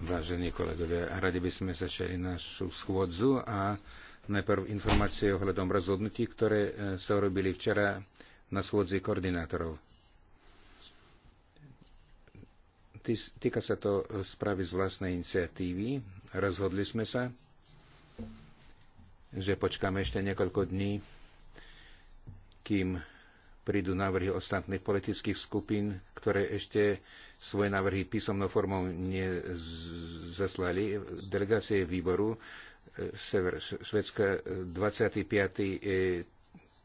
Vážení kolegovia, radi by sme začali našu schôdzu a najprv informácie ohľadom rozhodnutí, ktoré e, sa urobili včera na schôdzi koordinátorov. Týka sa to e, správy z vlastnej iniciatívy. Rozhodli sme sa, že počkáme ešte niekoľko dní, kým prídu návrhy ostatných politických skupín, ktoré ešte svoje návrhy písomnou formou nezaslali. Delegácie výboru e, Sever Švedska 25. E, e,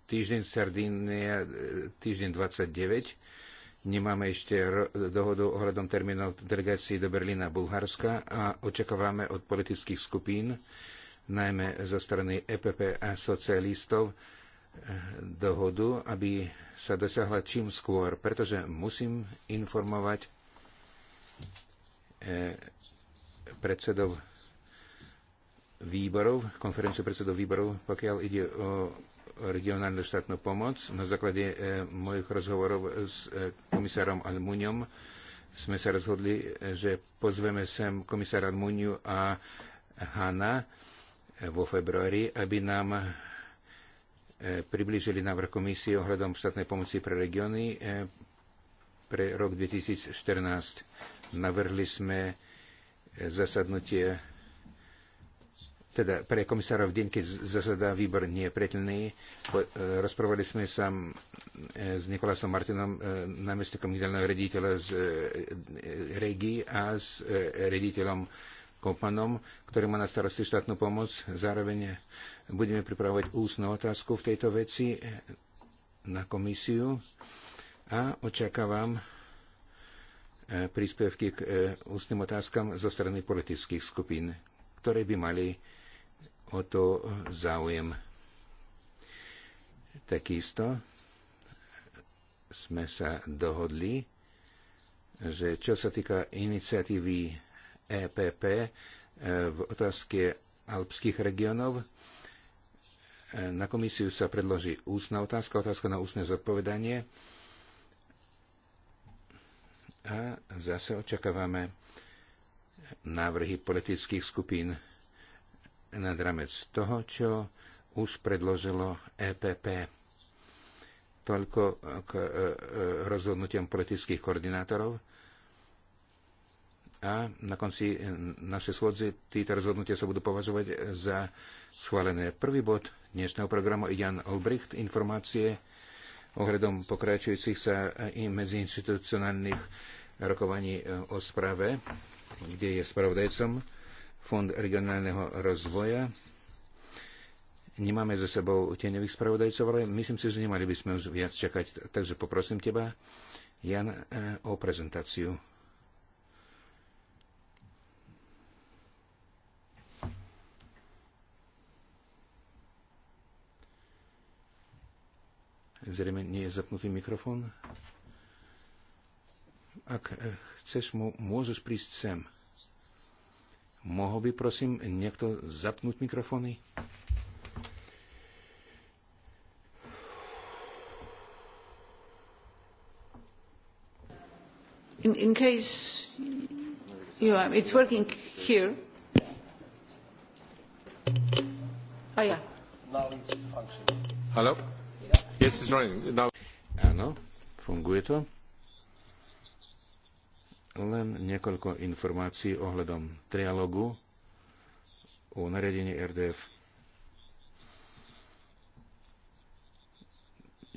týždeň Sardínia, týždeň 29. Nemáme ešte dohodu ohľadom termínov delegácií do Berlína a Bulharska a očakávame od politických skupín, najmä zo strany EPP a socialistov, dohodu, aby sa dosiahla čím skôr, pretože musím informovať eh, predsedov výborov, konferenciu predsedov výborov, pokiaľ ide o regionálnu štátnu pomoc. Na základe eh, mojich rozhovorov s eh, komisárom Almuňom sme sa rozhodli, že pozveme sem komisára Almuňu a Hana vo februári, aby nám E, priblížili návrh komisie ohľadom štátnej pomoci pre regióny e, pre rok 2014. Navrhli sme e, zasadnutie teda pre komisárov v deň, keď zasadá výbor nie je pretelný. Rozprávali sme sa s Nikolasom Martinom, námestníkom generálneho rediteľa z regii a s rediteľom Kopanom, ktorý má na starosti štátnu pomoc. Zároveň budeme pripravovať ústnu otázku v tejto veci na komisiu a očakávam e, príspevky k e, ústnym otázkam zo strany politických skupín, ktoré by mali o to záujem. Takisto sme sa dohodli, že čo sa týka iniciatívy EPP e, v otázke alpských regionov. E, na komisiu sa predloží ústna otázka, otázka na ústne zodpovedanie. A zase očakávame návrhy politických skupín nad ramec toho, čo už predložilo EPP. Toľko k e, rozhodnutiam politických koordinátorov a na konci eh, našej schôdze títo rozhodnutia sa budú považovať za schválené. Prvý bod dnešného programu je Jan Olbricht, informácie ohľadom pokračujúcich sa eh, i medziinstitucionálnych rokovaní eh, o správe, kde je spravodajcom Fond regionálneho rozvoja. Nemáme za sebou tieňových spravodajcov, ale myslím si, že nemali by sme už viac čakať. Takže poprosím teba, Jan, o prezentáciu. Zrejme nie je zapnutý mikrofón. Ak chceš, môžeš prísť sem. Mohol by prosím niekto zapnúť mikrofóny? In, in case you are, it's working here. Oh, yeah. Now it's functioning. Hello? Yes, it's running. Now... Áno, funguje to. Len niekoľko informácií ohľadom trialogu o nariadení RDF.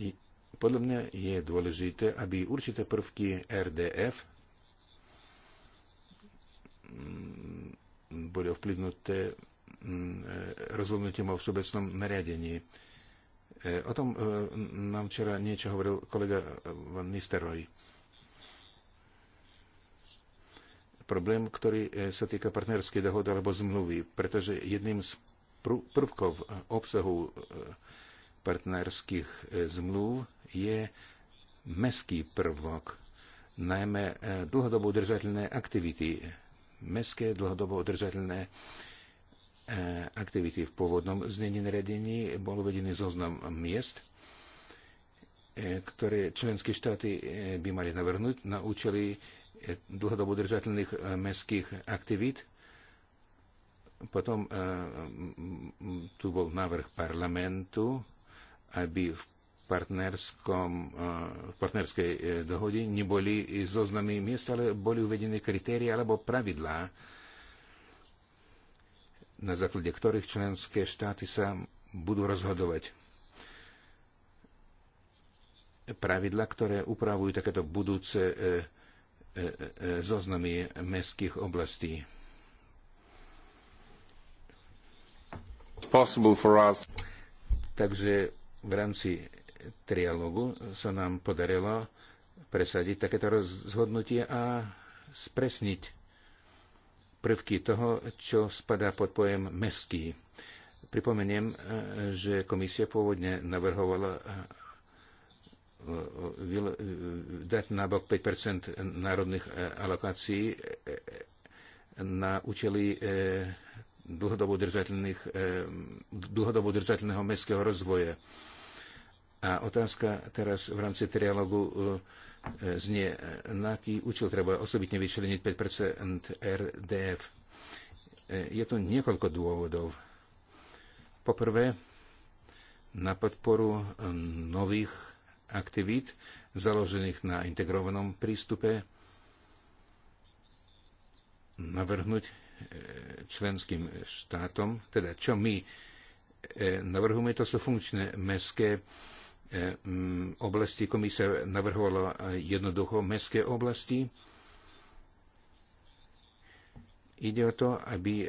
I podľa mňa je dôležité, aby určité prvky RDF mm, boli ovplyvnuté mm, e, rozhodnutím o všeobecnom nariadení E, o tom e, nám včera niečo hovoril kolega Van Nisteroj. Problém, ktorý e, sa týka partnerskej dohody alebo zmluvy, pretože jedným z prvkov obsahu partnerských zmluv je meský prvok, najmä dlhodobo udržateľné aktivity, meské dlhodobo udržateľné aktivity E, aktivity v pôvodnom znení naredení bol uvedený zoznam miest, e, ktoré členské štáty e, by mali navrhnúť na účely dlhodobo udržateľných mestských aktivít. Potom tu bol návrh parlamentu, aby v partnerskom, v partnerskej dohode neboli zoznamy miest, ale boli uvedené kritérie alebo pravidlá, na základe ktorých členské štáty sa budú rozhodovať. Pravidla, ktoré upravujú takéto budúce e, e, e, e zoznamy mestských oblastí. Takže v rámci trialogu sa nám podarilo presadiť takéto rozhodnutie a spresniť prvky toho, čo spadá pod pojem meský. Pripomeniem, e, že komisia pôvodne navrhovala e, e, dať nabok 5 národných alokácií na účely dlhodobo držateľného mestského rozvoja. A otázka teraz v rámci trialogu znie, na aký účel treba osobitne vyčleniť 5 RDF. Je tu niekoľko dôvodov. Poprvé, na podporu nových aktivít založených na integrovanom prístupe navrhnúť e, členským štátom, teda čo my e, navrhujeme, to sú funkčné meské. E, mm, oblasti komisia navrhovala e, jednoducho mestské oblasti. Ide o to, aby e,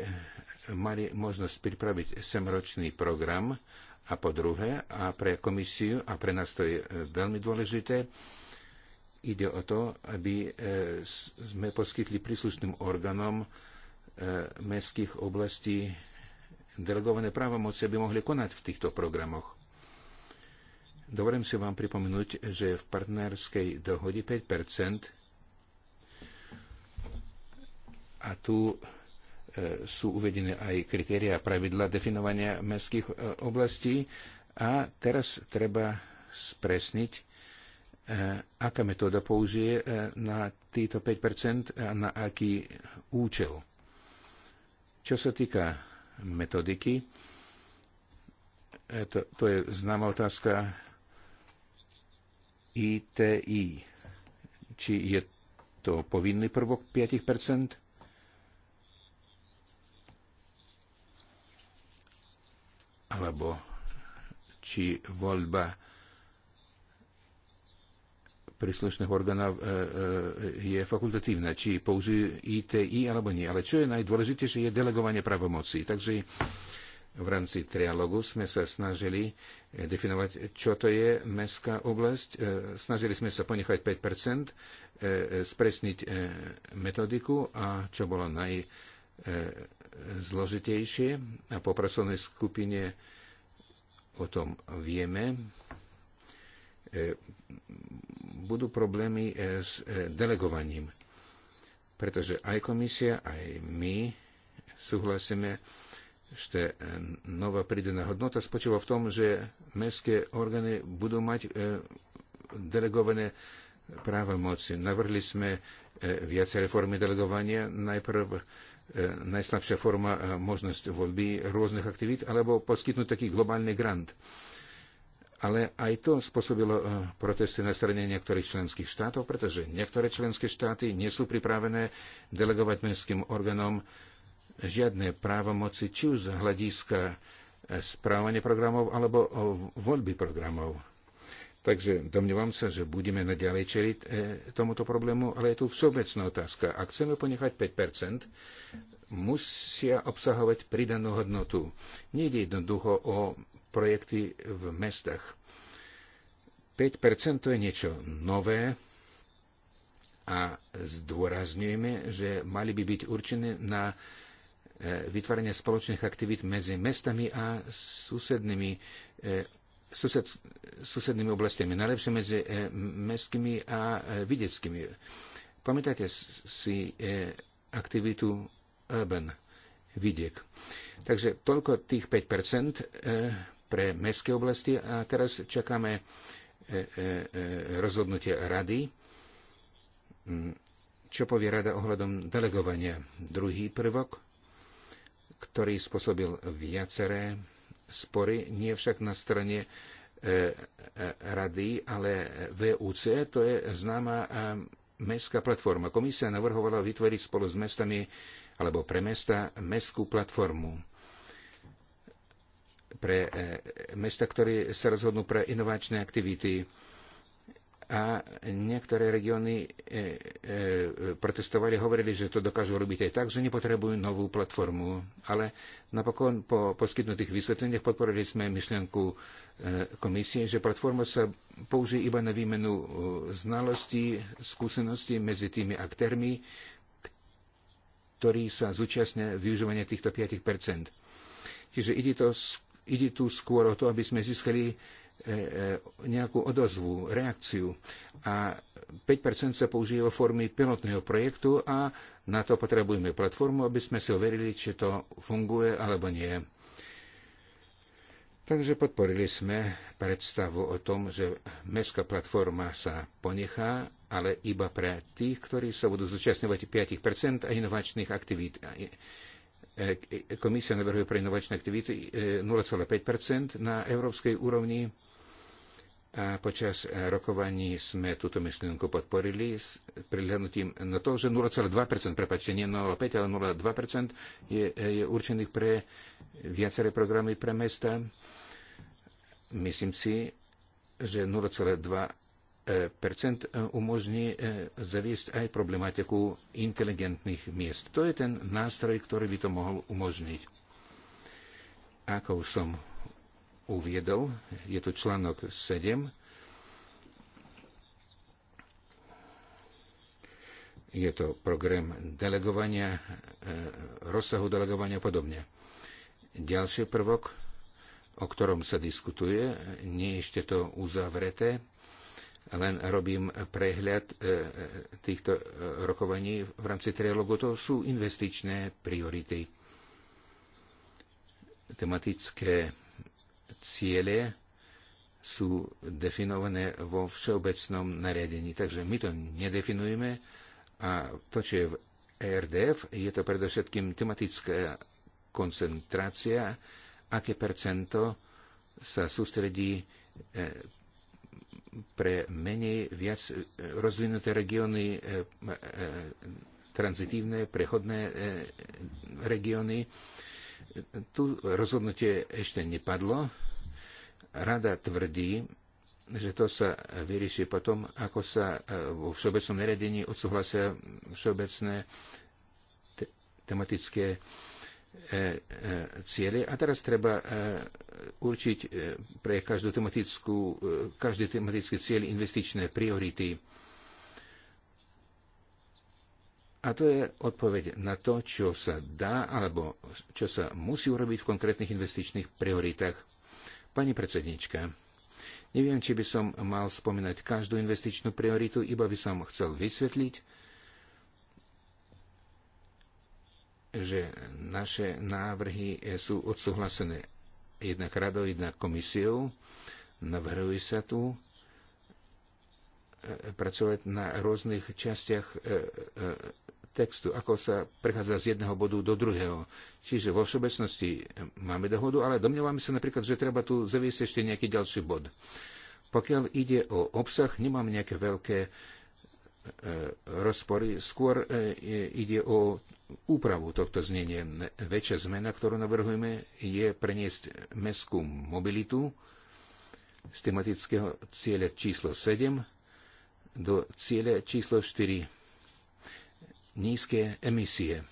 mali možnosť pripraviť semročný program a po druhé, a pre komisiu, a pre nás to je veľmi dôležité, ide o to, aby sme poskytli príslušným orgánom mestských oblastí delegované právomoci, aby mohli konať v týchto programoch. Dovolím si vám pripomenúť, že v partnerskej dohode 5 a tu e, sú uvedené aj kritéria a pravidla definovania mestských e, oblastí a teraz treba spresniť, e, aká metóda použije na týto 5 a na aký účel. Čo sa týka metodiky, to, to je známa otázka ITI. Či je to povinný prvok 5 alebo či voľba príslušných orgánov e, e, je fakultatívna, či použijú ITI alebo nie. Ale čo je najdôležitejšie, je delegovanie pravomocí. Takže v rámci trialogu sme sa snažili eh, definovať, čo to je mestská oblasť. Eh, snažili sme sa ponechať 5 eh, spresniť metodiku a čo bolo najzložitejšie. A po pracovnej skupine o tom vieme. Budú problémy s delegovaním, pretože aj komisia, aj my súhlasíme, ešte e, nová pridaná hodnota spočíva v tom, že mestské orgány budú mať e, delegované právomoci. Navrhli sme e, viaceré formy delegovania. Najprv najslabšia forma možnosť voľby rôznych aktivít alebo poskytnúť taký globálny grant. Ale aj to spôsobilo protesty na strane niektorých členských štátov, pretože niektoré členské štáty nie sú pripravené delegovať mestským orgánom žiadne právomoci, či už z hľadiska e, správania programov alebo e, voľby programov. Takže domnievam sa, že budeme naďalej čeliť e, tomuto problému, ale je tu všeobecná otázka. Ak chceme ponechať 5%, musia obsahovať pridanú hodnotu. Nejde jednoducho o projekty v mestách. 5% to je niečo nové a zdôrazňujeme, že mali by byť určené na e, E, vytvorenie spoločných aktivít medzi mestami a susednými, e, sused, susednými oblastiami, najlepšie medzi e, mestskými a videckými. Pamätáte si aktivitu Urban vidiek. Takže toľko tých 5% pre mestské oblasti a teraz čakáme rozhodnutie rady, mm, čo povie rada ohľadom delegovania. Druhý prvok – ktorý spôsobil viaceré spory, nie však na strane e, e, rady, ale VUC, to je známa e, mestská platforma. Komisia navrhovala vytvoriť spolu s mestami alebo pre mesta mestskú platformu pre mesta, ktoré sa rozhodnú pre inovačné aktivity a niektoré regióny e, e, protestovali, hovorili, že to dokážu robiť aj tak, že nepotrebujú novú platformu. Ale napokon po poskytnutých vysvetleniach podporili sme myšlienku e, komisie, že platforma sa použije iba na výmenu znalostí, skúseností medzi tými aktérmi, ktorí sa zúčastnia využívania týchto 5 Čiže ide, to, ide tu skôr o to, aby sme získali E, e, nejakú odozvu, reakciu. A 5% sa použije vo formy pilotného projektu a na to potrebujeme platformu, aby sme si overili, či to funguje alebo nie. Takže podporili sme predstavu o tom, že mestská platforma sa ponechá, ale iba pre tých, ktorí sa budú zúčastňovať 5% a inovačných aktivít. E, Komisia navrhuje pre inovačné aktivity 0,5% na európskej úrovni a počas e, rokovaní sme túto myšlienku podporili s prihľadnutím na to, že 0,2%, prepačte, nie 0,5, ale 0,2% je, e, je určených pre viaceré programy pre mesta. Myslím si, že 0,2% e, umožní zaviesť aj problematiku inteligentných miest. To je ten nástroj, ktorý by to mohol umožniť. Ako už som uviedol, je to článok 7, je to program delegovania, e, rozsahu delegovania a podobne. Ďalší prvok, o ktorom sa diskutuje, nie ešte to uzavreté, len robím prehľad e, e, týchto rokovaní v rámci trialogu, to sú investičné priority tematické ciele sú definované vo všeobecnom nariadení. Takže my to nedefinujeme a to, čo je v ERDF, je to predovšetkým tematická koncentrácia, aké percento sa sústredí e, pre menej viac e, rozvinuté regióny, e, tranzitívne, prechodné regióny tu rozhodnutie ešte nepadlo. Rada tvrdí, že to sa vyrieši potom, ako sa e, vo všeobecnom nariadení odsúhlasia všeobecné te- tematické e, e, ciele. A teraz treba e, určiť e, pre každú tematickú, e, každý tematický cieľ investičné priority. A to je odpoveď na to, čo sa dá alebo čo sa musí urobiť v konkrétnych investičných prioritách. Pani predsednička, neviem, či by som mal spomínať každú investičnú prioritu, iba by som chcel vysvetliť, že naše návrhy sú odsúhlasené jednak radou, jednak komisiou. Navrhuje sa tu e, e, pracovať na rôznych častiach e, textu, ako sa prechádza z jedného bodu do druhého. Čiže vo všeobecnosti máme dohodu, ale domnievame sa napríklad, že treba tu zaviesť ešte nejaký ďalší bod. Pokiaľ ide o obsah, nemám nejaké veľké e, rozpory. Skôr e, ide o úpravu tohto znenia. Väčšia zmena, ktorú navrhujeme, je preniesť mestskú mobilitu z tematického cieľa číslo 7 do cieľa číslo 4 nízke emisie.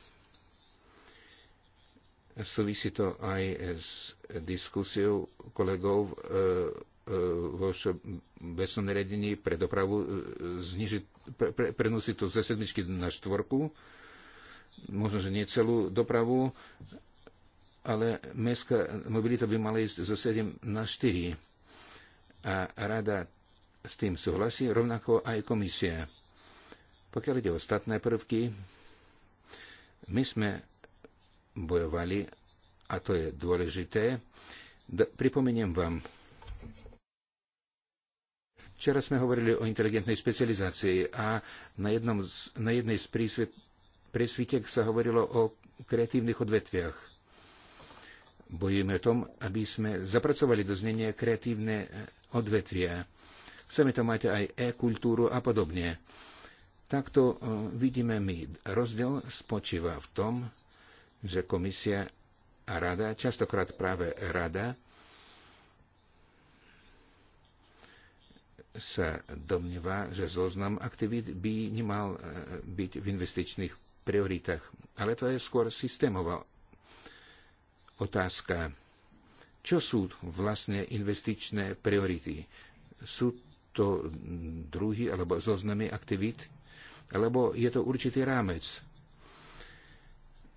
Súvisí to aj s diskusiou kolegov e, e, vo všeobecnom nariadení pre dopravu e, znižiť, pre, pre, to ze sedmičky na štvorku, možno, že nie celú dopravu, ale mestská mobilita by mala ísť zo 7 na 4. A rada s tým súhlasí, rovnako aj komisia pokiaľ ide o ostatné prvky, my sme bojovali, a to je dôležité, pripomeniem vám, Včera sme hovorili o inteligentnej specializácii a na, jednom z, na jednej z prísvet, presvitek sa hovorilo o kreatívnych odvetviach. Bojujeme o tom, aby sme zapracovali do znenia kreatívne odvetvia. Chceme tam mať aj e-kultúru a podobne. Takto e, vidíme my. Rozdiel spočíva v tom, že komisia a rada, častokrát práve rada, sa domnieva, že zoznam aktivít by nemal e, byť v investičných prioritách. Ale to je skôr systémová otázka. Čo sú vlastne investičné priority? Sú to druhy alebo zoznamy aktivít, lebo je to určitý rámec.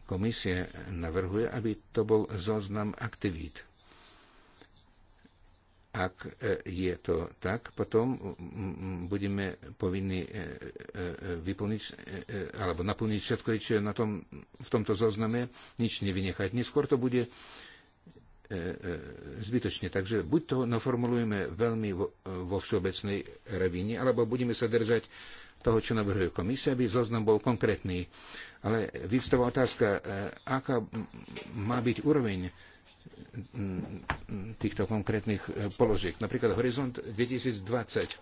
Komisie navrhuje, aby to bol zoznam aktivít. Ak e, je to tak, potom budeme povinni e, e, vyplniť alebo naplniť všetko, čo je na tom, v tomto zozname, nič nevynechať. Neskôr to bude zbytočne. Takže buď to naformulujeme veľmi vo všeobecnej rovine, alebo budeme sa držať toho, čo navrhuje komisia, aby zoznam bol konkrétny. Ale vyvstáva otázka, e, aká má byť úroveň týchto konkrétnych e, položiek. Napríklad Horizont 2020.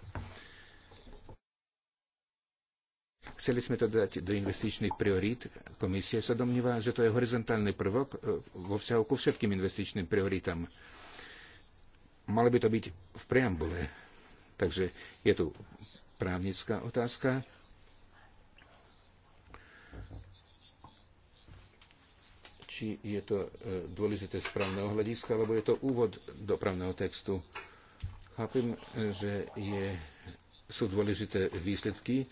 Chceli sme to dať do investičných priorít. Komisia sa domnívá, že to je horizontálny prvok e, vo vzťahu ku všetkým investičným prioritám. Malo by to byť v preambule. Takže je tu právnická otázka. Či je to e, dôležité z právneho hľadiska, alebo je to úvod do právneho textu. Chápem, e, že je, sú dôležité výsledky,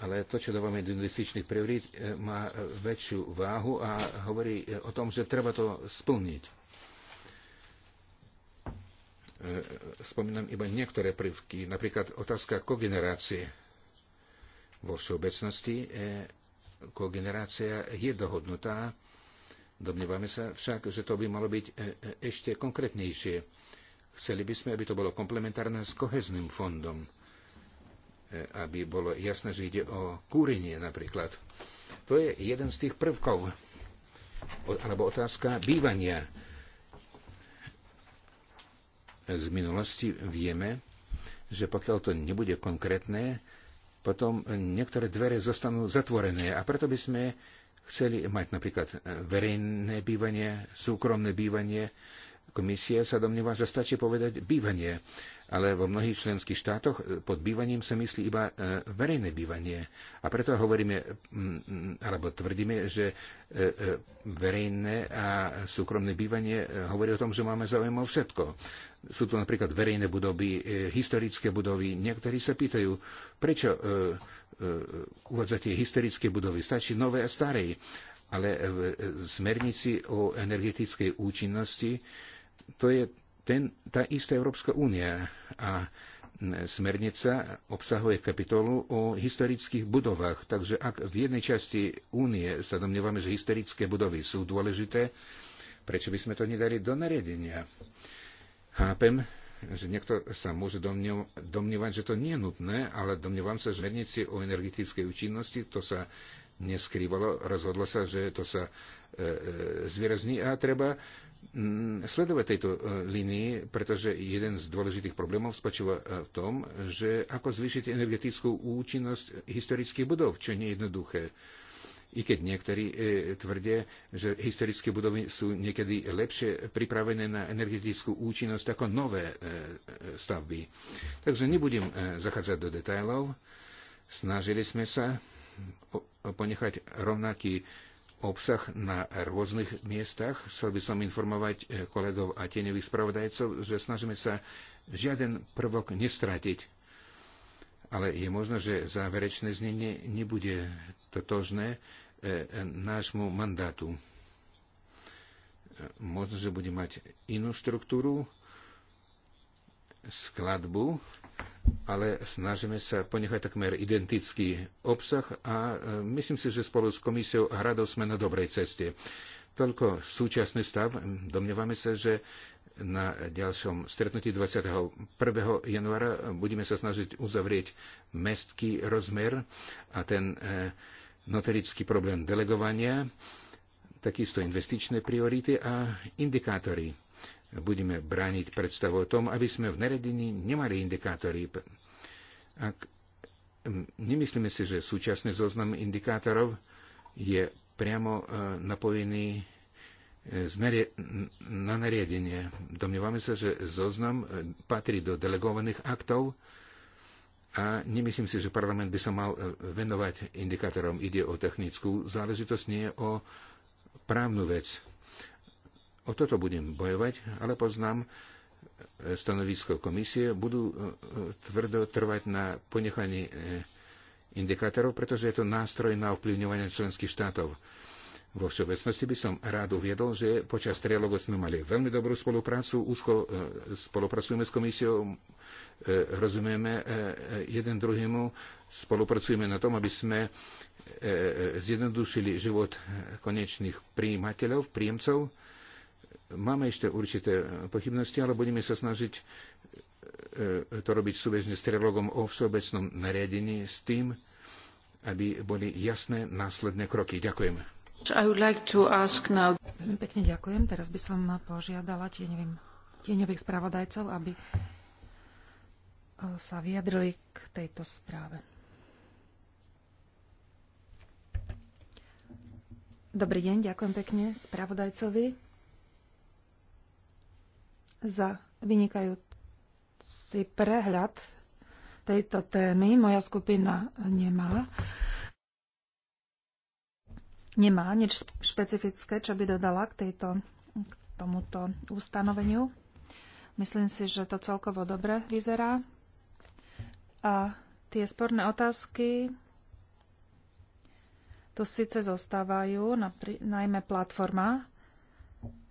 ale to, čo dávame do investičných priorít, e, má väčšiu váhu a hovorí o tom, že treba to splniť. E, spomínam iba niektoré prvky, napríklad otázka kogenerácie. Vo všeobecnosti e, kogenerácia je dohodnutá, domnievame sa však, že to by malo byť e, ešte konkrétnejšie. Chceli by sme, aby to bolo komplementárne s kohezným fondom, aby bolo jasné, že ide o kúrenie napríklad. To je jeden z tých prvkov, alebo otázka bývania z minulosti vieme, že pokiaľ to nebude konkrétne, potom niektoré dvere zostanú zatvorené a preto by sme chceli mať napríklad verejné bývanie, súkromné bývanie. Komisia sa domnieva, že stačí povedať bývanie ale vo mnohých členských štátoch e, pod bývaním sa myslí iba e, verejné bývanie. A preto hovoríme, alebo tvrdíme, že e, verejné a súkromné bývanie hovorí o tom, že máme záujem o všetko. Sú tu napríklad verejné budovy, historické budovy. Niektorí sa pýtajú, prečo uvádzate historické budovy? Stačí nové a staré. Ale v smernici o energetickej účinnosti to je ten, tá istá Európska únia a smernica obsahuje kapitolu o historických budovách. Takže ak v jednej časti únie sa domnievame, že historické budovy sú dôležité, prečo by sme to nedali do nariadenia? Chápem, že niekto sa môže domnievať, že to nie je nutné, ale domnievam sa, že smernici o energetickej účinnosti to sa neskrývalo, rozhodlo sa, že to sa e, e zvýrazní a treba Mm, sledovať tejto e, línii, pretože jeden z dôležitých problémov spočíva e, v tom, že ako zvýšiť energetickú účinnosť historických budov, čo nie je jednoduché. I keď niektorí e, tvrdia, že historické budovy sú niekedy lepšie pripravené na energetickú účinnosť ako nové e, e stavby. Takže nebudem e, zachádzať do detajlov. Snažili sme sa ponechať rovnaký e, obsah na rôznych miestach. Chcel by som informovať eh, kolegov a tieňových spravodajcov, že snažíme sa žiaden prvok nestratiť. Ale je možné, že záverečné znenie nebude totožné eh, nášmu mandátu. Eh, možno, že bude mať inú štruktúru, skladbu, ale snažíme sa ponechať takmer identický obsah a e, myslím si, že spolu s komisiou a radou sme na dobrej ceste. Toľko súčasný stav. Domnievame sa, že na ďalšom stretnutí 21. januára budeme sa snažiť uzavrieť mestský rozmer a ten e, noterický problém delegovania, takisto investičné priority a indikátory budeme brániť predstavu o tom, aby sme v naredení nemali indikátory. Ak nemyslíme si, že súčasný zoznam indikátorov je priamo e, napojený e, na nariadenie. Domnievame sa, že zoznam e, patrí do delegovaných aktov, a nemyslím si, že parlament by sa mal venovať indikátorom. Ide o technickú záležitosť, nie o právnu vec. O toto budem bojovať, ale poznám e, stanovisko komisie. Budú e, tvrdo trvať na ponechaní e, indikátorov, pretože je to nástroj na ovplyvňovanie členských štátov. Vo všeobecnosti by som rád uviedol, že počas trialogu sme mali veľmi dobrú spoluprácu, úzko spolupracujeme s komisiou, rozumieme jeden druhému, spolupracujeme na tom, aby sme zjednodušili život konečných príjimateľov, príjemcov. Máme ešte určité e, pochybnosti, ale budeme sa snažiť e, e, to robiť súbežne s trilogom o všeobecnom nariadení s tým, aby boli jasné následné kroky. Ďakujem. Like now... Pekne ďakujem. Teraz by som požiadala tieňovým, tieňových spravodajcov, aby sa vyjadrili k tejto správe. Dobrý deň, ďakujem pekne spravodajcovi za vynikajúci prehľad tejto témy. Moja skupina nemá nemá nič špecifické, čo by dodala k, tejto, k tomuto ustanoveniu. Myslím si, že to celkovo dobre vyzerá. A tie sporné otázky tu síce zostávajú, najmä platforma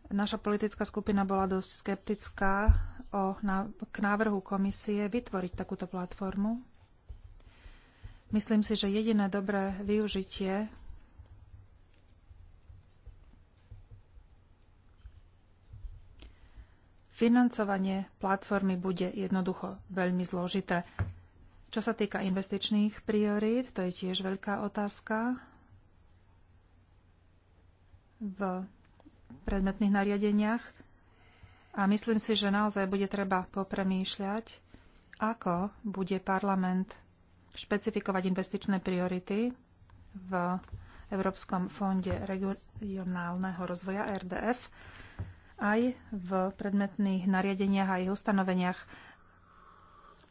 Naša politická skupina bola dosť skeptická o, na, k návrhu komisie vytvoriť takúto platformu. Myslím si, že jediné dobré využitie financovanie platformy bude jednoducho veľmi zložité. Čo sa týka investičných priorít, to je tiež veľká otázka. V predmetných nariadeniach a myslím si, že naozaj bude treba popremýšľať, ako bude parlament špecifikovať investičné priority v Európskom fonde regionálneho rozvoja RDF aj v predmetných nariadeniach a ich ustanoveniach.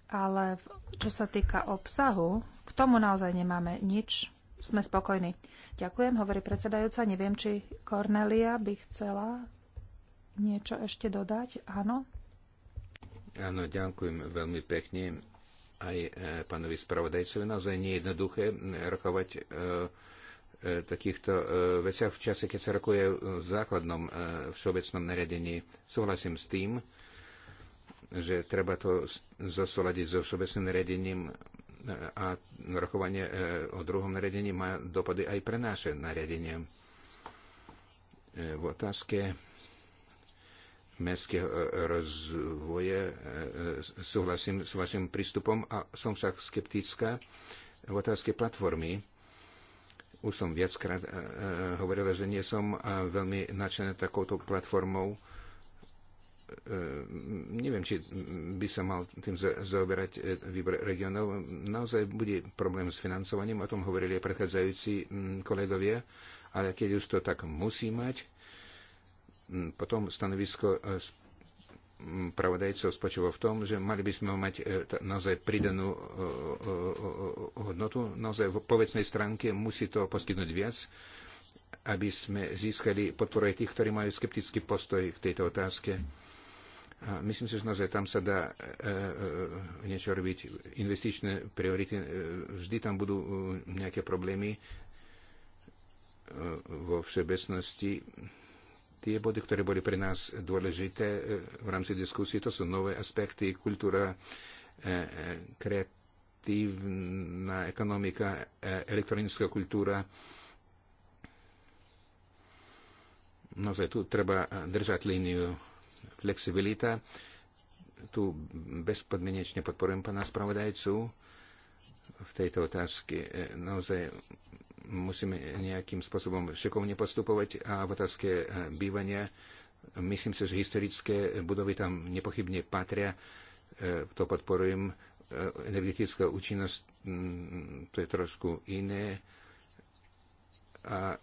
Ale čo sa týka obsahu, k tomu naozaj nemáme nič sme spokojní. Ďakujem, hovorí predsedajúca. Neviem, či Cornelia by chcela niečo ešte dodať. Áno? Áno, ďakujem veľmi pekne aj e, pánovi spravodajcovi. Naozaj nie je jednoduché rokovať e, e, takýchto veciach v čase, keď sa rokuje v základnom všeobecnom nariadení. Súhlasím s tým, že treba to zosúľadiť so všeobecným nariadením a rokovanie e, o druhom nariadení má dopady aj pre naše nariadenie. E, v otázke mestského e, rozvoje súhlasím s vašim prístupom a som však skeptická v otázke platformy. Už som viackrát hovorila, že nie som veľmi nadšená takouto platformou Ehm, neviem, či by sa mal tým zaoberať e, výbor regionov. Naozaj bude problém s financovaním, o tom hovorili aj predchádzajúci kolegovia, ale keď už to tak musí mať, potom stanovisko e, pravodajcov spočíva v tom, že mali by sme mať e, naozaj pridanú hodnotu. Naozaj v povecnej stránke musí to poskytnúť viac, aby sme získali podporu aj tých, ktorí majú skeptický postoj k tejto otázke a myslím si, že naozaj tam sa dá e, e, e, niečo robiť. Investičné priority, vždy tam budú nejaké problémy vo všeobecnosti. Tie body, ktoré boli pre nás dôležité v rámci diskusie, to sú nové aspekty, kultúra, kreatívna ekonomika, elektronická kultúra. Naozaj tu treba držať líniu flexibilita. Tu bezpodmienečne podporujem pána spravodajcu v tejto otázke. Naozaj musíme nejakým spôsobom šikovne postupovať a v otázke bývania myslím si, že historické budovy tam nepochybne patria. To podporujem. Energetická účinnosť mm, to je trošku iné. A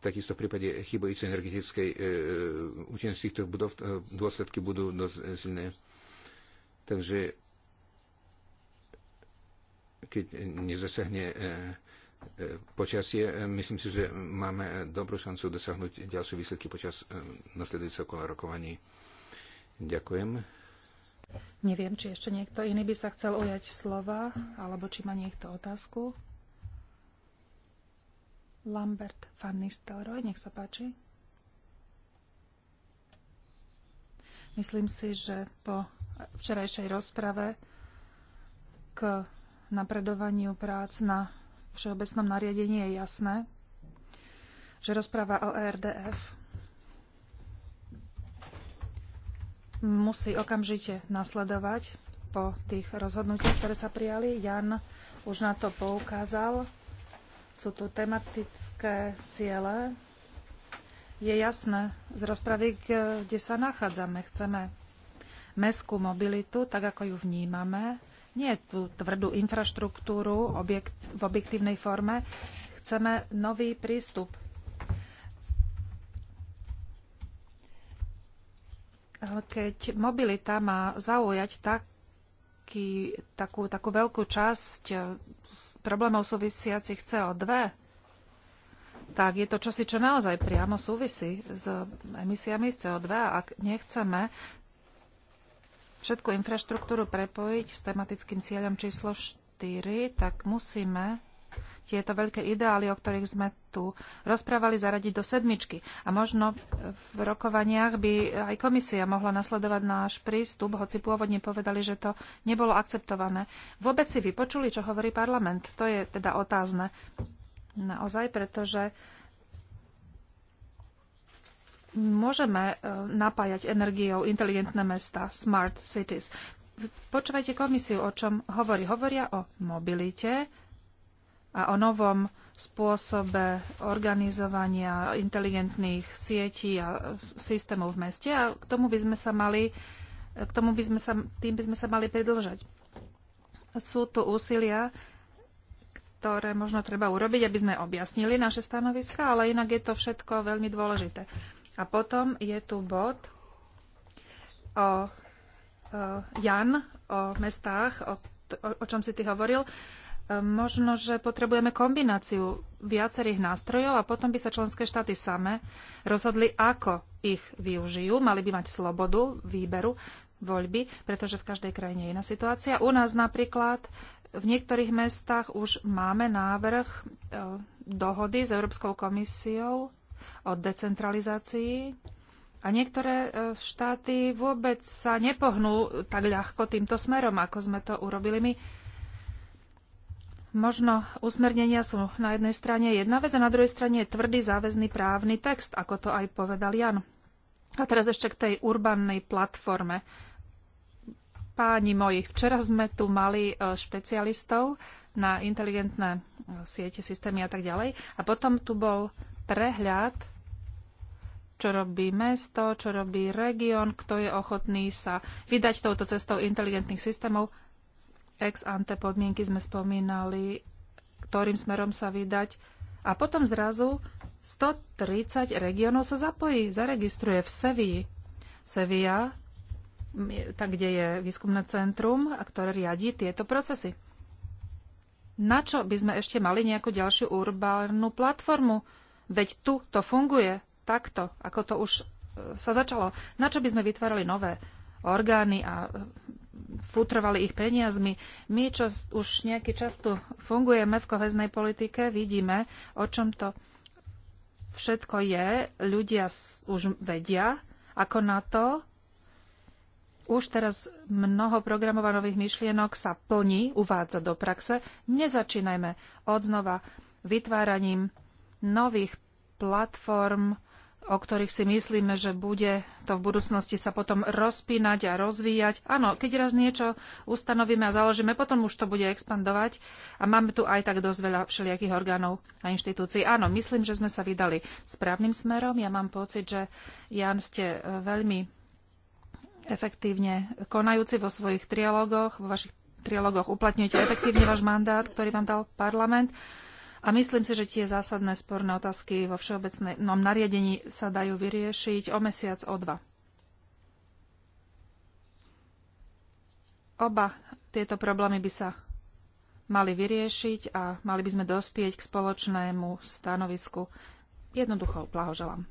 Takisto v prípade chybajúcej energetickej e, e, účinnosti týchto budov e, dôsledky budú dosť e, silné. Takže keď nezasahne e, e počasie, myslím si, že máme dobrú šancu dosiahnuť ďalšie výsledky počas nasledujúceho kola rokovaní. Ďakujem. Neviem, či ešte niekto iný by sa chcel ujať slova, alebo či má niekto otázku. Lambert van Nistelrooy. Nech sa páči. Myslím si, že po včerajšej rozprave k napredovaniu prác na všeobecnom nariadení je jasné, že rozpráva o e RDF. musí okamžite nasledovať po tých rozhodnutiach, ktoré sa prijali. Jan už na to poukázal sú tu tematické ciele. Je jasné z rozpravy, kde sa nachádzame. Chceme mestskú mobilitu, tak ako ju vnímame, nie tú tvrdú infraštruktúru objekt, v objektívnej forme. Chceme nový prístup. Keď mobilita má zaujať taký, takú, takú veľkú časť z problémov súvisiacich CO2, tak je to čosi, čo naozaj priamo súvisí s emisiami CO2. Ak nechceme všetku infraštruktúru prepojiť s tematickým cieľom číslo 4, tak musíme tieto veľké ideály, o ktorých sme tu rozprávali, zaradiť do sedmičky. A možno v rokovaniach by aj komisia mohla nasledovať náš prístup, hoci pôvodne povedali, že to nebolo akceptované. Vôbec si vypočuli, čo hovorí parlament? To je teda otázne. Naozaj, pretože môžeme e, napájať energiou inteligentné mesta, smart cities. Počúvajte komisiu, o čom hovorí. Hovoria o mobilite, a o novom spôsobe organizovania inteligentných sietí a systémov v meste a k tomu by sme sa mali, k tomu by sme sa, tým by sme sa mali pridlžať. Sú tu úsilia, ktoré možno treba urobiť, aby sme objasnili naše stanoviska, ale inak je to všetko veľmi dôležité. A potom je tu bod o, o Jan, o mestách, o, o, o čom si ty hovoril možno, že potrebujeme kombináciu viacerých nástrojov a potom by sa členské štáty same rozhodli, ako ich využijú. Mali by mať slobodu výberu voľby, pretože v každej krajine je iná situácia. U nás napríklad v niektorých mestách už máme návrh e, dohody s Európskou komisiou o decentralizácii a niektoré e, štáty vôbec sa nepohnú tak ľahko týmto smerom, ako sme to urobili my. Možno usmernenia sú na jednej strane jedna vec a na druhej strane je tvrdý záväzný právny text, ako to aj povedal Jan. A teraz ešte k tej urbannej platforme. Páni moji, včera sme tu mali e, špecialistov na inteligentné e, siete, systémy a tak ďalej. A potom tu bol prehľad, čo robí mesto, čo robí región, kto je ochotný sa vydať touto cestou inteligentných systémov ex ante podmienky sme spomínali, ktorým smerom sa vydať. A potom zrazu 130 regiónov sa zapojí, zaregistruje v Sevii. Sevilla, tak kde je výskumné centrum, a ktoré riadi tieto procesy. Na čo by sme ešte mali nejakú ďalšiu urbánnu platformu? Veď tu to funguje takto, ako to už e, sa začalo. Na čo by sme vytvárali nové? orgány a futrovali ich peniazmi. My, čo už nejaký čas tu fungujeme v koheznej politike, vidíme, o čom to všetko je. Ľudia už vedia, ako na to. Už teraz mnoho programovaných myšlienok sa plní, uvádza do praxe. Nezačínajme odznova vytváraním nových platform, o ktorých si myslíme, že bude to v budúcnosti sa potom rozpínať a rozvíjať. Áno, keď raz niečo ustanovíme a založíme, potom už to bude expandovať a máme tu aj tak dosť veľa všelijakých orgánov a inštitúcií. Áno, myslím, že sme sa vydali správnym smerom. Ja mám pocit, že Jan ste e, veľmi efektívne konajúci vo svojich trialógoch, vo vašich trialógoch uplatňujete efektívne váš mandát, ktorý vám dal parlament. A myslím si, že tie zásadné sporné otázky vo všeobecnom nariadení sa dajú vyriešiť o mesiac, o dva. Oba tieto problémy by sa mali vyriešiť a mali by sme dospieť k spoločnému stanovisku. Jednoducho blahoželám.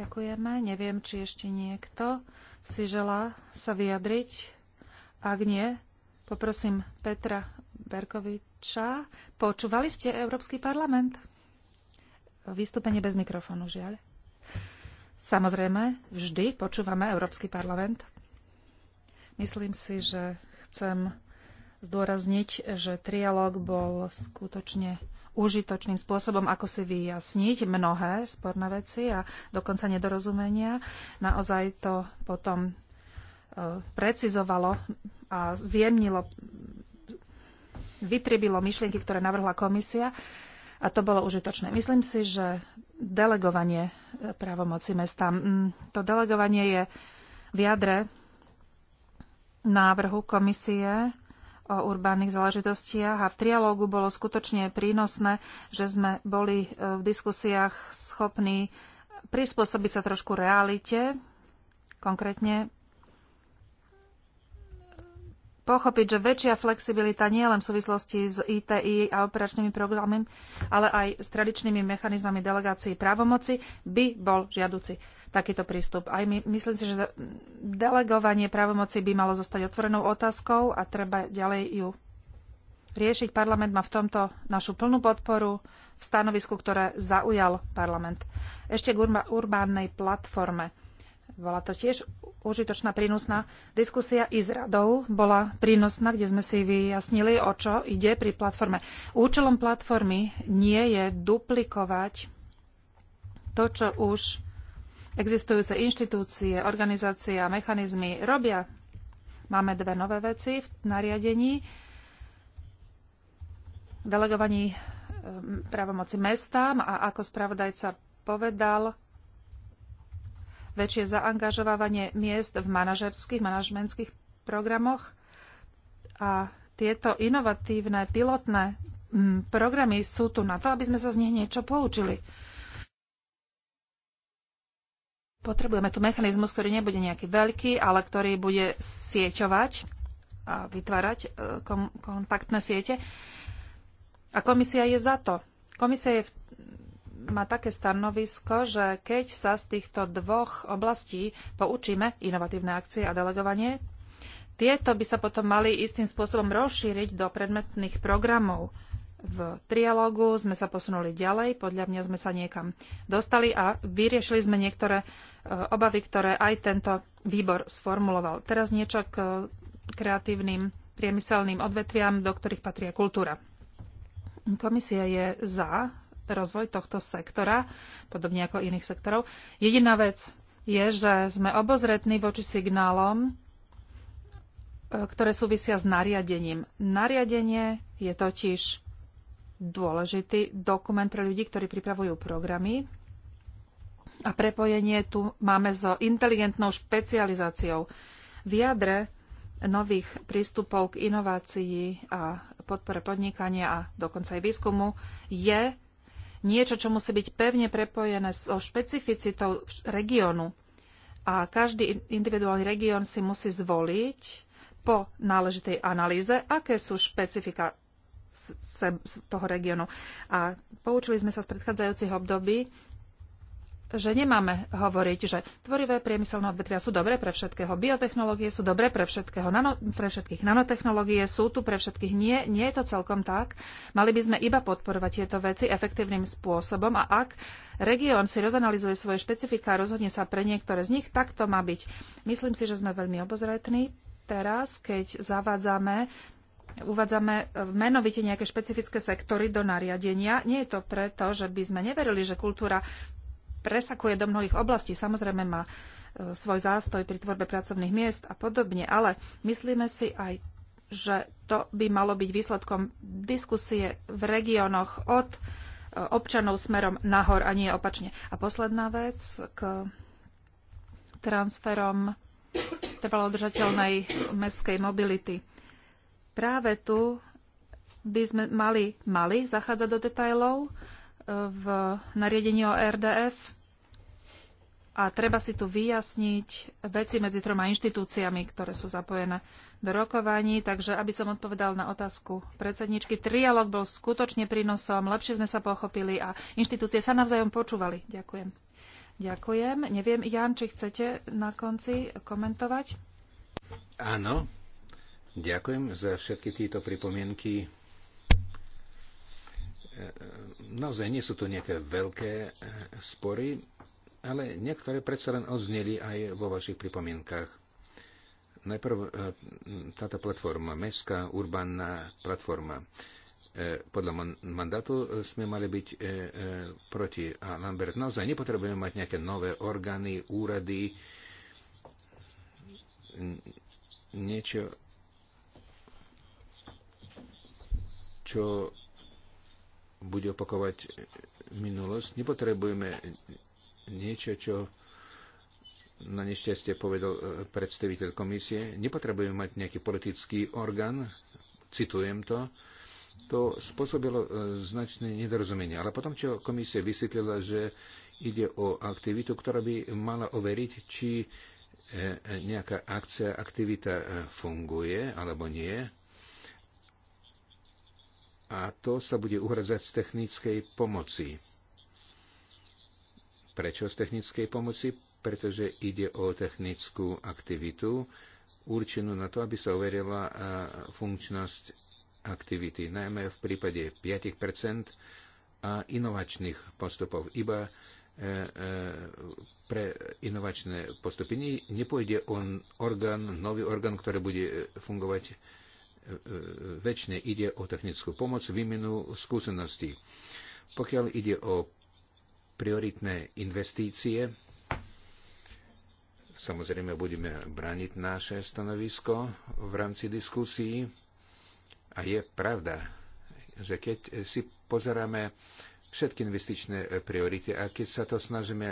Ďakujeme. Neviem, či ešte niekto si želá sa vyjadriť. Ak nie, poprosím Petra Berkoviča. Počúvali ste Európsky parlament? Vystúpenie bez mikrofónu, žiaľ. Samozrejme, vždy počúvame Európsky parlament. Myslím si, že chcem zdôrazniť, že trialóg bol skutočne užitočným spôsobom, ako si vyjasniť mnohé sporné veci a dokonca nedorozumenia. Naozaj to potom eh, precizovalo a zjemnilo vytribilo myšlienky, ktoré navrhla komisia a to bolo užitočné. Myslím si, že delegovanie e, právomoci mestám, to delegovanie je v jadre návrhu komisie o urbánnych záležitostiach a v trialógu bolo skutočne prínosné, že sme boli e, v diskusiách schopní prispôsobiť sa trošku realite, konkrétne pochopiť, že väčšia flexibilita nie len v súvislosti s ITI a operačnými programmi, ale aj s tradičnými mechanizmami delegácií právomoci by bol žiaduci takýto prístup. Aj my, myslím si, že delegovanie právomoci by malo zostať otvorenou otázkou a treba ďalej ju riešiť. Parlament má v tomto našu plnú podporu v stanovisku, ktoré zaujal parlament. Ešte k urbánnej platforme bola to tiež užitočná prínosná diskusia i s radou bola prínosná, kde sme si vyjasnili, o čo ide pri platforme. Účelom platformy nie je duplikovať to, čo už existujúce inštitúcie, organizácie a mechanizmy robia. Máme dve nové veci v nariadení. Delegovaní ehm, právomoci mestám a ako spravodajca povedal, väčšie zaangažovanie miest v manažerských, manažmentských programoch. A tieto inovatívne pilotné mm, programy sú tu na to, aby sme sa z nich niečo poučili. Potrebujeme tu mechanizmus, ktorý nebude nejaký veľký, ale ktorý bude sieťovať a vytvárať e, kontaktné siete. A komisia je za to. Komisia je v má také stanovisko, že keď sa z týchto dvoch oblastí poučíme, inovatívne akcie a delegovanie, tieto by sa potom mali istým spôsobom rozšíriť do predmetných programov. V trialógu sme sa posunuli ďalej, podľa mňa sme sa niekam dostali a vyriešili sme niektoré e, obavy, ktoré aj tento výbor sformuloval. Teraz niečo k kreatívnym priemyselným odvetviam, do ktorých patrí kultúra. Komisia je za rozvoj tohto sektora, podobne ako iných sektorov. Jediná vec je, že sme obozretní voči signálom, e, ktoré súvisia s nariadením. Nariadenie je totiž dôležitý dokument pre ľudí, ktorí pripravujú programy. A prepojenie tu máme so inteligentnou špecializáciou. V jadre nových prístupov k inovácii a podpore podnikania a dokonca aj výskumu je niečo, čo musí byť pevne prepojené so špecificitou regiónu. A každý individuálny región si musí zvoliť po náležitej analýze, aké sú špecifika toho regiónu. A poučili sme sa z predchádzajúcich období, že nemáme hovoriť, že tvorivé priemyselné odvetvia sú dobré pre všetkého, biotechnológie sú dobré pre všetkého, nano, pre všetkých nanotechnológie sú tu pre všetkých. Nie, nie je to celkom tak. Mali by sme iba podporovať tieto veci efektívnym spôsobom a ak región si rozanalizuje svoje špecifika a rozhodne sa pre niektoré z nich, tak to má byť. Myslím si, že sme veľmi obozretní teraz, keď zavádzame uvádzame menovite nejaké špecifické sektory do nariadenia. Nie je to preto, že by sme neverili, že kultúra presakuje do mnohých oblastí. Samozrejme má e, svoj zástoj pri tvorbe pracovných miest a podobne, ale myslíme si aj, že to by malo byť výsledkom diskusie v regiónoch od e, občanov smerom nahor a nie opačne. A posledná vec k transferom trvalodržateľnej mestskej mobility. Práve tu by sme mali, mali zachádzať do detajlov, v nariadení o RDF a treba si tu vyjasniť veci medzi troma inštitúciami, ktoré sú zapojené do rokovaní. Takže aby som odpovedal na otázku predsedničky, trialog bol skutočne prínosom, lepšie sme sa pochopili a inštitúcie sa navzájom počúvali. Ďakujem. Ďakujem. Neviem, Jan, či chcete na konci komentovať? Áno. Ďakujem za všetky tieto pripomienky Naozaj nie sú to nejaké veľké e, spory, ale niektoré predsa len odzneli aj vo vašich pripomienkach. Najprv e, táto platforma, mestská urbánna platforma. E, podľa mandátu sme mali byť proti. A Lambert, naozaj nepotrebujeme mať nejaké nové orgány, úrady, niečo, čo bude opakovať minulosť. Nepotrebujeme niečo, čo na nešťastie povedal e, predstaviteľ komisie. Nepotrebujeme mať nejaký politický orgán, citujem to, to spôsobilo e, značné nedorozumenie. Ale potom, čo komisia vysvetlila, že ide o aktivitu, ktorá by mala overiť, či e, nejaká akcia, aktivita funguje alebo nie, a to sa bude uhrazať z technickej pomoci. Prečo z technickej pomoci? Pretože ide o technickú aktivitu určenú na to, aby sa overila funkčnosť aktivity, najmä v prípade 5 a inovačných postupov. Iba e, e, pre inovačné postupy nepôjde on orgán, nový orgán, ktorý bude e, fungovať väčšine ide o technickú pomoc, výmenu skúseností. Pokiaľ ide o prioritné investície, samozrejme budeme braniť naše stanovisko v rámci diskusí. A je pravda, že keď si pozeráme všetky investičné priority a keď sa to snažíme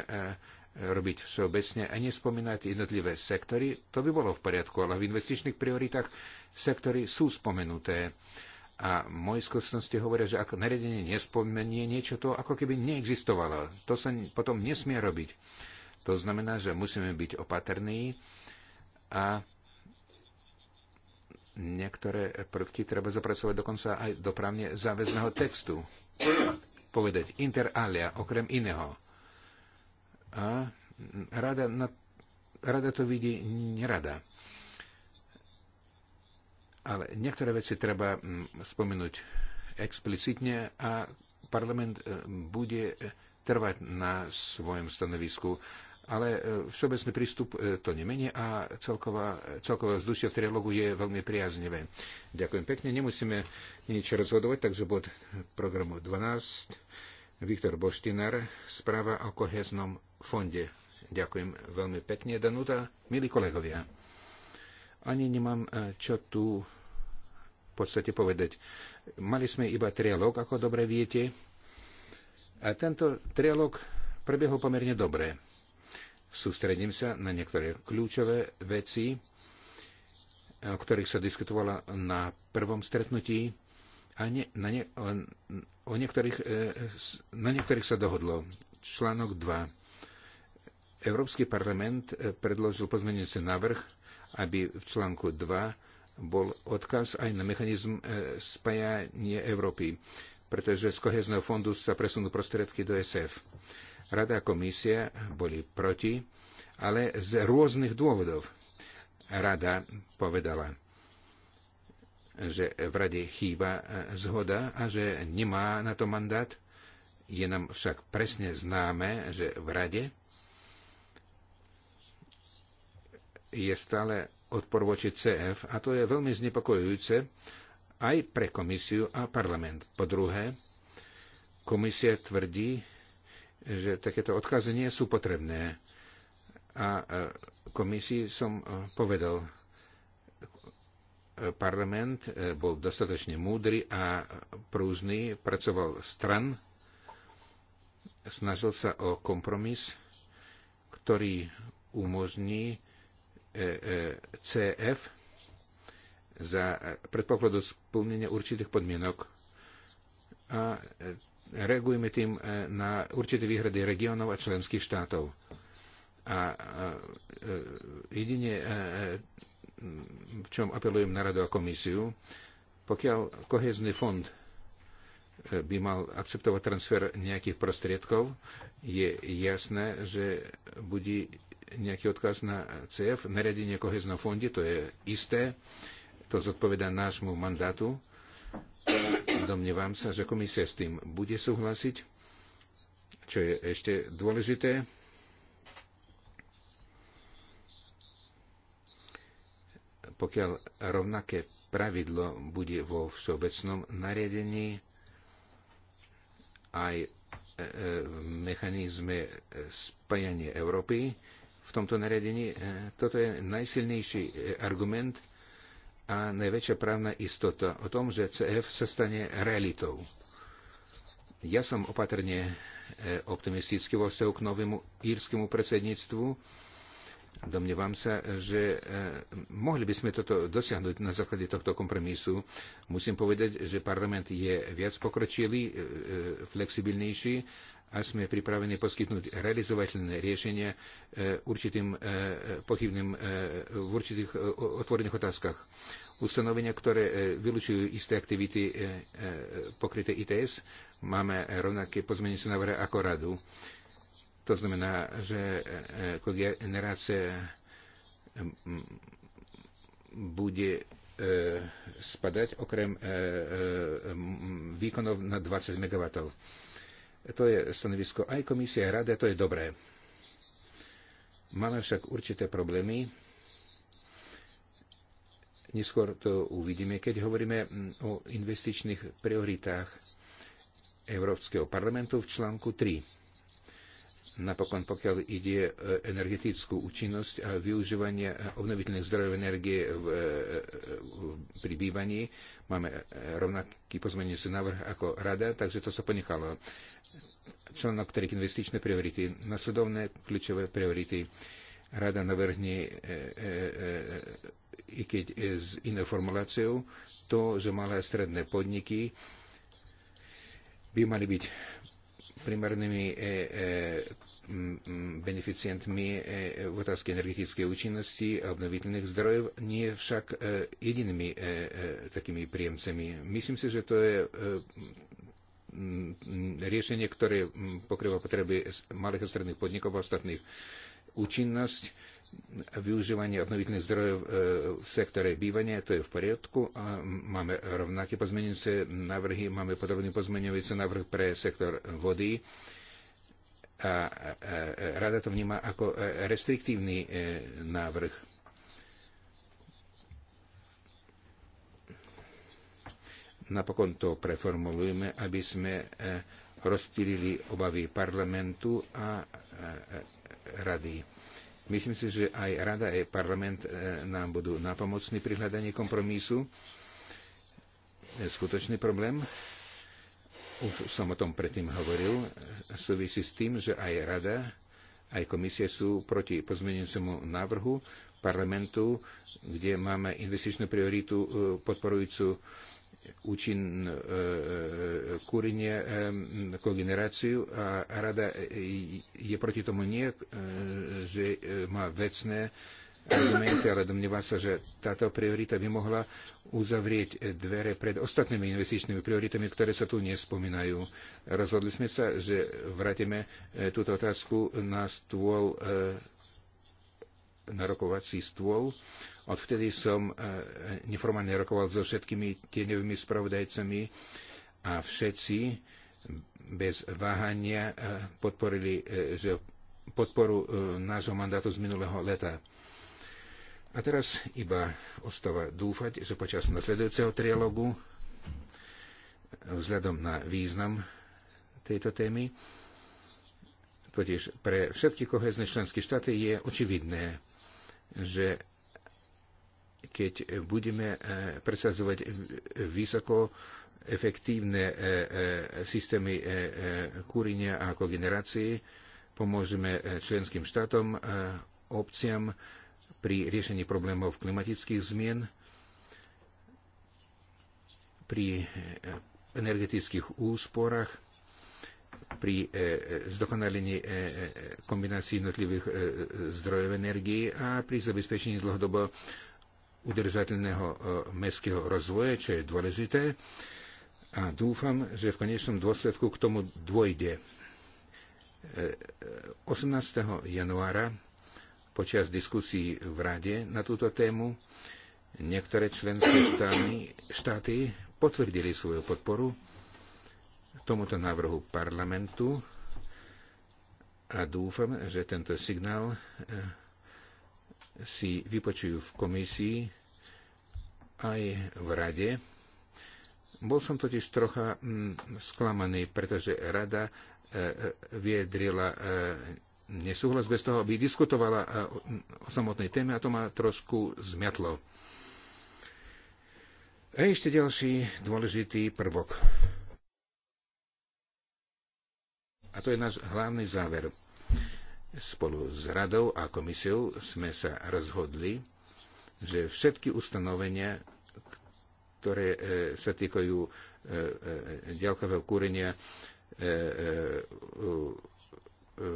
robiť všeobecne a nespomínať jednotlivé sektory, to by bolo v poriadku, ale v investičných prioritách sektory sú spomenuté. A moje skúsenosti hovoria, že ako naredenie nespomenie niečo, to ako keby neexistovalo. To sa potom nesmie robiť. To znamená, že musíme byť opatrní a niektoré prvky treba zapracovať dokonca aj do právne záväzného textu. Povedať inter alia, okrem iného a rada, na, rada to vidí nerada. Ale niektoré veci treba mm, spomenúť explicitne a parlament e, bude e, trvať na svojom stanovisku. Ale e, všeobecný prístup to nemení a celková, celková vzdušia v trialogu je veľmi priaznevé. Ďakujem pekne. Nemusíme nič rozhodovať, takže bod programu 12. Viktor Boštinar, správa o koheznom fonde. Ďakujem veľmi pekne, Danuta. Milí kolegovia, ani nemám e, čo tu v podstate povedať. Mali sme iba trialog, ako dobre viete. A tento trialog prebiehol pomerne dobre. Sústredím sa na niektoré kľúčové veci, o ktorých sa diskutovala na prvom stretnutí a ne, na, ne, o, o niektorých, e, na niektorých sa dohodlo. Článok 2. Európsky parlament eh, predložil pozmeňujúci návrh, aby v článku 2 bol odkaz aj na mechanizm eh, spájania Európy, pretože z kohezného fondu sa presunú prostriedky do SF. Rada a komisia boli proti, ale z rôznych dôvodov. Rada povedala, že v rade chýba eh, zhoda a že nemá na to mandát. Je nám však presne známe, že v rade je stále odpor voči CF a to je veľmi znepokojujúce aj pre komisiu a parlament. Po druhé, komisia tvrdí, že takéto odkazy nie sú potrebné. A e, komisii som e, povedal, parlament e, bol dostatočne múdry a prúzný, pracoval stran, snažil sa o kompromis, ktorý umožní E e CF za predpokladu splnenia určitých podmienok a e, reagujeme tým na určité výhrady regionov a členských štátov. A jedine, v čom apelujem na radu a komisiu, pokiaľ kohezný fond by mal akceptovať transfer nejakých prostriedkov, je jasné, že bude nejaký odkaz na CF, nariadenie kohezného fonde, to je isté, to zodpoveda nášmu mandátu. Domnievam sa, že komisia s tým bude súhlasiť, čo je ešte dôležité. Pokiaľ rovnaké pravidlo bude vo všeobecnom nariadení, aj e, e, v mechanizme spájania Európy, v tomto nariadení. E, toto je najsilnejší e, argument a najväčšia právna istota o tom, že CF sa stane realitou. Ja som opatrne e, optimistický vo vzťahu k novému írskému predsedníctvu Domnievam sa, že eh, mohli by sme toto dosiahnuť na základe tohto kompromisu. Musím povedať, že parlament je viac pokročilý, eh, eh, flexibilnejší a sme pripravení poskytnúť realizovateľné riešenia určitým pochybným v určitých otvorených otázkach. Ustanovenia, ktoré vylučujú isté aktivity pokryté ITS, máme rovnaké pozmenie návrhy ako radu. To znamená, že e, e, generácia bude e, spadať okrem výkonov na 20 MW. To je stanovisko aj komisie, a rady, to je dobré. Máme však určité problémy. Neskôr to uvidíme, keď hovoríme o investičných prioritách Európskeho parlamentu v článku 3 Napokon, pokiaľ ide e, energetickú účinnosť a využívanie obnoviteľných zdrojov energie v, v, e, e, pri bývaní, máme rovnaký pozmeňujúci návrh ako rada, takže to sa ponechalo. Členok, 3. Investičné priority. Nasledovné kľúčové priority. Rada navrhne, e, e, e, i keď s inou formuláciou, to, že malé a stredné podniky by mali byť primárnymi beneficientmi e, e, v otázke energetickej účinnosti a obnoviteľných zdrojov, nie však e, jedinými takými príjemcami. Myslím si, že to je riešenie, ktoré pokrýva potreby malých a stredných podnikov a ostatných účinnosť a využívanie obnoviteľných zdrojov v sektore bývania, to je v poriadku. A máme rovnaké pozmeňujúce návrhy, máme podobný pozmeňujúce návrh pre sektor vody a rada to vníma ako e, restriktívny e, návrh. Napokon to preformulujeme, aby sme e, rozptýlili obavy parlamentu a rady. Myslím si, že aj rada, aj parlament nám budú napomocní pri hľadaní kompromisu. Skutočný problém už som o tom predtým hovoril. Súvisí s tým, že aj rada, aj komisie sú proti pozmenujúcemu návrhu parlamentu, kde máme investičnú prioritu e, podporujúcu účin e, kúrenie, e, kogeneráciu a rada je proti tomu nie, že má vecné argumenty, ale domnieva sa, že táto priorita by mohla uzavrieť dvere pred ostatnými investičnými prioritami, ktoré sa tu nespomínajú. Rozhodli sme sa, že vrátime e, túto otázku na stôl e, na rokovací stôl. Odvtedy som e, neformálne rokoval so všetkými tieňovými spravodajcami a všetci bez váhania podporili že podporu nášho mandátu z minulého leta. A teraz iba ostáva dúfať, že počas nasledujúceho trialogu vzhľadom na význam tejto témy, totiž pre všetky kohezné členské štáty je očividné, že keď budeme e, presadzovať vysoko efektívne e, e, systémy kúrenia a kogenerácie, pomôžeme členským štátom, obciam, pri riešení problémov klimatických zmien, pri eh, energetických úsporách, pri eh, eh, zdokonalení kombinácií jednotlivých zdrojov energii a pri zabezpečení dlhodobo udržateľného mestského rozvoja, čo je dôležité. A dúfam, že v konečnom dôsledku k tomu dôjde. 18. januára počas diskusí v Rade na túto tému. Niektoré členské štáty, štáty potvrdili svoju podporu tomuto návrhu parlamentu a dúfam, že tento signál eh, si vypočujú v komisii aj v rade. Bol som totiž trocha mm, sklamaný, pretože rada eh, eh, vyjadrila nesúhlas bez toho, aby diskutovala e, o samotnej téme a to ma trošku zmiatlo. A ešte ďalší dôležitý prvok. A to je náš hlavný záver. Spolu s Radou a komisiou sme sa rozhodli, že všetky ustanovenia, ktoré e, sa týkajú e, e, e ďalkového kúrenia, e, e, E,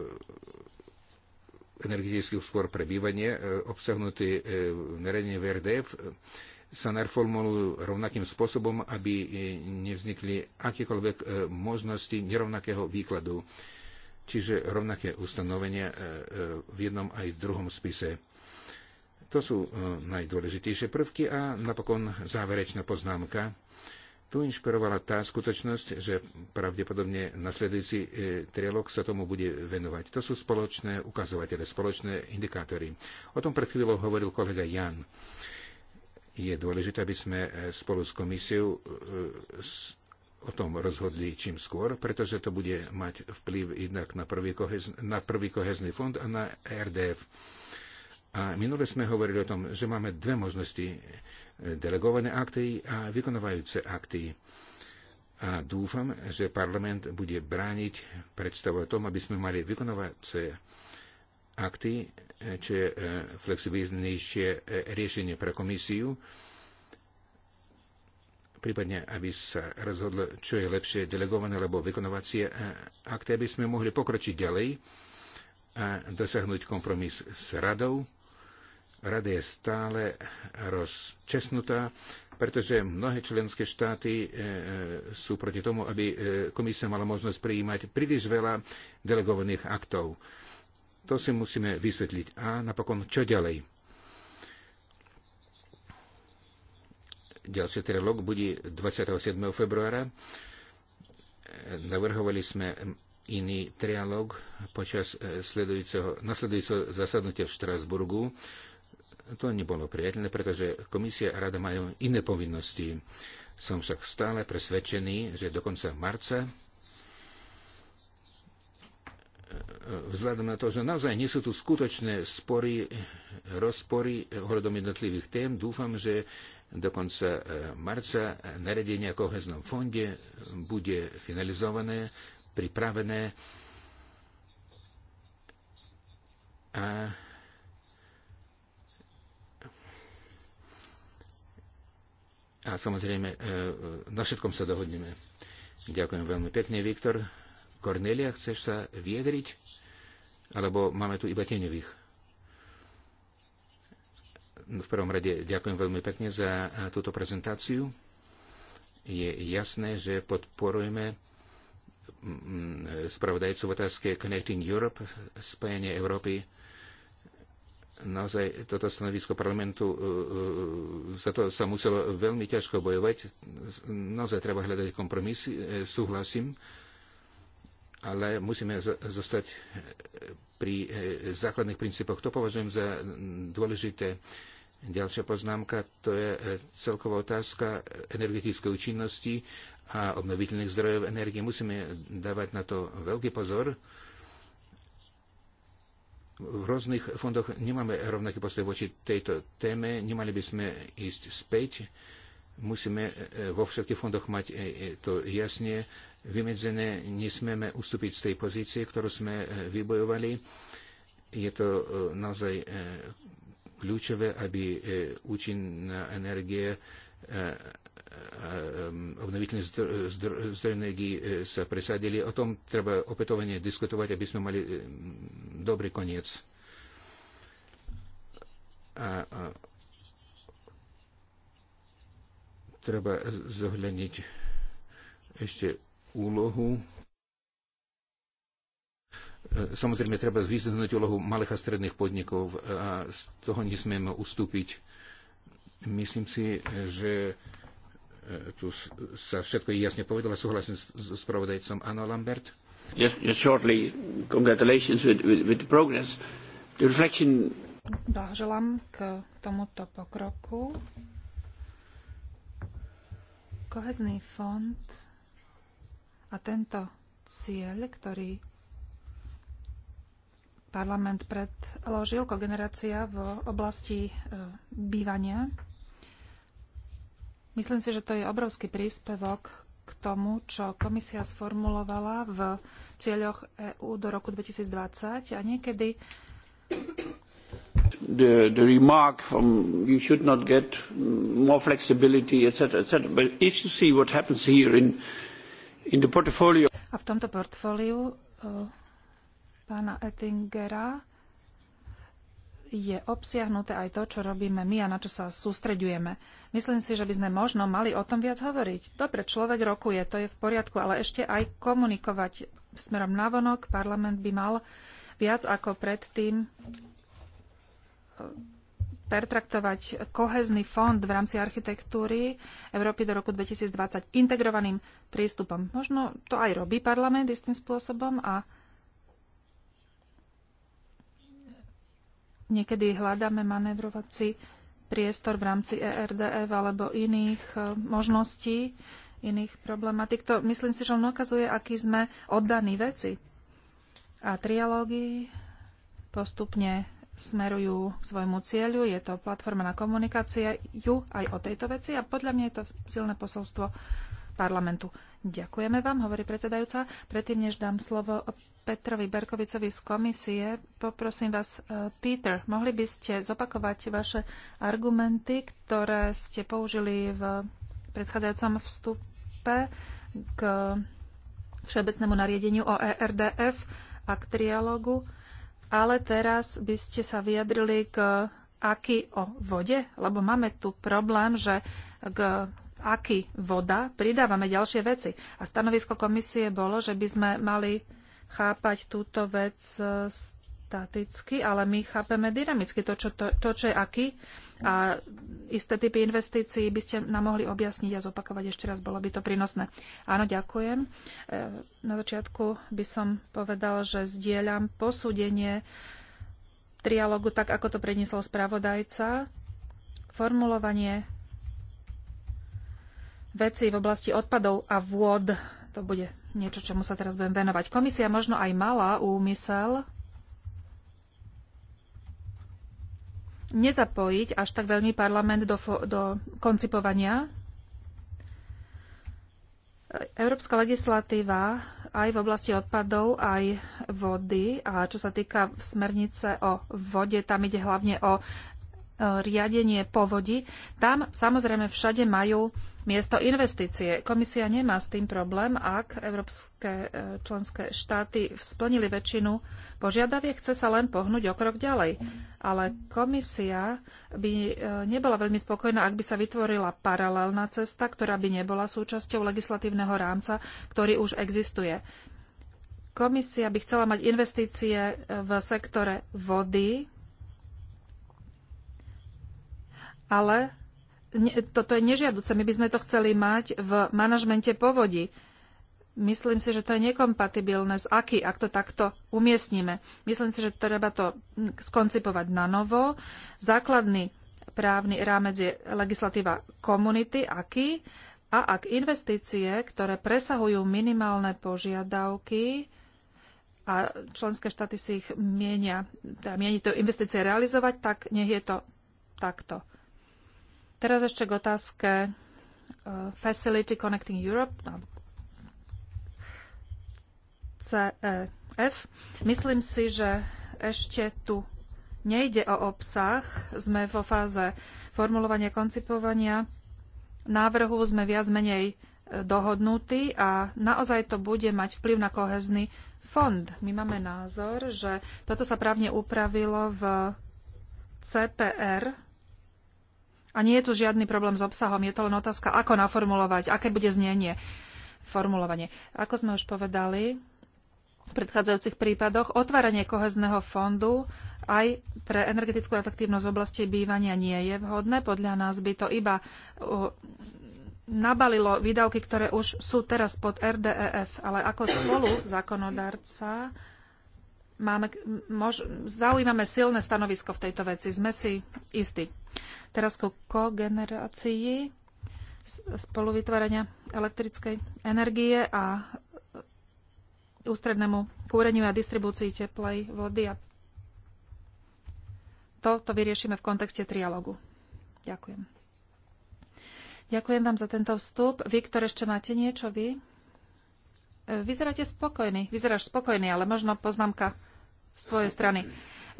energetických skôr pre bývanie e, obsahnutý e, v nariadení VRDF sa narformulujú rovnakým spôsobom, aby nevznikli akékoľvek možnosti nerovnakého výkladu, čiže rovnaké ustanovenia v jednom aj v druhom spise. To sú najdôležitejšie prvky a napokon záverečná poznámka. Tu inšpirovala tá skutočnosť, že pravdepodobne nasledujúci e, trialog sa tomu bude venovať. To sú spoločné ukazovatele, spoločné indikátory. O tom pred chvíľou hovoril kolega Jan. Je dôležité, aby sme e, spolu s komisiou e, o tom rozhodli čím skôr, pretože to bude mať vplyv jednak na prvý, kohezn- na prvý kohezný fond a na RDF. A minule sme hovorili o tom, že máme dve možnosti delegované akty a vykonovajúce akty. A dúfam, že parlament bude brániť predstavu o tom, aby sme mali vykonovacie akty, čo je e, flexibilnejšie e, riešenie pre komisiu, prípadne aby sa rozhodlo, čo je lepšie delegované alebo vykonovacie e, akty, aby sme mohli pokročiť ďalej a dosiahnuť kompromis s radou Rada je stále rozčesnutá, pretože mnohé členské štáty e, e, sú proti tomu, aby e, komisia mala možnosť prijímať príliš veľa delegovaných aktov. To si musíme vysvetliť. A napokon, čo ďalej? Ďalší trilog bude 27. februára. Navrhovali sme iný trialog počas nasledujúceho zasadnutia v Štrasburgu to nebolo priateľné, pretože komisia a rada majú iné povinnosti. Som však stále presvedčený, že do konca marca e, vzhľadom na to, že naozaj nie sú tu skutočné spory, rozpory ohľadom jednotlivých tém, dúfam, že do konca e, marca naredenie o koheznom fonde bude finalizované, pripravené a A samozrejme, e, e, na všetkom sa dohodneme. Ďakujem veľmi pekne, Viktor. Kornelia, chceš sa viedriť? Alebo máme tu iba tieňových? V prvom rade ďakujem veľmi pekne za e, túto prezentáciu. Je jasné, že podporujeme spravodajcu v otázke Connecting Europe, spojenie Európy naozaj toto stanovisko parlamentu, e, e, e, za to sa muselo veľmi ťažko bojovať. Naozaj treba hľadať kompromis, súhlasím, ale musíme zostať pri základných princípoch. To považujem za dôležité. Ďalšia poznámka, to je celková otázka energetickej účinnosti a obnoviteľných zdrojov energie. Musíme dávať na to veľký pozor. V rôznych fondoch nemáme rovnaký postoj voči tejto téme, nemali by sme ísť späť. Musíme e, vo všetkých fondoch mať e, e, to jasne vymedzené, nesmieme ustúpiť z tej pozície, ktorú sme vybojovali. Je to naozaj kľúčové, aby účinná energie E, e, obnoviteľné zdroje energii e, sa presadili. O tom treba opätovne diskutovať, aby sme mali dobrý koniec. A, a treba zohľadniť ešte úlohu. Samozrejme, treba vyzvihnúť úlohu malých a stredných podnikov a z toho nesmieme ustúpiť. Myslím si, že E, tu sa všetko jasne povedalo, súhlasím s, s spravodajcom Anno Lambert. Just, just shortly, congratulations with, with, with the progress. The reflection... Blahoželám k tomuto pokroku. Kohezný fond a tento cieľ, ktorý parlament predložil, generácia v oblasti e, bývania, Myslím si, že to je obrovský príspevok k tomu, čo komisia sformulovala v cieľoch EÚ do roku 2020 a niekedy the, the remark from you should not get more flexibility, etc., etc. But if you see what happens here in, in the portfolio... A v tomto portfóliu uh, pána Ettingera je obsiahnuté aj to, čo robíme my a na čo sa sústreďujeme. Myslím si, že by sme možno mali o tom viac hovoriť. Dobre, človek rokuje, to je v poriadku, ale ešte aj komunikovať smerom navonok. Parlament by mal viac ako predtým e, pertraktovať kohezný fond v rámci architektúry Európy do roku 2020 integrovaným prístupom. Možno to aj robí parlament istým spôsobom a Niekedy hľadáme manevrovací priestor v rámci ERDF alebo iných e, možností, iných problematik. To myslím si, že on ukazuje, aký sme oddaní veci. A trialógy postupne smerujú k svojmu cieľu. Je to platforma na komunikáciu aj o tejto veci a podľa mňa je to silné posolstvo parlamentu. Ďakujeme vám, hovorí predsedajúca. Predtým, než dám slovo Petrovi Berkovicovi z komisie. Poprosím vás, e, Peter, mohli by ste zopakovať vaše argumenty, ktoré ste použili v predchádzajúcom vstupe k všeobecnému nariadeniu o ERDF a k trialógu, ale teraz by ste sa vyjadrili k aký o vode, lebo máme tu problém, že k aký voda pridávame ďalšie veci. A stanovisko komisie bolo, že by sme mali chápať túto vec e, staticky, ale my chápeme dynamicky to, čo, to, to, čo je aký. A isté typy investícií by ste nám mohli objasniť a zopakovať ešte raz, bolo by to prínosné. Áno, ďakujem. E, na začiatku by som povedal, že zdieľam posúdenie trialogu tak, ako to predniesol spravodajca. Formulovanie veci v oblasti odpadov a vôd, to bude niečo, čomu sa teraz budem venovať. Komisia možno aj mala úmysel nezapojiť až tak veľmi parlament do, do koncipovania. Európska legislatíva aj v oblasti odpadov, aj vody. A čo sa týka smernice o vode, tam ide hlavne o e, riadenie povodí. Tam samozrejme všade majú miesto investície. Komisia nemá s tým problém, ak európske e, členské štáty splnili väčšinu požiadaviek, chce sa len pohnúť o krok ďalej. Ale komisia by e, nebola veľmi spokojná, ak by sa vytvorila paralelná cesta, ktorá by nebola súčasťou legislatívneho rámca, ktorý už existuje. Komisia by chcela mať investície e, v sektore vody, ale toto je nežiaduce. My by sme to chceli mať v manažmente povodí. Myslím si, že to je nekompatibilné s aký, ak to takto umiestnime. Myslím si, že treba to skoncipovať na novo. Základný právny rámec je legislatíva komunity, aký, a ak investície, ktoré presahujú minimálne požiadavky, a členské štáty si ich mienia, teda mieni to investície realizovať, tak nech je to takto. Teraz ešte k otázke eh, Facility Connecting Europe, no, CEF. Myslím si, že ešte tu nejde o obsah. Sme vo fáze formulovania, koncipovania návrhu, sme viac menej eh, dohodnutí a naozaj to bude mať vplyv na kohezný fond. My máme názor, že toto sa právne upravilo v CPR, a nie je tu žiadny problém s obsahom, je to len otázka, ako naformulovať, aké bude znenie, formulovanie. Ako sme už povedali, v predchádzajúcich prípadoch otváranie kohezného fondu aj pre energetickú efektívnosť v oblasti bývania nie je vhodné. Podľa nás by to iba nabalilo výdavky, ktoré už sú teraz pod RDEF, ale ako spolu zákonodárca máme, mož, zaujímame silné stanovisko v tejto veci. Sme si istí. Teraz ku kogenerácii spoluvytvárania elektrickej energie a ústrednému kúreniu a distribúcii teplej vody. A to, to vyriešime v kontexte trialogu. Ďakujem. Ďakujem vám za tento vstup. Viktor, ešte máte niečo vy? E, vyzeráte spokojný. Vyzeráš spokojný, ale možno poznámka z tvojej strany.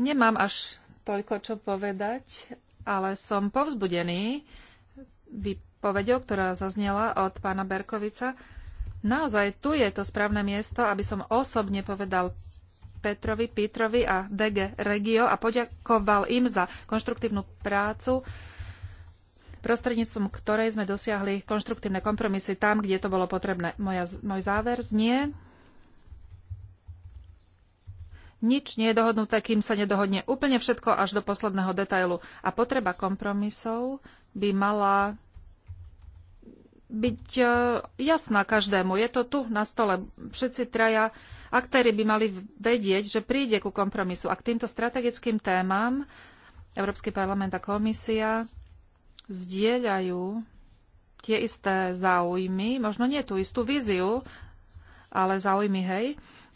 Nemám až toľko čo povedať ale som povzbudený vypovedou, ktorá zaznela od pána Berkovica. Naozaj tu je to správne miesto, aby som osobne povedal Petrovi, Pítrovi a DG Regio a poďakoval im za konštruktívnu prácu, prostredníctvom ktorej sme dosiahli konštruktívne kompromisy tam, kde to bolo potrebné. Moja, môj záver znie, nič nie je dohodnuté, kým sa nedohodne úplne všetko až do posledného detailu. A potreba kompromisov by mala byť e, jasná každému. Je to tu na stole. Všetci traja aktéry by mali vedieť, že príde ku kompromisu. A k týmto strategickým témam Európsky parlament a komisia zdieľajú tie isté záujmy, možno nie tú istú víziu, ale záujmy, hej.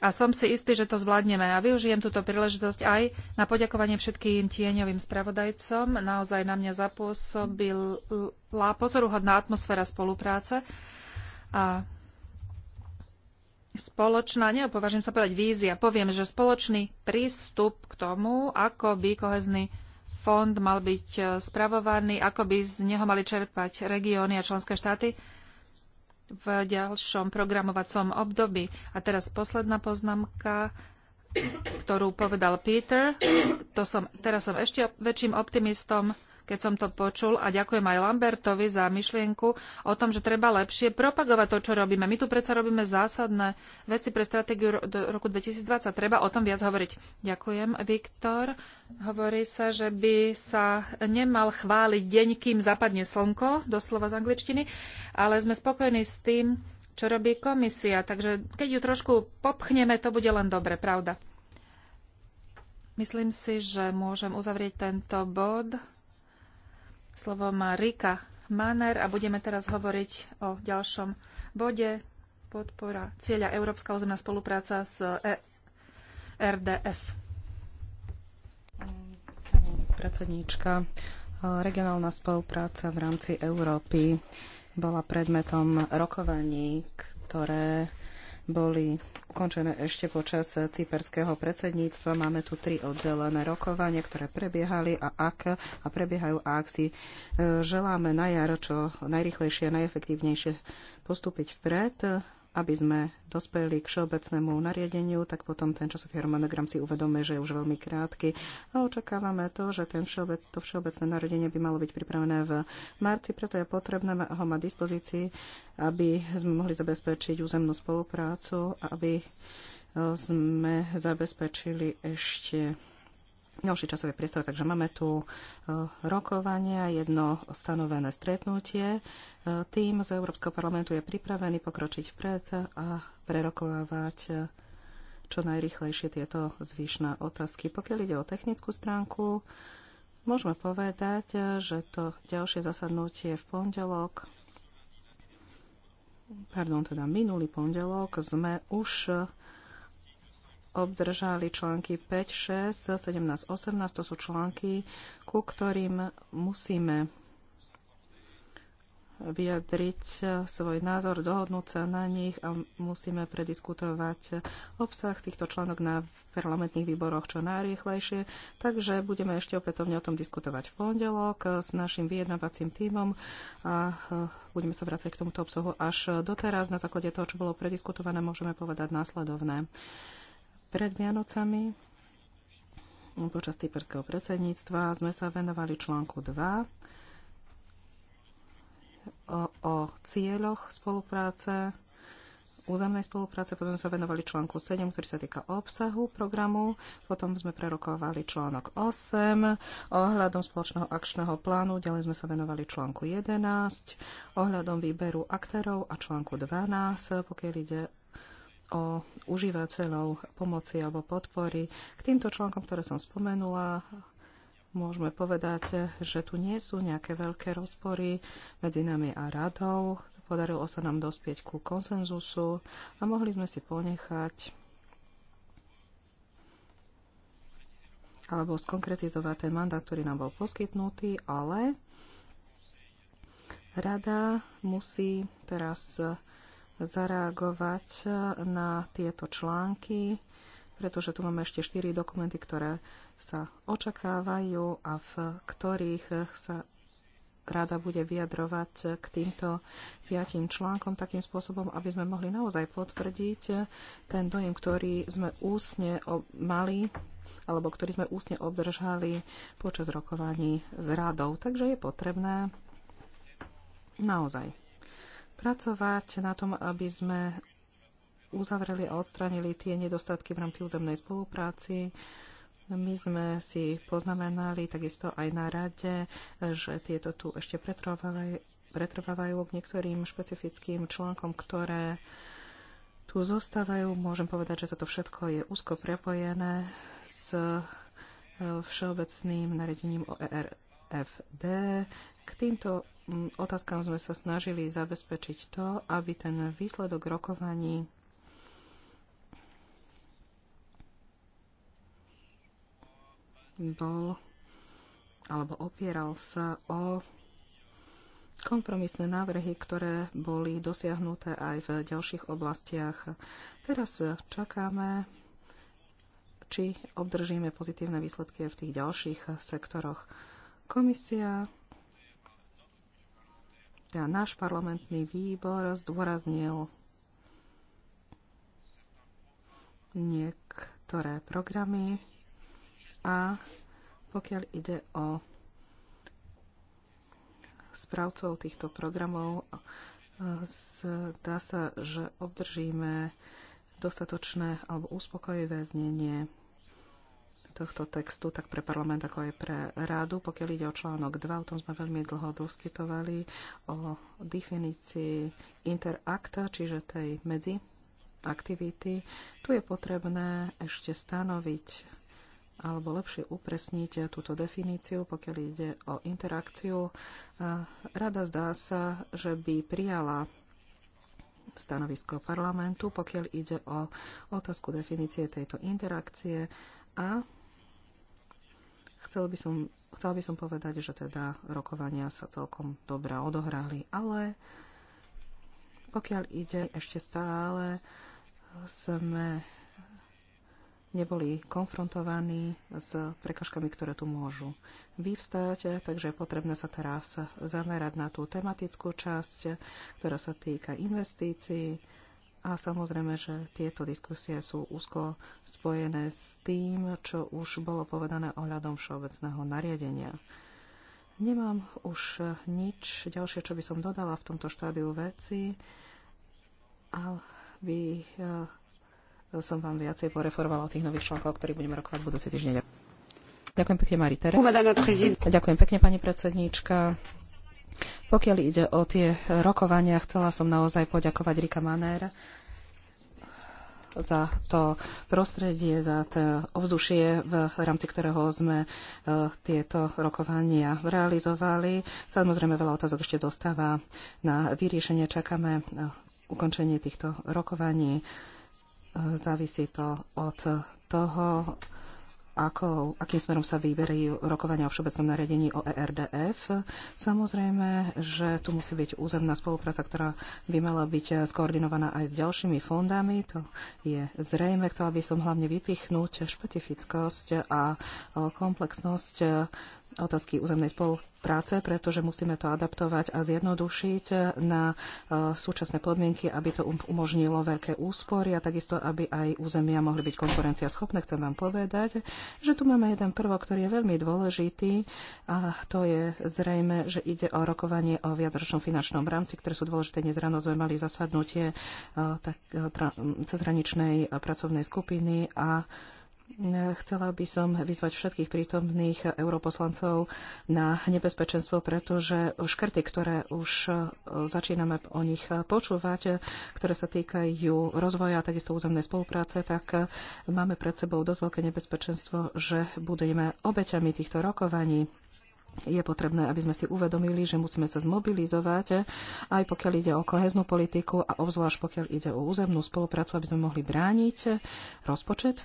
A som si istý, že to zvládneme. A využijem túto príležitosť aj na poďakovanie všetkým tieňovým spravodajcom. Naozaj na mňa zapôsobila pozoruhodná atmosféra spolupráce. A spoločná, neopovažím sa povedať vízia, poviem, že spoločný prístup k tomu, ako by kohezný fond mal byť spravovaný, ako by z neho mali čerpať regióny a členské štáty, v ďalšom programovacom období. A teraz posledná poznámka, ktorú povedal Peter. To som, teraz som ešte väčším optimistom keď som to počul a ďakujem aj Lambertovi za myšlienku o tom, že treba lepšie propagovať to, čo robíme. My tu predsa robíme zásadné veci pre stratégiu do roku 2020. Treba o tom viac hovoriť. Ďakujem, Viktor. Hovorí sa, že by sa nemal chváliť deň, kým zapadne slnko, doslova z angličtiny, ale sme spokojní s tým, čo robí komisia. Takže keď ju trošku popchneme, to bude len dobre, pravda. Myslím si, že môžem uzavrieť tento bod. Slovo má Rika Maner a budeme teraz hovoriť o ďalšom bode podpora cieľa Európska územná spolupráca s e- RDF. Pani predsedníčka, regionálna spolupráca v rámci Európy bola predmetom rokovaní, ktoré boli ukončené ešte počas cyperského predsedníctva. Máme tu tri oddelené rokovania, ktoré prebiehali a ak a prebiehajú a ak si e, želáme na jar čo najrychlejšie a najefektívnejšie postúpiť vpred, aby sme dospeli k všeobecnému nariadeniu, tak potom ten časový harmonogram si uvedome, že je už veľmi krátky a očakávame to, že ten všeobec, to všeobecné nariadenie by malo byť pripravené v marci, preto je potrebné ho mať dispozícii, aby sme mohli zabezpečiť územnú spoluprácu, aby e, sme zabezpečili ešte ďalší časový priestor, takže máme tu e, rokovania, jedno stanovené stretnutie. E, tým z Európskeho parlamentu je pripravený pokročiť vpred a prerokovávať e, čo najrychlejšie tieto zvyšné otázky. Pokiaľ ide o technickú stránku, môžeme povedať, že to ďalšie zasadnutie v pondelok, pardon, teda minulý pondelok sme už obdržali články 5, 6, 17, 18. To sú články, ku ktorým musíme vyjadriť svoj názor, dohodnúť sa na nich a musíme prediskutovať obsah týchto článok na parlamentných výboroch čo najrýchlejšie. Takže budeme ešte opätovne o tom diskutovať v pondelok s našim vyjednávacím tímom a e, budeme sa vrácať k tomuto obsahu až doteraz. Na základe toho, čo bolo prediskutované, môžeme povedať následovné. Pred Vianocami počas cyperského predsedníctva sme sa venovali článku 2 o, o cieľoch spolupráce, územnej spolupráce, potom sme sa venovali článku 7, ktorý sa týka obsahu programu, potom sme prerokovali článok 8 ohľadom spoločného akčného plánu, ďalej sme sa venovali článku 11 ohľadom výberu aktérov a článku 12, pokiaľ ide o užívateľov pomoci alebo podpory. K týmto článkom, ktoré som spomenula, môžeme povedať, že tu nie sú nejaké veľké rozpory medzi nami a radou. Podarilo sa nám dospieť ku konsenzusu a mohli sme si ponechať alebo skonkretizovať ten mandát, ktorý nám bol poskytnutý, ale rada musí teraz zareagovať na tieto články, pretože tu máme ešte štyri dokumenty, ktoré sa očakávajú a v ktorých sa rada bude vyjadrovať k týmto piatim článkom takým spôsobom, aby sme mohli naozaj potvrdiť ten dojem, ktorý sme úsne mali alebo ktorý sme úsne obdržali počas rokovaní s radou. Takže je potrebné naozaj pracovať na tom, aby sme uzavreli a odstranili tie nedostatky v rámci územnej spolupráci. My sme si poznamenali takisto aj na rade, že tieto tu ešte pretrvávajú, k niektorým špecifickým článkom, ktoré tu zostávajú. Môžem povedať, že toto všetko je úzko prepojené s e, všeobecným nariadením o ERS. EFD. K týmto mm, otázkam sme sa snažili zabezpečiť to, aby ten výsledok rokovaní bol alebo opieral sa o kompromisné návrhy, ktoré boli dosiahnuté aj v ďalších oblastiach. Teraz čakáme, či obdržíme pozitívne výsledky v tých ďalších sektoroch. Komisia, teda náš parlamentný výbor zdôraznil niektoré programy a pokiaľ ide o správcov týchto programov, zdá sa, že obdržíme dostatočné alebo uspokojivé znenie tohto textu, tak pre parlament, ako aj pre rádu. Pokiaľ ide o článok 2, o tom sme veľmi dlho diskutovali, o definícii interakta, čiže tej medzi aktivity. Tu je potrebné ešte stanoviť alebo lepšie upresniť túto definíciu, pokiaľ ide o interakciu. Rada zdá sa, že by prijala stanovisko parlamentu, pokiaľ ide o otázku definície tejto interakcie a Chcel by som, chcel by som povedať, že teda rokovania sa celkom dobre odohrali, ale pokiaľ ide ešte stále, sme neboli konfrontovaní s prekažkami, ktoré tu môžu vyvstať, takže je potrebné sa teraz zamerať na tú tematickú časť, ktorá sa týka investícií, a samozrejme, že tieto diskusie sú úzko spojené s tým, čo už bolo povedané ohľadom všeobecného nariadenia. Nemám už nič ďalšie, čo by som dodala v tomto štádiu veci, ale by eh, som vám viacej poreformovala o tých nových článkoch, ktorých budeme rokovať budúci týždeň. Ďakujem pekne, Marie Tere. Ďakujem pekne, pani predsedníčka. Pokiaľ ide o tie rokovania, chcela som naozaj poďakovať Rika Manér za to prostredie, za to ovzdušie, v rámci ktorého sme e, tieto rokovania realizovali. Samozrejme, veľa otázok ešte zostáva na vyriešenie. Čakáme e, ukončenie týchto rokovaní. E, závisí to od toho, ako, akým smerom sa vyberí rokovania o všeobecnom nariadení o ERDF. Samozrejme, že tu musí byť územná spolupráca, ktorá by mala byť skoordinovaná aj s ďalšími fondami. To je zrejme. Chcela by som hlavne vypichnúť špecifickosť a komplexnosť otázky územnej spolupráce, pretože musíme to adaptovať a zjednodušiť na e, súčasné podmienky, aby to um-, umožnilo veľké úspory a takisto, aby aj územia mohli byť konkurenciaschopné. Chcem vám povedať, že tu máme jeden prvok, ktorý je veľmi dôležitý a to je zrejme, že ide o rokovanie o viacročnom finančnom rámci, ktoré sú dôležité. Dnes ráno sme mali zasadnutie e, tak, e, cezhraničnej pracovnej skupiny a Chcela by som vyzvať všetkých prítomných europoslancov na nebezpečenstvo, pretože škrty, ktoré už e, začíname o nich počúvať, ktoré sa týkajú rozvoja a takisto územnej spolupráce, tak e, máme pred sebou dosť veľké nebezpečenstvo, že budeme obeťami týchto rokovaní je potrebné, aby sme si uvedomili, že musíme sa zmobilizovať, e, aj pokiaľ ide o koheznú politiku a obzvlášť pokiaľ ide o územnú spoluprácu, aby sme mohli brániť rozpočet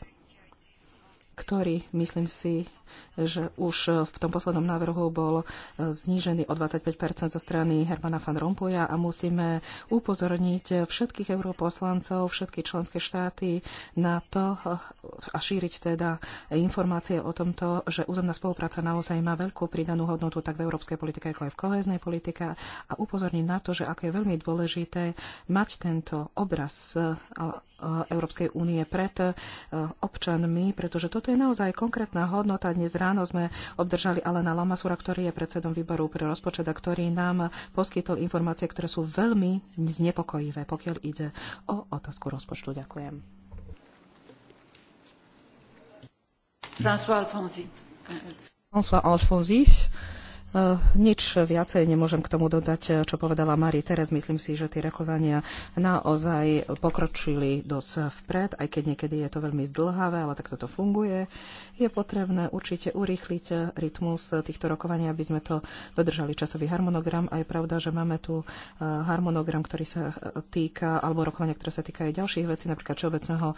ktorý, myslím si, že už v tom poslednom návrhu bol znížený o 25 zo strany Hermana van Rompuya a musíme upozorniť všetkých europoslancov, všetky členské štáty na to a šíriť teda informácie o tomto, že územná spolupráca naozaj má veľkú pridanú hodnotu tak v európskej politike, ako aj v koheznej politike a upozorniť na to, že ako je veľmi dôležité mať tento obraz Európskej únie pred občanmi, pretože toto to je naozaj konkrétna hodnota. Dnes ráno sme obdržali Alena Lamasura, ktorý je predsedom výboru pre rozpočet a ktorý nám poskytol informácie, ktoré sú veľmi znepokojivé, pokiaľ ide o otázku rozpočtu. Ďakujem. François Alfonsi. François Alfonsi. Eh, nič viacej nemôžem k tomu dodať, eh, čo povedala Marie Teres. Myslím si, že tie rokovania naozaj pokročili dosť vpred, aj keď niekedy je to veľmi zdlhavé, ale takto to funguje. Je potrebné určite urýchliť eh, rytmus týchto rokovaní, aby sme to dodržali časový harmonogram. A je pravda, že máme tu harmonogram, ktorý sa týka, alebo rokovania, ktoré sa týkajú ďalších vecí, napríklad všeobecného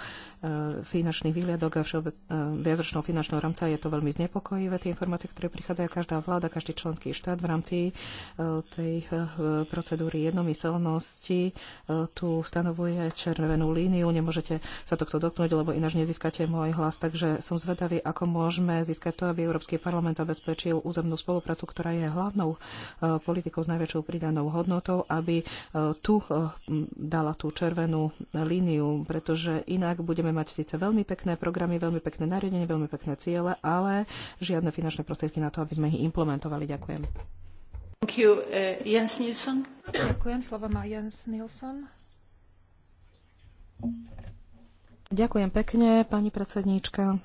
finančných výhľadok a všeobec, viacročného finančného rámca. Je to veľmi znepokojivé, tie informácie, ktoré prichádzajú každá vláda, každý členský štát v rámci e, tej e, procedúry jednomyselnosti e, tu stanovuje červenú líniu. Nemôžete sa tohto dotknúť, lebo ináč nezískate môj hlas. Takže som zvedavý, ako môžeme získať to, aby Európsky parlament zabezpečil územnú spoluprácu, ktorá je hlavnou politikou s najväčšou pridanou hodnotou, aby tu dala tú červenú líniu, pretože inak budeme mať síce veľmi pekné programy, veľmi pekné nariadenie, veľmi pekné ciele, ale žiadne finančné prostriedky na to, aby sme ich implementovali. Ďakujem. Thank you, uh, Jens Nilsson. Ďakujem, slovo má Jens Nilsson. Ďakujem pekne, pani predsedníčka.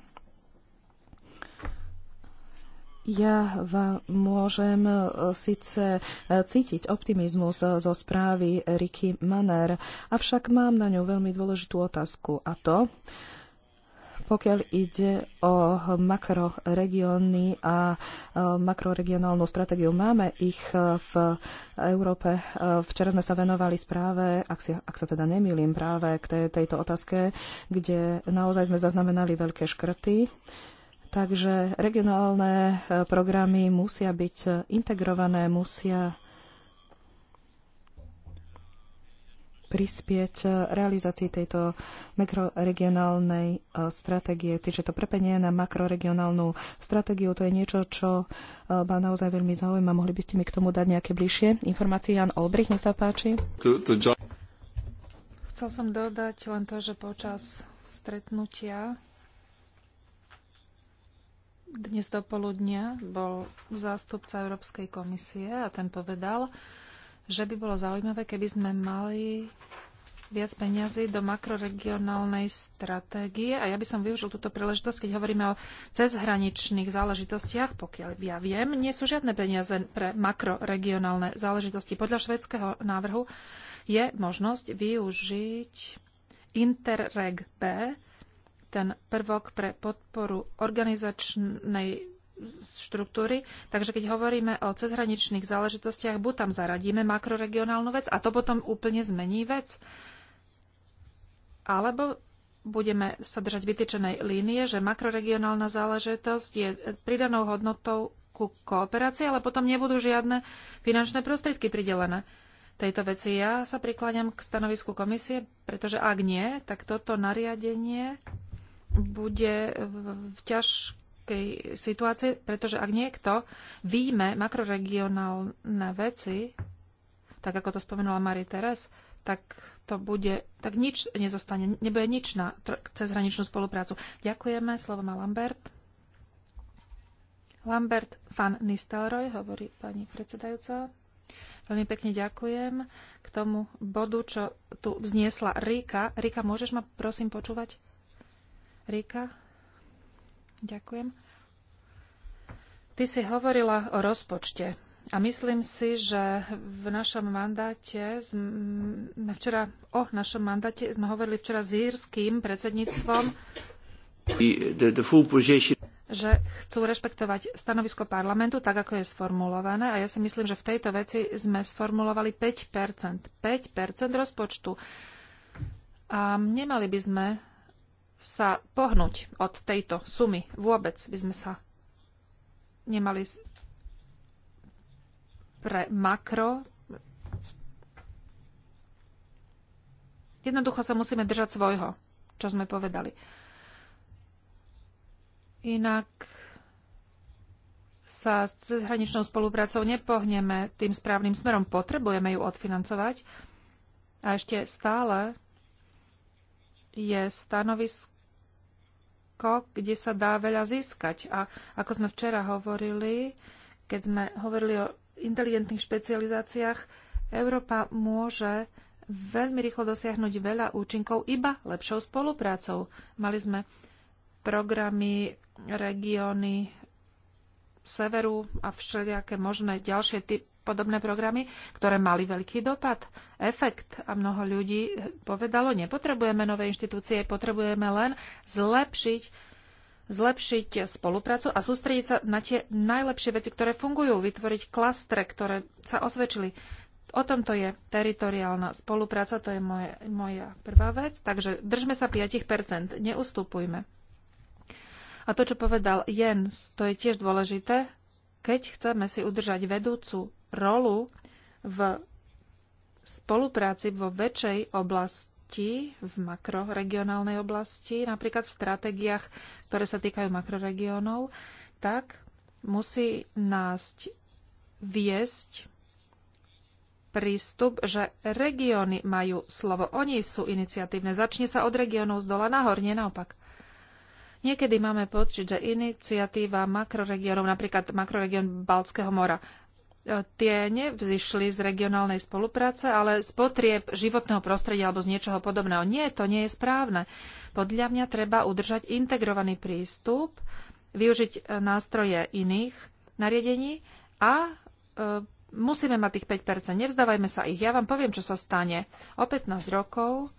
Ja vám môžem uh, síce uh, cítiť optimizmus uh, zo správy Ricky Manner, avšak mám na ňu veľmi dôležitú otázku a to, pokiaľ ide o makroregióny a e, makroregionálnu stratégiu, máme ich e, v Európe. E, včera sme sa venovali správe, ak, si, ak sa teda nemýlim, práve k tej, tejto otázke, kde naozaj sme zaznamenali veľké škrty. Takže regionálne programy musia byť integrované, musia prispieť realizácii tejto makroregionálnej e, stratégie. Čiže to prepenie na makroregionálnu stratégiu, to je niečo, čo e, ma naozaj veľmi zaujíma. Mohli by ste mi k tomu dať nejaké bližšie informácie? Jan Olbrich, nech sa páči. Chcel som dodať len to, že počas stretnutia dnes do poludnia bol zástupca Európskej komisie a ten povedal, že by bolo zaujímavé, keby sme mali viac peniazy do makroregionálnej stratégie a ja by som využil túto príležitosť, keď hovoríme o cezhraničných záležitostiach, pokiaľ ja viem, nie sú žiadne peniaze pre makroregionálne záležitosti. Podľa švedského návrhu je možnosť využiť Interreg B, ten prvok pre podporu organizačnej štruktúry. Takže keď hovoríme o cezhraničných záležitostiach, buď tam zaradíme makroregionálnu vec a to potom úplne zmení vec, alebo budeme sa držať vytýčenej línie, že makroregionálna záležitosť je pridanou hodnotou ku kooperácii, ale potom nebudú žiadne finančné prostriedky pridelené tejto veci. Ja sa prikláňam k stanovisku komisie, pretože ak nie, tak toto nariadenie bude v ťažkej situácie, pretože ak niekto výjme makroregionálne veci, tak ako to spomenula Marie Teres, tak to bude, tak nič nezostane, nebude nič na cezhraničnú spoluprácu. Ďakujeme, slovo má Lambert. Lambert van Nistelrooy, hovorí pani predsedajúca. Veľmi pekne ďakujem k tomu bodu, čo tu vzniesla Rika. Rika, môžeš ma prosím počúvať? Rika? Ďakujem. Ty si hovorila o rozpočte. A myslím si, že v našom mandáte, sme včera, o našom mandáte sme hovorili včera s írským predsedníctvom, the, the že chcú rešpektovať stanovisko parlamentu, tak ako je sformulované. A ja si myslím, že v tejto veci sme sformulovali 5%. 5% rozpočtu. A nemali by sme sa pohnúť od tejto sumy. Vôbec by sme sa nemali pre makro. Jednoducho sa musíme držať svojho, čo sme povedali. Inak sa s cezhraničnou spoluprácou nepohneme tým správnym smerom. Potrebujeme ju odfinancovať. A ešte stále je stanovisko, kde sa dá veľa získať. A ako sme včera hovorili, keď sme hovorili o inteligentných špecializáciách, Európa môže veľmi rýchlo dosiahnuť veľa účinkov iba lepšou spoluprácou. Mali sme programy, regióny severu a všelijaké možné ďalšie typy podobné programy, ktoré mali veľký dopad, efekt a mnoho ľudí povedalo, nepotrebujeme nové inštitúcie, potrebujeme len zlepšiť zlepšiť spoluprácu a sústrediť sa na tie najlepšie veci, ktoré fungujú, vytvoriť klastre, ktoré sa osvedčili. O tomto je teritoriálna spolupráca, to je moje, moja prvá vec. Takže držme sa 5%, neustupujme. A to, čo povedal Jens, to je tiež dôležité, keď chceme si udržať vedúcu rolu v spolupráci vo väčšej oblasti, v makroregionálnej oblasti, napríklad v stratégiách, ktoré sa týkajú makroregiónov, tak musí nás viesť prístup, že regióny majú slovo. Oni sú iniciatívne. Začne sa od regiónov z dola nahor, nie naopak. Niekedy máme pocit, že iniciatíva makroregiónov, napríklad makroregión Baltského mora, E, tie nevzýšli z regionálnej spolupráce, ale z potrieb životného prostredia alebo z niečoho podobného. Nie, to nie je správne. Podľa mňa treba udržať integrovaný prístup, využiť e, nástroje iných nariadení a e, musíme mať tých 5%. Nevzdávajme sa ich. Ja vám poviem, čo sa stane. O 15 rokov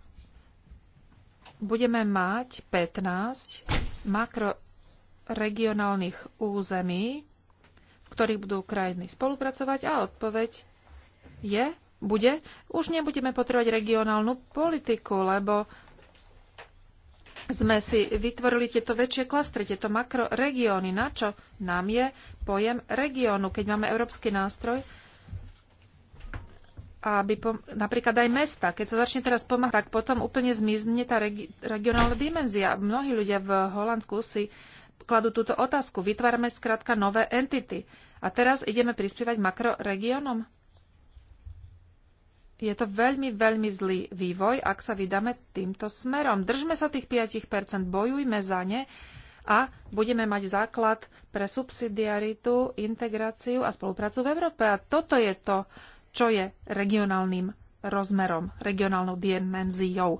budeme mať 15 makroregionálnych území, ktorých budú krajiny spolupracovať a odpoveď je, bude, už nebudeme potrebovať regionálnu politiku, lebo sme si vytvorili tieto väčšie klastre, tieto makroregióny. Na čo nám je pojem regiónu, keď máme európsky nástroj? aby pom- napríklad aj mesta, keď sa začne teraz pomáhať, tak potom úplne zmizne tá regi- regionálna dimenzia. Mnohí ľudia v Holandsku si kladú túto otázku. Vytvárame skrátka nové entity. A teraz ideme prispievať makroregiónom? Je to veľmi, veľmi zlý vývoj, ak sa vydáme týmto smerom. Držme sa tých 5%, bojujme za ne a budeme mať základ pre subsidiaritu, integráciu a spoluprácu v Európe. A toto je to, čo je regionálnym rozmerom, regionálnou dimenziou.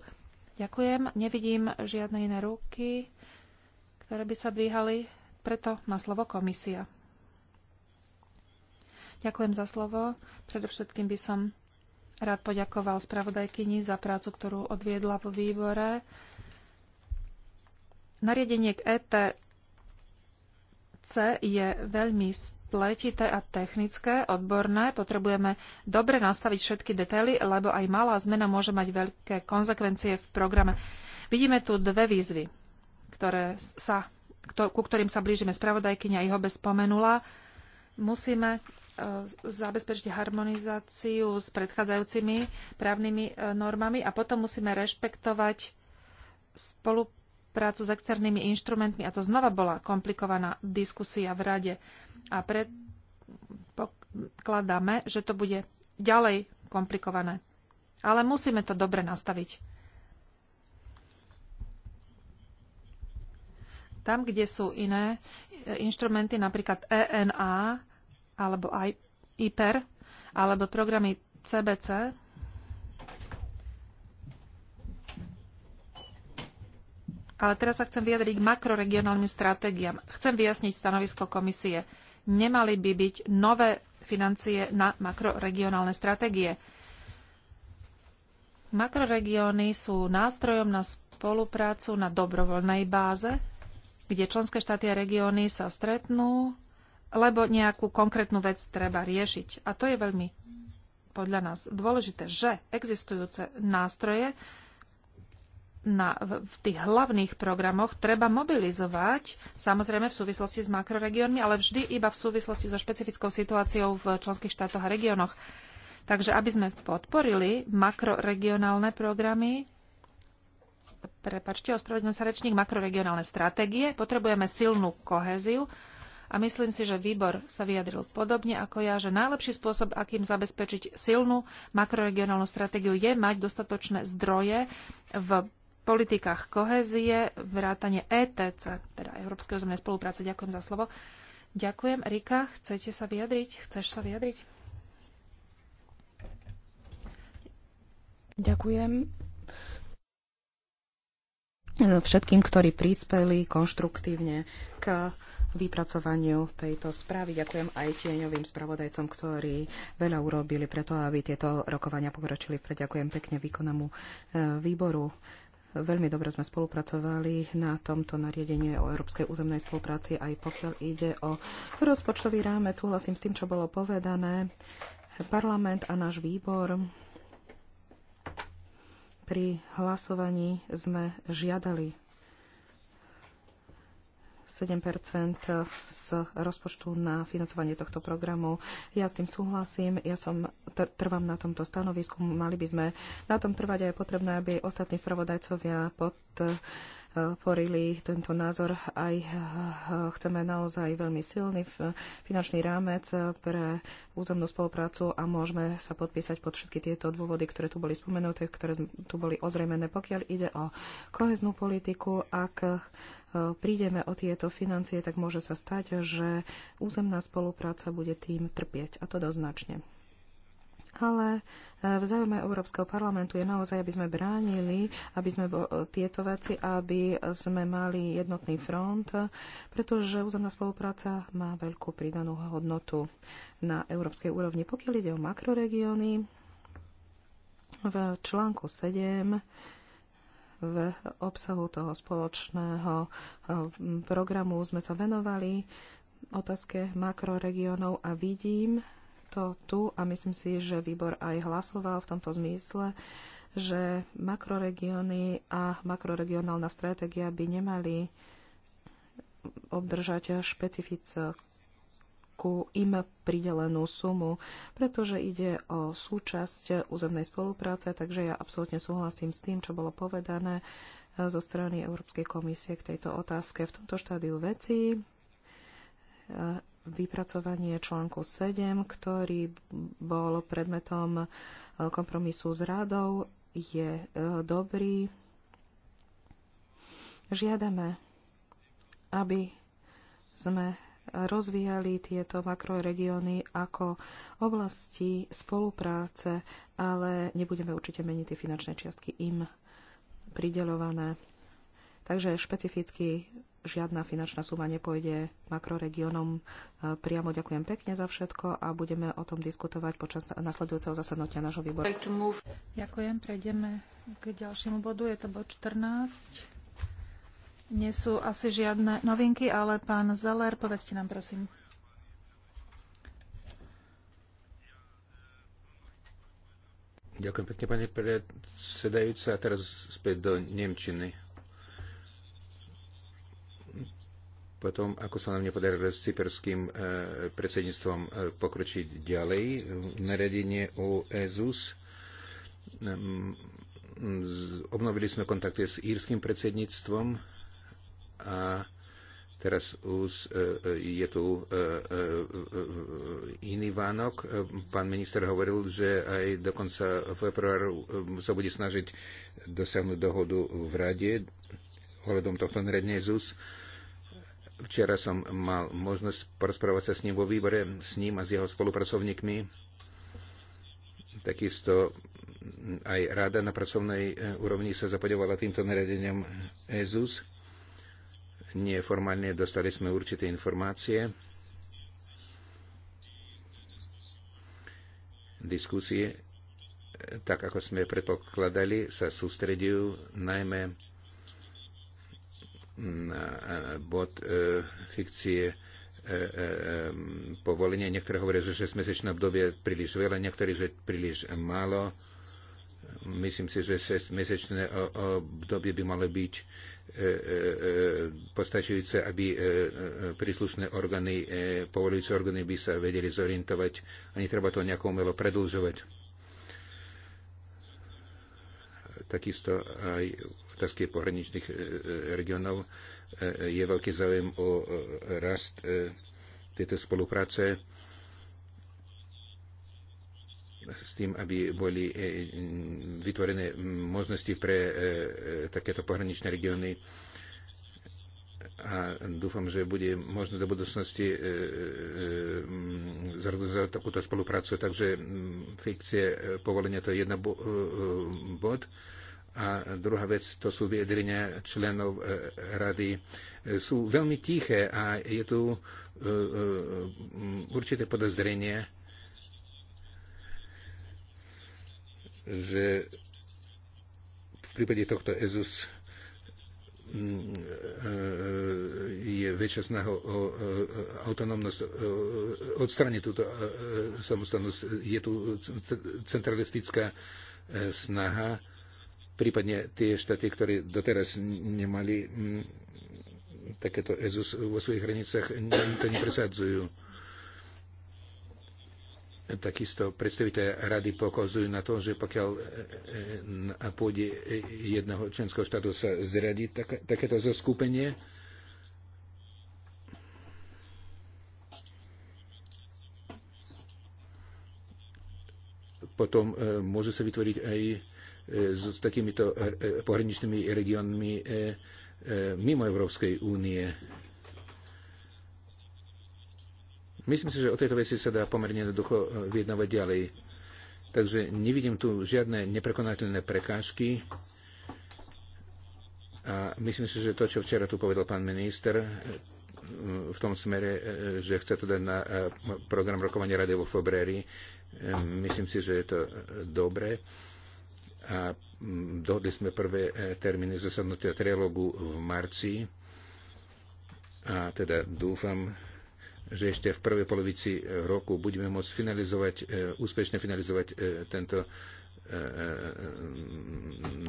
Ďakujem. Nevidím žiadne iné ruky, ktoré by sa dvíhali. Preto má slovo komisia. Ďakujem za slovo. Predovšetkým by som rád poďakoval spravodajkyni za prácu, ktorú odviedla vo výbore. Nariadenie k ETC je veľmi spletité a technické, odborné. Potrebujeme dobre nastaviť všetky detaily, lebo aj malá zmena môže mať veľké konsekvencie v programe. Vidíme tu dve výzvy, ktoré sa, ku ktorým sa blížime. Spravodajkyňa ich obe spomenula. Musíme E, zabezpečiť harmonizáciu s predchádzajúcimi právnymi e, normami a potom musíme rešpektovať spoluprácu s externými inštrumentmi. A to znova bola komplikovaná diskusia v rade. A predpokladáme, že to bude ďalej komplikované. Ale musíme to dobre nastaviť. Tam, kde sú iné e, inštrumenty, napríklad ENA, alebo aj IPER, alebo programy CBC, Ale teraz sa chcem vyjadriť k makroregionálnym stratégiám. Chcem vyjasniť stanovisko komisie. Nemali by byť nové financie na makroregionálne stratégie. Makroregióny sú nástrojom na spoluprácu na dobrovoľnej báze, kde členské štáty a regióny sa stretnú, lebo nejakú konkrétnu vec treba riešiť. A to je veľmi podľa nás dôležité, že existujúce nástroje na, v, v tých hlavných programoch treba mobilizovať, samozrejme v súvislosti s makroregiónmi, ale vždy iba v súvislosti so špecifickou situáciou v členských štátoch a regiónoch. Takže aby sme podporili makroregionálne programy, prepačte, ospravedlňujem sa rečník, makroregionálne stratégie, potrebujeme silnú kohéziu, a myslím si, že výbor sa vyjadril podobne ako ja, že najlepší spôsob, akým zabezpečiť silnú makroregionálnu stratégiu, je mať dostatočné zdroje v politikách kohézie, vrátane ETC, teda Európskej územnej spolupráce. Ďakujem za slovo. Ďakujem. Rika, chcete sa vyjadriť? Chceš sa vyjadriť? Ďakujem všetkým, ktorí prispeli konštruktívne k vypracovaniu tejto správy. Ďakujem aj tieňovým spravodajcom, ktorí veľa urobili preto, aby tieto rokovania pokročili vpred. Ďakujem pekne výkonnému e, výboru. Veľmi dobre sme spolupracovali na tomto nariadení o európskej územnej spolupráci, aj pokiaľ ide o rozpočtový rámec. Súhlasím s tým, čo bolo povedané. Parlament a náš výbor pri hlasovaní sme žiadali 7 z rozpočtu na financovanie tohto programu. Ja s tým súhlasím, ja som trvám na tomto stanovisku, mali by sme na tom trvať a je potrebné, aby ostatní spravodajcovia pod porili tento názor aj chceme naozaj veľmi silný finančný rámec pre územnú spoluprácu a môžeme sa podpísať pod všetky tieto dôvody, ktoré tu boli spomenuté, ktoré tu boli ozrejmené. Pokiaľ ide o koheznú politiku, ak e, prídeme o tieto financie, tak môže sa stať, že územná spolupráca bude tým trpieť, a to doznačne ale eh, v záujme Európskeho parlamentu je naozaj, aby sme bránili, aby sme tieto veci, aby sme mali jednotný front, pretože územná spolupráca má veľkú pridanú hodnotu na európskej úrovni. Pokiaľ ide o makroregióny, v článku 7 v obsahu toho spoločného eh, programu sme sa venovali otázke makroregiónov a vidím, to tu a myslím si, že výbor aj hlasoval v tomto zmysle, že makroregióny a makroregionálna stratégia by nemali obdržať špecifickú im pridelenú sumu, pretože ide o súčasť územnej spolupráce, takže ja absolútne súhlasím s tým, čo bolo povedané zo strany Európskej komisie k tejto otázke. V tomto štádiu veci vypracovanie článku 7, ktorý bol predmetom e, kompromisu s radou, je e, dobrý. Žiadame, aby sme rozvíjali tieto makroregióny ako oblasti spolupráce, ale nebudeme určite meniť tie finančné čiastky im prideľované. Takže špecificky žiadna finančná suma nepôjde makroregiónom. E, priamo ďakujem pekne za všetko a budeme o tom diskutovať počas nasledujúceho zasadnutia nášho výboru. Ďakujem, prejdeme k ďalšiemu bodu, je to bod 14. Nie sú asi žiadne novinky, ale pán Zeller, povedzte nám prosím. Ďakujem pekne, pani predsedajúca. A teraz späť do Nemčiny. potom, ako sa nám nepodarilo s cyperským e, predsedníctvom e, pokročiť ďalej, radenie o EZUS. Obnovili sme kontakty s írským predsedníctvom a teraz už e, je tu iný Vánok. Pán minister hovoril, že aj do konca februáru sa bude snažiť dosiahnuť dohodu v rade ohľadom tohto naredenia EZUS Včera som mal možnosť porozprávať sa s ním vo výbore, s ním a s jeho spolupracovníkmi. Takisto aj rada na pracovnej e, úrovni sa zapodovala týmto nariadeniam EZUS. Neformálne dostali sme určité informácie. Diskusie, e, tak ako sme predpokladali, sa sústredujú najmä Mm, bod e, fikcie e, e, povolenia. Niektorí hovoria, že 6-mesečné obdobie je príliš veľa, niektorí, že príliš málo. Myslím si, že 6-mesečné obdobie by malo byť postačujúce, aby príslušné orgány, povolujúce orgány by sa vedeli zorientovať a netreba to nejako umelo predlžovať. Takisto aj otázky pohraničných e, e, regionov. E, je veľký záujem o rast tejto spolupráce s tým, aby boli vytvorené možnosti pre takéto pohraničné regióny a dúfam, že bude možné do budúcnosti zorganizovať takúto spoluprácu. Takže fikcie povolenia to je jedna bod. A druhá vec, to sú vyjadrenia členov e, rady. E, sú veľmi tiché a je tu e, určité podozrenie, že v prípade tohto EZUS je väčšia snaha o autonómnosť, odstraniť túto samostatnosť. Je tu centralistická snaha prípadne tie štáty, ktoré doteraz nemali takéto EZUS vo svojich hranicách, to nepresadzujú. Takisto predstaviteľe rady pokazujú na to, že pokiaľ na e, e, pôde jedného členského štátu sa zradí tak, takéto zaskupenie, potom e, môže sa vytvoriť aj s takýmito eh, eh, pohraničnými regiónmi eh, mimo Európskej únie. Myslím si, že o tejto veci sa dá pomerne jednoducho vyjednávať ďalej. Takže nevidím tu žiadne neprekonateľné prekážky. A myslím si, že to, čo včera tu povedal pán minister, v tom smere, že chce to dať na program rokovania Rady vo februári, myslím si, že je to dobré a dohodli sme prvé e, termíny zasadnutia trialogu v marci a teda dúfam, že ešte v prvej polovici roku budeme môcť finalizovať, e, úspešne finalizovať e, tento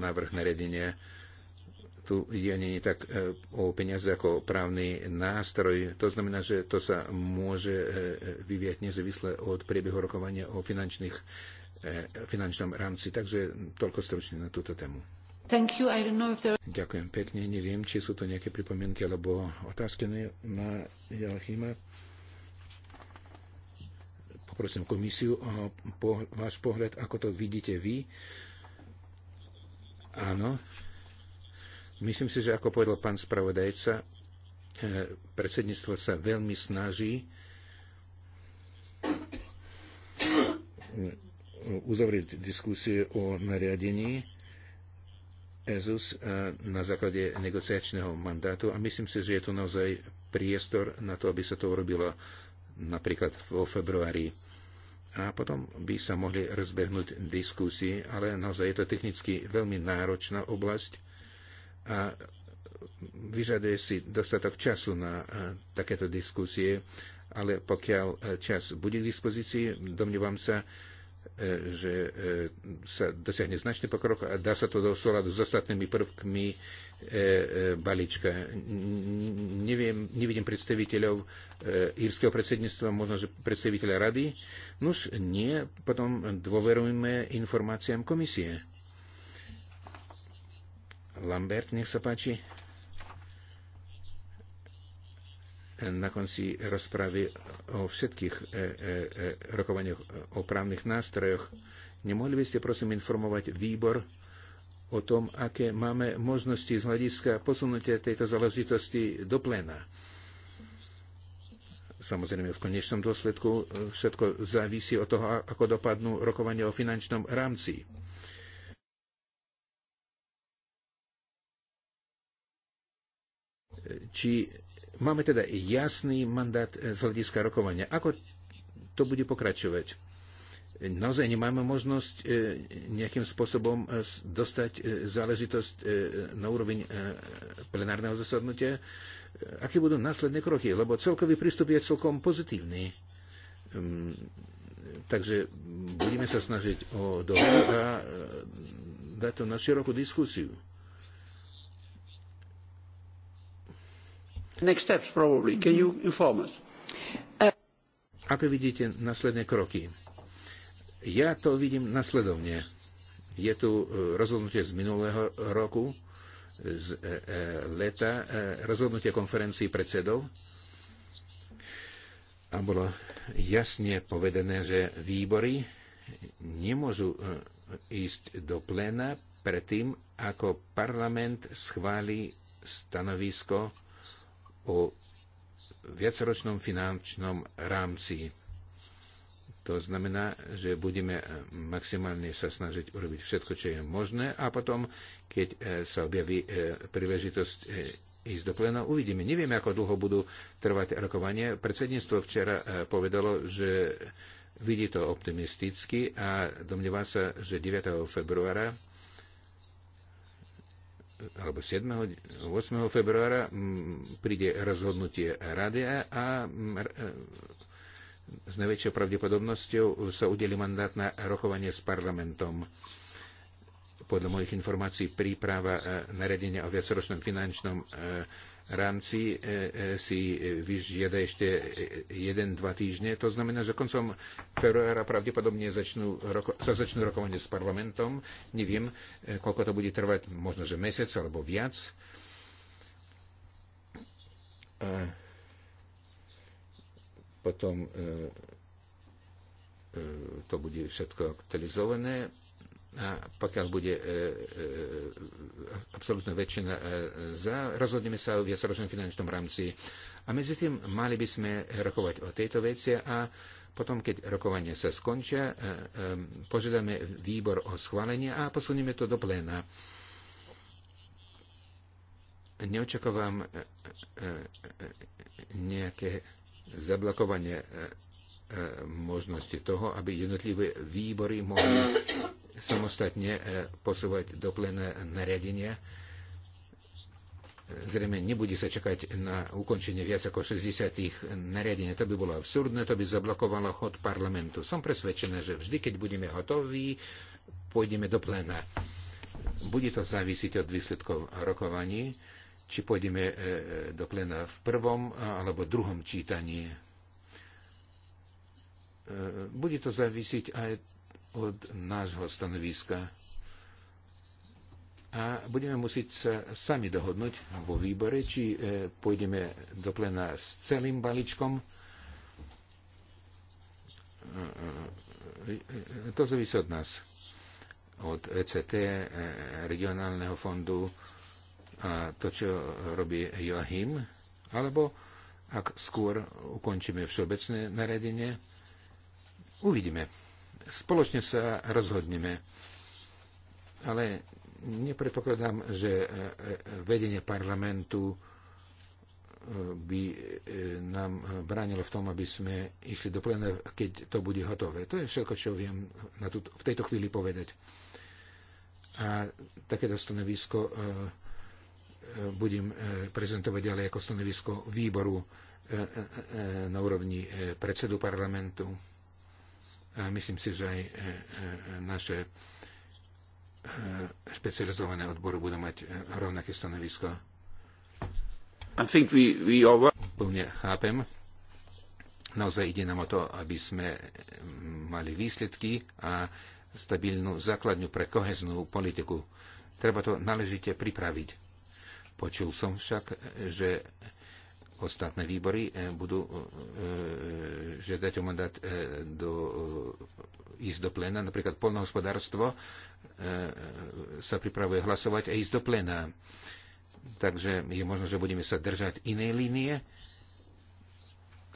návrh nariadenia. Tu je nie tak o peniaze ako právny nástroj. To znamená, že to sa môže vyvieť nezávisle od priebehu rokovania o finančných Eh, finančnom rámci. Takže toľko stručne na túto tému. Thank you. I don't know if There... Ďakujem pekne. Neviem, či sú to nejaké pripomienky alebo otázky na Joachima. Poprosím komisiu o po, váš pohľad, ako to vidíte vy. Áno. Myslím si, že ako povedal pán spravodajca, eh, predsedníctvo sa veľmi snaží uzavrieť diskusie o nariadení EZUS e, na základe negociačného mandátu a myslím si, že je to naozaj priestor na to, aby sa to urobilo napríklad vo februári. A potom by sa mohli rozbehnúť diskusie, ale naozaj je to technicky veľmi náročná oblasť a vyžaduje si dostatok času na e, takéto diskusie, ale pokiaľ e, čas bude k dispozícii, domnívam sa, E, že e, sa dosiahne značný pokrok a dá sa to do súladu s ostatnými prvkmi e, balíčka. Neviem, nevidím predstaviteľov írskeho predsedníctva, možno, že predstaviteľa rady. Nuž nie, potom dôverujme informáciám komisie. Lambert, nech sa páči. na konci rozpravy o všetkých e, e, e, rokovaniach o právnych nástrojoch. Nemohli by ste prosím informovať výbor o tom, aké máme možnosti z hľadiska posunutia tejto záležitosti do pléna. Samozrejme, v konečnom dôsledku všetko závisí od toho, ako dopadnú rokovania o finančnom rámci. Či Máme teda jasný mandát eh, z hľadiska rokovania. Ako to bude pokračovať? Naozaj nemáme možnosť eh, nejakým spôsobom eh, dostať záležitosť na úroveň plenárneho zasadnutia. Aké budú následné kroky? Lebo celkový prístup je celkom pozitívny. Mm, takže budeme sa snažiť o dohodu a dať to na širokú diskusiu. Uh, aké vidíte následné kroky? Ja to vidím nasledovne. Je tu uh, rozhodnutie z minulého roku, z uh, leta, rozhodnutie konferencií predsedov a bolo jasne povedané, že výbory nemôžu ísť do pléna predtým, ako parlament schváli stanovisko o viacročnom finančnom rámci. To znamená, že budeme maximálne sa snažiť urobiť všetko, čo je možné a potom, keď e, sa objaví e, príležitosť e, ísť do plena, uvidíme. Nevieme, ako dlho budú trvať rokovanie. Predsedníctvo včera povedalo, že vidí to optimisticky a domnieva sa, že 9. februára alebo 7. 8. februára príde rozhodnutie rady a e, s najväčšou pravdepodobnosťou sa udeli mandát na rokovanie s parlamentom. Podľa mojich informácií príprava e, nariadenia o viacročnom finančnom e, rámci e, e, si vyžiada ešte 1-2 týždne. To znamená, že koncom februára pravdepodobne začnú, sa začnú rokovanie s parlamentom. Neviem, e, koľko to bude trvať, možno, že mesiac alebo viac. A potom e, e, to bude všetko aktualizované a pokiaľ bude e, e, absolútna väčšina e, za, rozhodneme sa o viacročnom finančnom rámci. A medzi tým mali by sme rokovať o tejto veci a potom, keď rokovanie sa skončia, e, e, požiadame výbor o schválenie a posunieme to do pléna. Neočakávam e, e, e nejaké zablokovanie e, e, možnosti toho, aby jednotlivé výbory mohli samostatne e, posúvať do plena nariadenia. Zrejme nebude sa čakať na ukončenie viac ako 60 nariadenia. To by bolo absurdné, to by zablokovalo chod parlamentu. Som presvedčená, že vždy, keď budeme hotoví, pôjdeme do plena. Bude to závisiť od výsledkov rokovaní, či pôjdeme e, do plena v prvom e, alebo druhom čítaní bude to závisiť aj od nášho stanoviska a budeme musieť sa sami dohodnúť vo výbore, či e, pôjdeme do plena s celým balíčkom. E, e, to závisí od nás, od ECT, regionálneho fondu a to, čo robí Joachim, alebo ak skôr ukončíme všeobecné naredenie, uvidíme spoločne sa rozhodneme. Ale nepredpokladám, že e, e, vedenie parlamentu e, by nám bránilo v tom, aby sme išli do plena, keď to bude hotové. To je všetko, čo viem na tú, v tejto chvíli povedať. A takéto stanovisko budem prezentovať ďalej ako stanovisko výboru na úrovni predsedu parlamentu. A myslím si, že aj e, e, naše e, špecializované odboru budú mať rovnaké stanovisko. I think we, we are... Plne chápem. Naozaj ide nám o to, aby sme mali výsledky a stabilnú základňu pre koheznú politiku. Treba to náležite pripraviť. Počul som však, že ostatné výbory e, budú e, e, žiadať o mandát do, ísť do plena. Napríklad polnohospodárstvo sa pripravuje hlasovať a ísť do plena. Takže je možno, že budeme sa držať inej línie,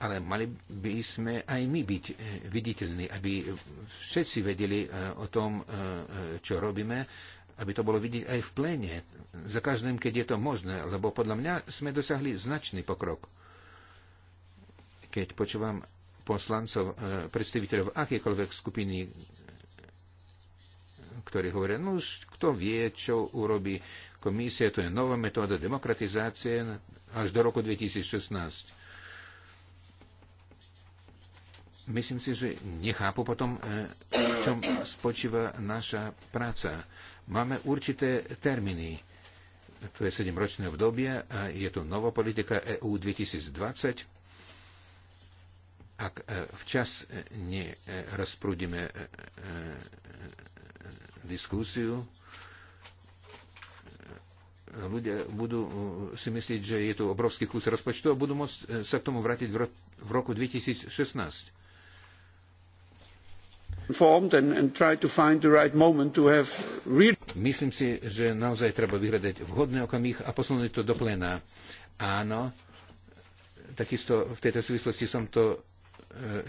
ale mali by sme aj my byť viditeľní, aby všetci vedeli o tom, čo robíme aby to bolo vidieť aj v pléne, za každým, keď je to možné, lebo podľa mňa sme dosahli značný pokrok. Keď počúvam poslancov, e, predstaviteľov akékoľvek skupiny, ktorí hovoria, no už kto vie, čo urobí komisia, to je nová metóda demokratizácie až do roku 2016. Myslím si, že nechápu potom, e, v čom spočíva naša práca. Máme určité termíny. To je 7-ročné obdobie a je to nová politika EU 2020. Ak e, včas e, nerozprúdime e, diskusiu, ľudia budú si myslieť, že je to obrovský kus rozpočtu a budú môcť sa k tomu vrátiť v roku 2016. Informed and, and try to find the right moment to have Myslím si, že naozaj treba vyhľadať vhodný okamih a posunúť to do plena. Áno, takisto v tejto súvislosti som to e,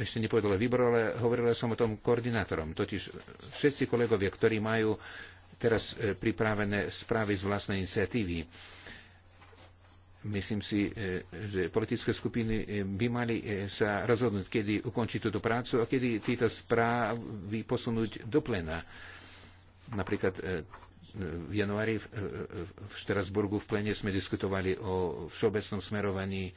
ešte nepovedal výbor, ale hovorila som o tom koordinátorom. Totiž všetci kolegovia, ktorí majú teraz e, pripravené správy z vlastnej iniciatívy, myslím si, e, že politické skupiny by mali sa rozhodnúť, kedy ukončiť túto prácu a kedy tieto správy posunúť do plena. Napríklad e, v januári e, v Štrasburgu v plene sme diskutovali o všeobecnom smerovaní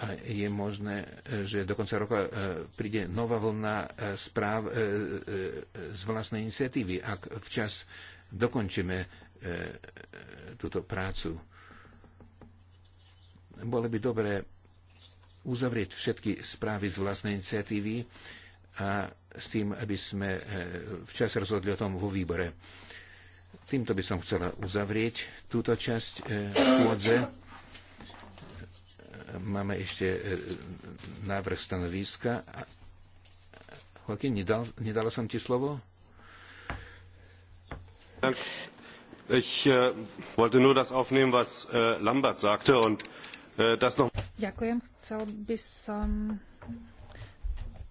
a je možné, že do konca roka e, príde nová vlna správ z vlastnej iniciatívy, ak včas dokončíme túto prácu. Bolo by dobré uzavrieť všetky správy z vlastnej iniciatívy a s tým, aby sme eh, včas rozhodli o tom vo výbore. Týmto by som chcela uzavrieť túto časť eh, schôdze. Máme ešte eh, návrh stanoviska. Joaquín, nedal, nedala som ti slovo? Tak. Ich äh, wollte nur das aufnehmen, was äh, Lambert sagte und äh, das noch. Ďakujem. Chcel by som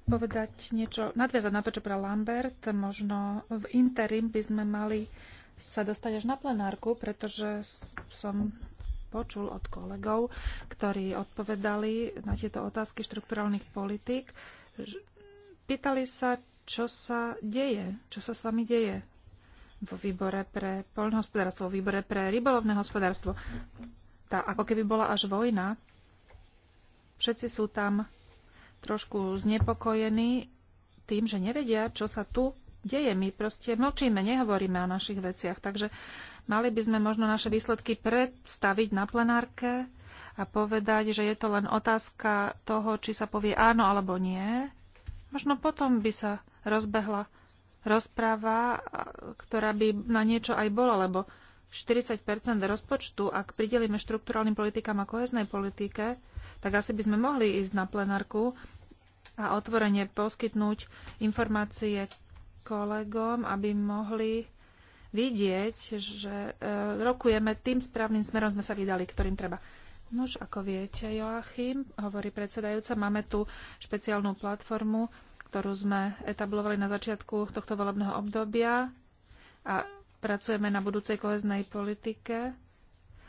povedať niečo, nadviazať na to, čo povedal Lambert. Možno v interim by sme mali sa dostať až na plenárku, pretože som počul od kolegov, ktorí odpovedali na tieto otázky štrukturálnych politík. Pýtali sa, čo sa deje, čo sa s vami deje vo výbore pre poľnohospodárstvo, vo výbore pre rybolovné hospodárstvo. Tá ako keby bola až vojna. Všetci sú tam trošku znepokojení tým, že nevedia, čo sa tu deje. My proste mlčíme, nehovoríme o našich veciach. Takže mali by sme možno naše výsledky predstaviť na plenárke a povedať, že je to len otázka toho, či sa povie áno alebo nie. Možno potom by sa rozbehla rozpráva, ktorá by na niečo aj bola, lebo 40 rozpočtu, ak pridelíme štrukturálnym politikám a koheznej politike, tak asi by sme mohli ísť na plenárku a otvorene poskytnúť informácie kolegom, aby mohli vidieť, že e, rokujeme tým správnym smerom, sme sa vydali, ktorým treba. Nož, ako viete, Joachim, hovorí predsedajúca, máme tu špeciálnu platformu, ktorú sme etablovali na začiatku tohto volebného obdobia a pracujeme na budúcej koheznej politike.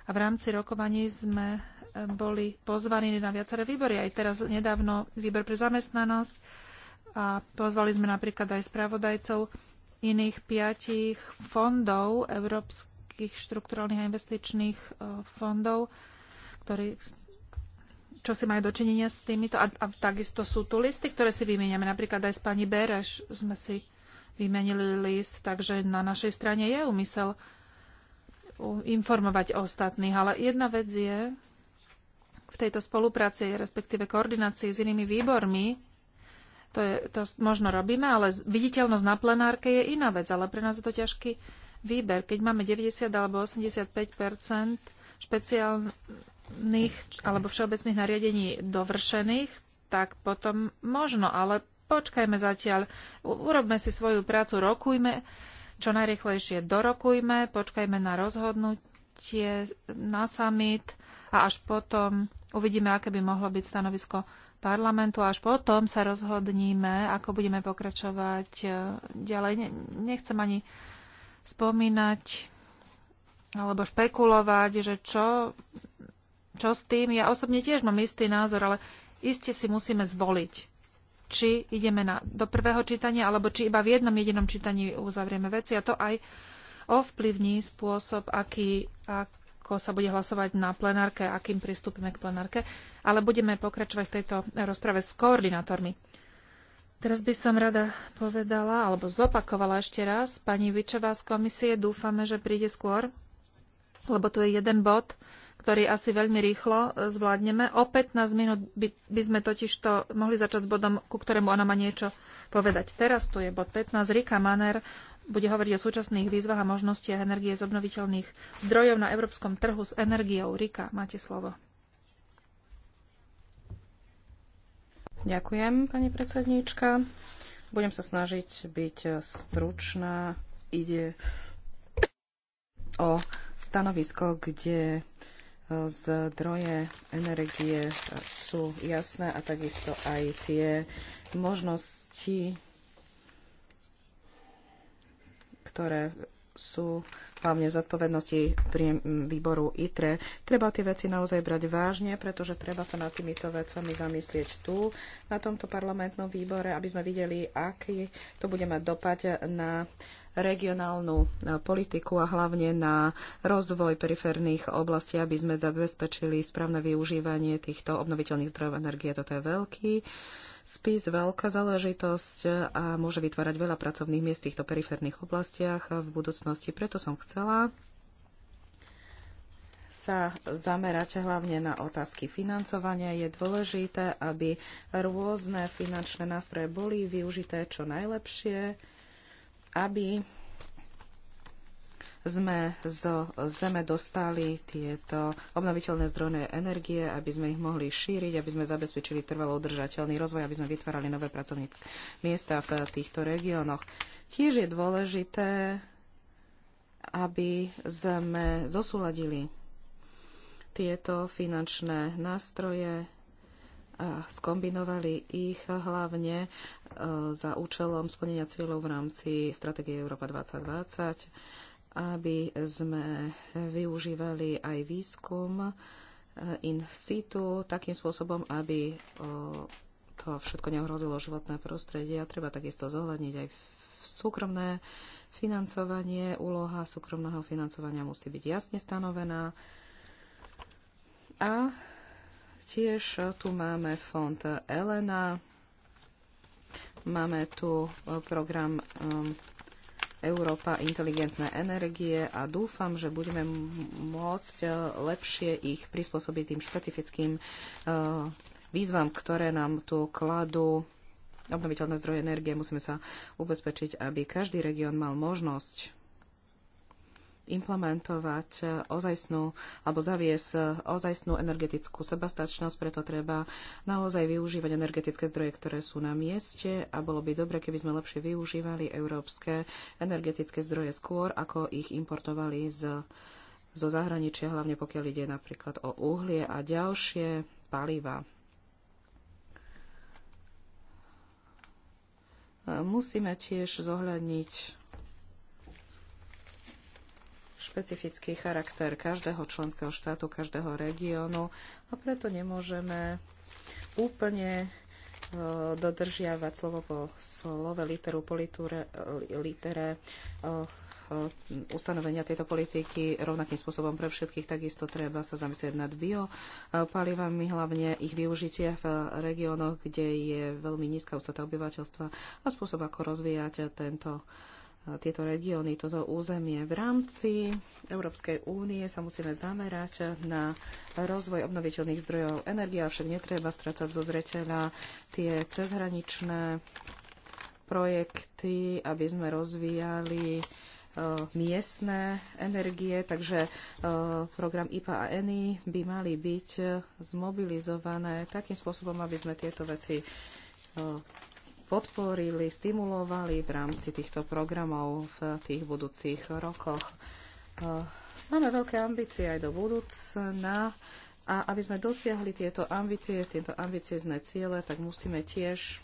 A v rámci rokovaní sme boli pozvaní na viaceré výbory. Aj teraz nedávno výber pre zamestnanosť a pozvali sme napríklad aj spravodajcov iných piatich fondov, európskych štrukturálnych a investičných e, fondov, ktorí, čo si majú dočinenia s týmito. A, a takisto sú tu listy, ktoré si vymieňame. Napríklad aj s pani Bereš sme si vymenili list, takže na našej strane je úmysel informovať ostatných. Ale jedna vec je, v tejto spolupráci, respektíve koordinácii s inými výbormi. To, je, to možno robíme, ale viditeľnosť na plenárke je iná vec, ale pre nás je to ťažký výber. Keď máme 90 alebo 85 špeciálnych alebo všeobecných nariadení dovršených, tak potom možno, ale počkajme zatiaľ, urobme si svoju prácu, rokujme, čo najrychlejšie dorokujme, počkajme na rozhodnutie, na summit a až potom Uvidíme, aké by mohlo byť stanovisko parlamentu a až potom sa rozhodníme, ako budeme pokračovať e, ďalej. Nechcem ani spomínať alebo špekulovať, že čo, čo s tým. Ja osobne tiež mám istý názor, ale iste si musíme zvoliť, či ideme na, do prvého čítania, alebo či iba v jednom jedinom čítaní uzavrieme veci. A to aj ovplyvní spôsob, aký, ak, ako sa bude hlasovať na plenárke, akým pristúpime k plenárke, ale budeme pokračovať v tejto rozprave s koordinátormi. Teraz by som rada povedala, alebo zopakovala ešte raz, pani Vičová z komisie, dúfame, že príde skôr, lebo tu je jeden bod, ktorý asi veľmi rýchlo zvládneme. O 15 minút by, by sme totiž to mohli začať s bodom, ku ktorému ona má niečo povedať. Teraz tu je bod 15, Rika Maner bude hovoriť o súčasných výzvach a možnostiach energie z obnoviteľných zdrojov na európskom trhu s energiou. Rika, máte slovo. Ďakujem, pani predsednička. Budem sa snažiť byť stručná. Ide o stanovisko, kde e, zdroje energie sú jasné a takisto aj tie možnosti ktoré sú hlavne v zodpovednosti pri výboru ITRE. Treba tie veci naozaj brať vážne, pretože treba sa nad týmito vecami zamyslieť tu, na tomto parlamentnom výbore, aby sme videli, aký to bude mať dopad na regionálnu politiku a hlavne na rozvoj periférnych oblastí, aby sme zabezpečili správne využívanie týchto obnoviteľných zdrojov energie. Toto je veľký spis veľká záležitosť a môže vytvárať veľa pracovných miest v týchto periférnych oblastiach v budúcnosti. Preto som chcela sa zamerať hlavne na otázky financovania. Je dôležité, aby rôzne finančné nástroje boli využité čo najlepšie, aby sme zo zeme dostali tieto obnoviteľné zdroje energie, aby sme ich mohli šíriť, aby sme zabezpečili trvalo udržateľný rozvoj, aby sme vytvárali nové pracovné miesta v týchto regiónoch. Tiež je dôležité, aby sme zosúladili tieto finančné nástroje, a skombinovali ich hlavne e, za účelom splnenia cieľov v rámci stratégie Európa 2020 aby sme využívali aj výskum eh, in situ takým spôsobom, aby eh, to všetko neohrozilo životné prostredie a treba takisto zohľadniť aj súkromné financovanie. Úloha súkromného financovania musí byť jasne stanovená. A tiež tu máme fond Elena, máme tu eh, program Európa inteligentné energie a dúfam, že budeme môcť e, lepšie ich prispôsobiť tým špecifickým e, výzvam, ktoré nám tu kladú obnoviteľné zdroje energie. Musíme sa ubezpečiť, aby každý región mal možnosť implementovať eh, ozajstnú alebo zaviesť eh, ozajstnú energetickú sebastačnosť, preto treba naozaj využívať energetické zdroje, ktoré sú na mieste a bolo by dobre, keby sme lepšie využívali európske energetické zdroje skôr, ako ich importovali z, zo zahraničia, hlavne pokiaľ ide napríklad o uhlie a ďalšie paliva. Eh, musíme tiež zohľadniť špecifický charakter každého členského štátu, každého regiónu a preto nemôžeme úplne e, dodržiavať slovo po slove literu po e, litere, litere e, ustanovenia tejto politiky rovnakým spôsobom pre všetkých. Takisto treba sa zamyslieť nad biopalivami, hlavne ich využitie v regiónoch, kde je veľmi nízka ústota obyvateľstva a spôsob, ako rozvíjať tento tieto regióny, toto územie. V rámci Európskej únie sa musíme zamerať na rozvoj obnoviteľných zdrojov energie, avšak netreba strácať zo zreteľa tie cezhraničné projekty, aby sme rozvíjali e, miestne energie, takže e, program IPA a ENI by mali byť zmobilizované takým spôsobom, aby sme tieto veci e, podporili, stimulovali v rámci týchto programov v tých budúcich rokoch. E, máme veľké ambície aj do budúcna a aby sme dosiahli tieto ambície, tieto ambiciezne ciele, tak musíme tiež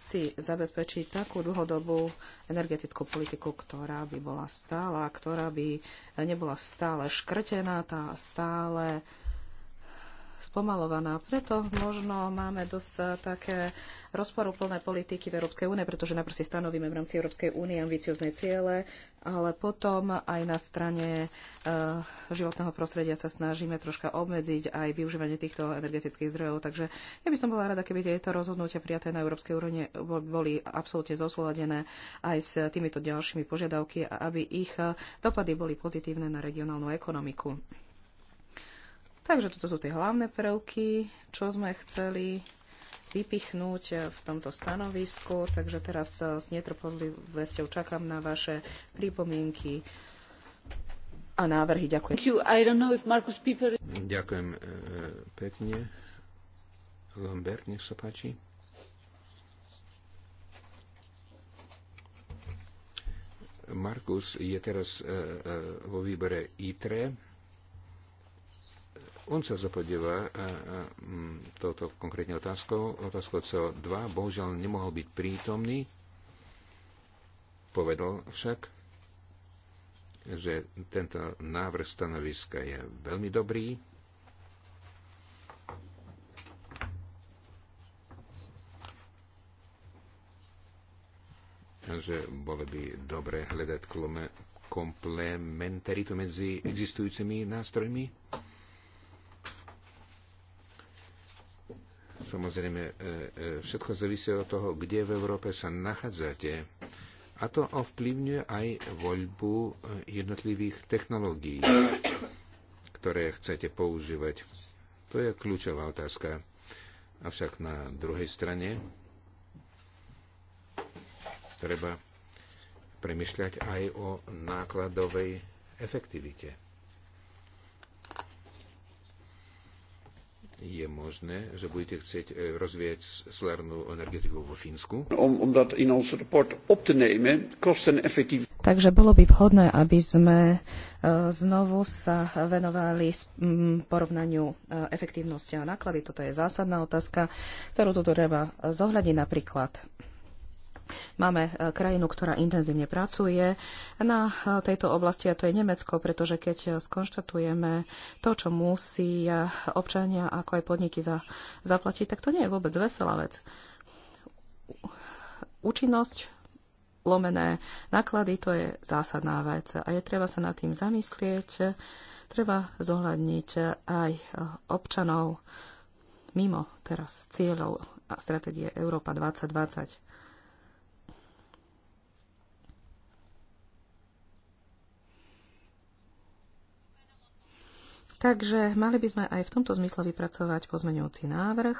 si zabezpečiť takú dlhodobú energetickú politiku, ktorá by bola stála, ktorá by nebola stále škrtená, tá stále uh, spomalovaná. Preto možno máme dosť e, také rozporuplné politiky v Európskej únie, pretože najprv si stanovíme v rámci Európskej únie ambiciozne ciele, ale potom aj na strane uh, životného prostredia sa snažíme troška obmedziť aj využívanie týchto energetických zdrojov. Takže ja by som bola rada, keby tieto rozhodnutia prijaté na Európskej úrovni boli absolútne zosúladené aj s týmito ďalšími požiadavky a aby ich e, dopady boli pozitívne na regionálnu ekonomiku. Takže toto sú tie hlavné prvky, čo sme chceli vypichnúť eh, v tomto stanovisku, takže teraz eh, s netrpozlivosťou čakám na vaše pripomienky a návrhy. Ďakujem. Ďakujem eh, pekne. Lambert, nech sa páči. Markus je teraz vo výbere ITRE on sa zapodieva e, e, touto konkrétne otázkou, otázkou CO2. Bohužiaľ nemohol byť prítomný. Povedal však, že tento návrh stanoviska je veľmi dobrý. že bolo by dobre hľadať komplementaritu medzi existujúcimi nástrojmi. Samozrejme, e, e, všetko závisí od toho, kde v Európe sa nachádzate. A to ovplyvňuje aj voľbu e, jednotlivých technológií, ktoré chcete používať. To je kľúčová otázka. Avšak na druhej strane treba premyšľať aj o nákladovej efektivite. je možné, že budete chcieť e, rozvíjať solárnu energetiku vo Fínsku? Takže bolo by vhodné, aby sme e, znovu sa venovali porovnaniu e, efektívnosti a náklady. Toto je zásadná otázka, ktorú tu treba zohľadiť napríklad Máme e, krajinu, ktorá intenzívne pracuje na e, tejto oblasti a to je Nemecko, pretože keď e, skonštatujeme to, čo musí občania ako aj podniky za, zaplatiť, tak to nie je vôbec veselá vec. Účinnosť lomené náklady, to je zásadná vec a je treba sa nad tým zamyslieť, treba zohľadniť aj občanov mimo teraz cieľov a stratégie Európa 2020. Takže mali by sme aj v tomto zmysle vypracovať pozmeňujúci návrh.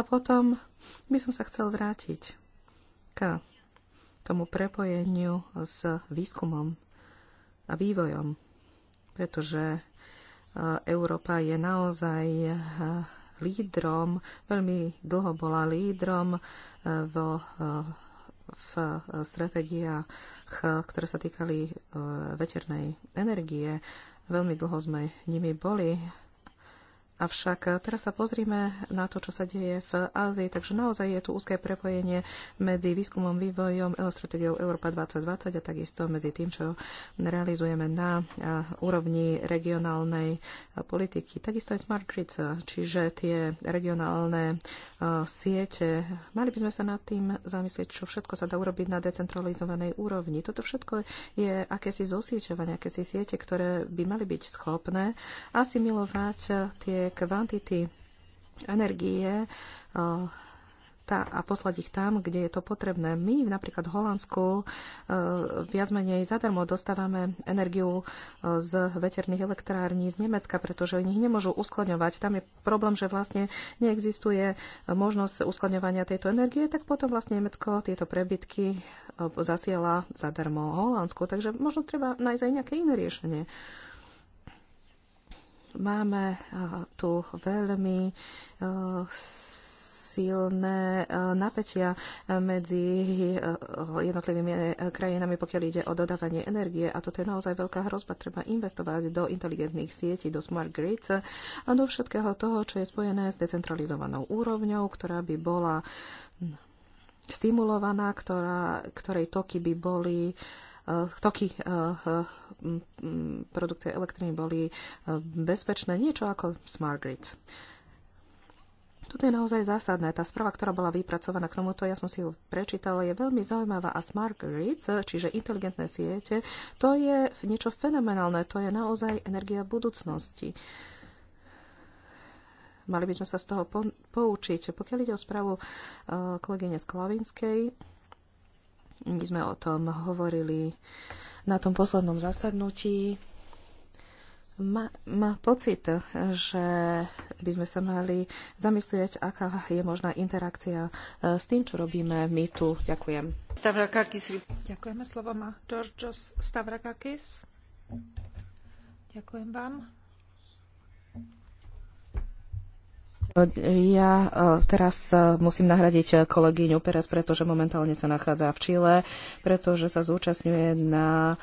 A potom by som sa chcel vrátiť k tomu prepojeniu s výskumom a vývojom, pretože e, Európa je naozaj e, lídrom, veľmi dlho bola lídrom e, vo v eh, stratégiách, eh, ktoré sa týkali eh, veternej energie. Veľmi dlho sme nimi boli Avšak teraz sa pozrime na to, čo sa deje v Ázii, takže naozaj je tu úzké prepojenie medzi výskumom, vývojom, elostrategiou Európa 2020 a takisto medzi tým, čo realizujeme na úrovni regionálnej politiky. Takisto aj smart grids, čiže tie regionálne siete. Mali by sme sa nad tým zamyslieť, čo všetko sa dá urobiť na decentralizovanej úrovni. Toto všetko je akési zosieťovanie, akési siete, ktoré by mali byť schopné asimilovať tie kvantity energie eh, a poslať ich tam, kde je to potrebné. My napríklad v Holandsku eh, viac menej zadarmo dostávame energiu eh, z veterných elektrární z Nemecka, pretože oni ich nemôžu uskladňovať. Tam je problém, že vlastne neexistuje možnosť uskladňovania tejto energie, tak potom vlastne Nemecko tieto prebytky zasiela zadarmo Holandsku. Takže možno treba nájsť aj nejaké iné riešenie. Máme eh, tu veľmi eh, silné eh, napätia medzi jednotlivými krajinami, pokiaľ ide o dodávanie energie. A toto je naozaj veľká hrozba. Treba investovať do inteligentných sietí, do smart grids a do všetkého toho, čo je spojené s decentralizovanou úrovňou, ktorá by bola stimulovaná, ktorá, ktorej toky by boli uh, Eh, toky eh, eh, produkcie elektriny boli bezpečné, niečo ako smart grid. Toto je naozaj zásadné. Tá správa, ktorá bola vypracovaná k tomuto, ja som si ju prečítala, je veľmi zaujímavá a smart grids, čiže inteligentné siete, to je niečo fenomenálne, to je naozaj energia budúcnosti. Mali by sme sa z toho poučiť. Pokiaľ ide o správu uh, kolegyne Sklavinskej. My sme o tom hovorili na tom poslednom zasadnutí. Má, má pocit, že by sme sa mali zamyslieť, aká je možná interakcia e, s tým, čo robíme my tu. Ďakujem. Stavrakakis. Ďakujeme slovo má Georgios Stavrakakis. Ďakujem vám. Ja e, teraz e, musím nahradiť e, kolegyňu Perez, pretože momentálne sa nachádza v Čile, pretože sa zúčastňuje na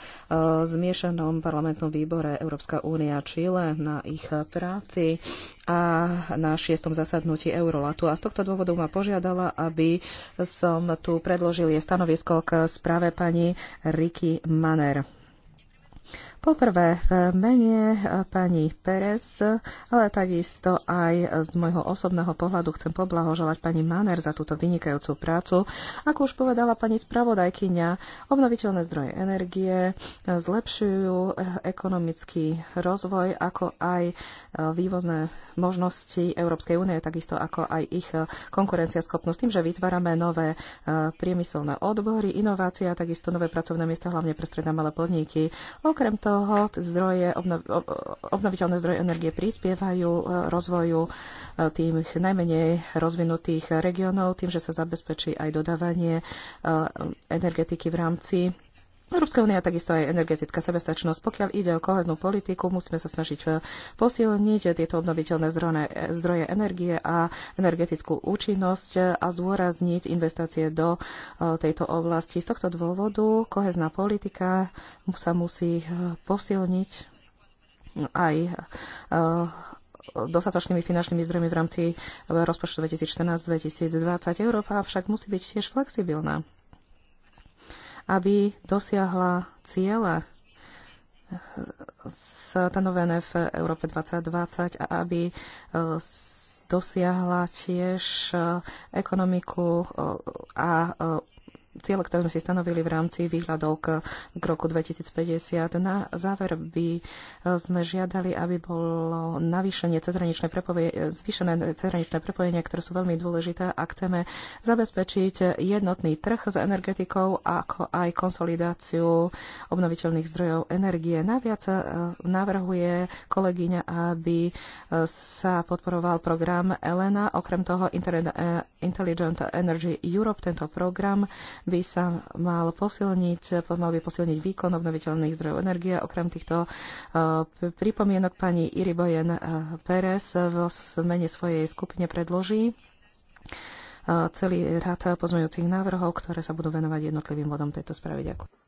zmiešanom parlamentnom výbore Európska únia Čile na ich práci a na šiestom zasadnutí Eurolatu. A z tohto dôvodu ma požiadala, aby som tu predložil jej stanovisko k správe pani Riky Maner. Poprvé v mene eh, pani Perez, ale takisto aj z môjho osobného pohľadu chcem poblahoželať pani Maner za túto vynikajúcu prácu. Ako už povedala pani spravodajkyňa, obnoviteľné zdroje energie eh, zlepšujú eh, ekonomický rozvoj, ako aj vývozné možnosti Európskej únie, takisto ako aj ich konkurenciaschopnosť tým, že vytvárame nové priemyselné odbory, inovácie a takisto nové pracovné miesta, hlavne pre stredné malé podniky. Okrem toho, toho zdroje, obnoviteľné zdroje energie prispievajú e, rozvoju e, tých najmenej rozvinutých regiónov, tým, že sa zabezpečí aj dodávanie e, energetiky v rámci Európska únia takisto aj energetická sebestačnosť. Pokiaľ ide o koheznú politiku, musíme sa snažiť eh, posilniť tieto obnoviteľné zdroje, zdroje energie a energetickú účinnosť eh, a zdôrazniť investácie do eh, tejto oblasti. Z tohto dôvodu kohezná politika sa musí posilniť aj dostatočnými finančnými zdrojmi v rámci rozpočtu 2014-2020. Európa však musí byť tiež flexibilná aby dosiahla ciele stanovené v Európe 2020 a aby e, dosiahla tiež e, ekonomiku e, a ciele, ktoré sme si stanovili v rámci výhľadov k, k roku 2050. Na záver by e, sme žiadali, aby bolo navýšenie cezhraničné prepojenie e, zvýšené cezhraničné prepojenie, ktoré sú veľmi dôležité a chceme zabezpečiť jednotný trh s energetikou ako aj konsolidáciu obnoviteľných zdrojov energie. Naviac e, navrhuje kolegyňa, aby sa podporoval program Elena, okrem toho Internet, Intelligent Energy Europe, tento program by sa mal posilniť, mal by posilniť výkon obnoviteľných zdrojov energie. Okrem týchto e, pripomienok pani Bojen e, Pérez v mene svojej skupine predloží e, celý rád pozmeňujúcich návrhov, ktoré sa budú venovať jednotlivým bodom tejto správy. Ďakujem.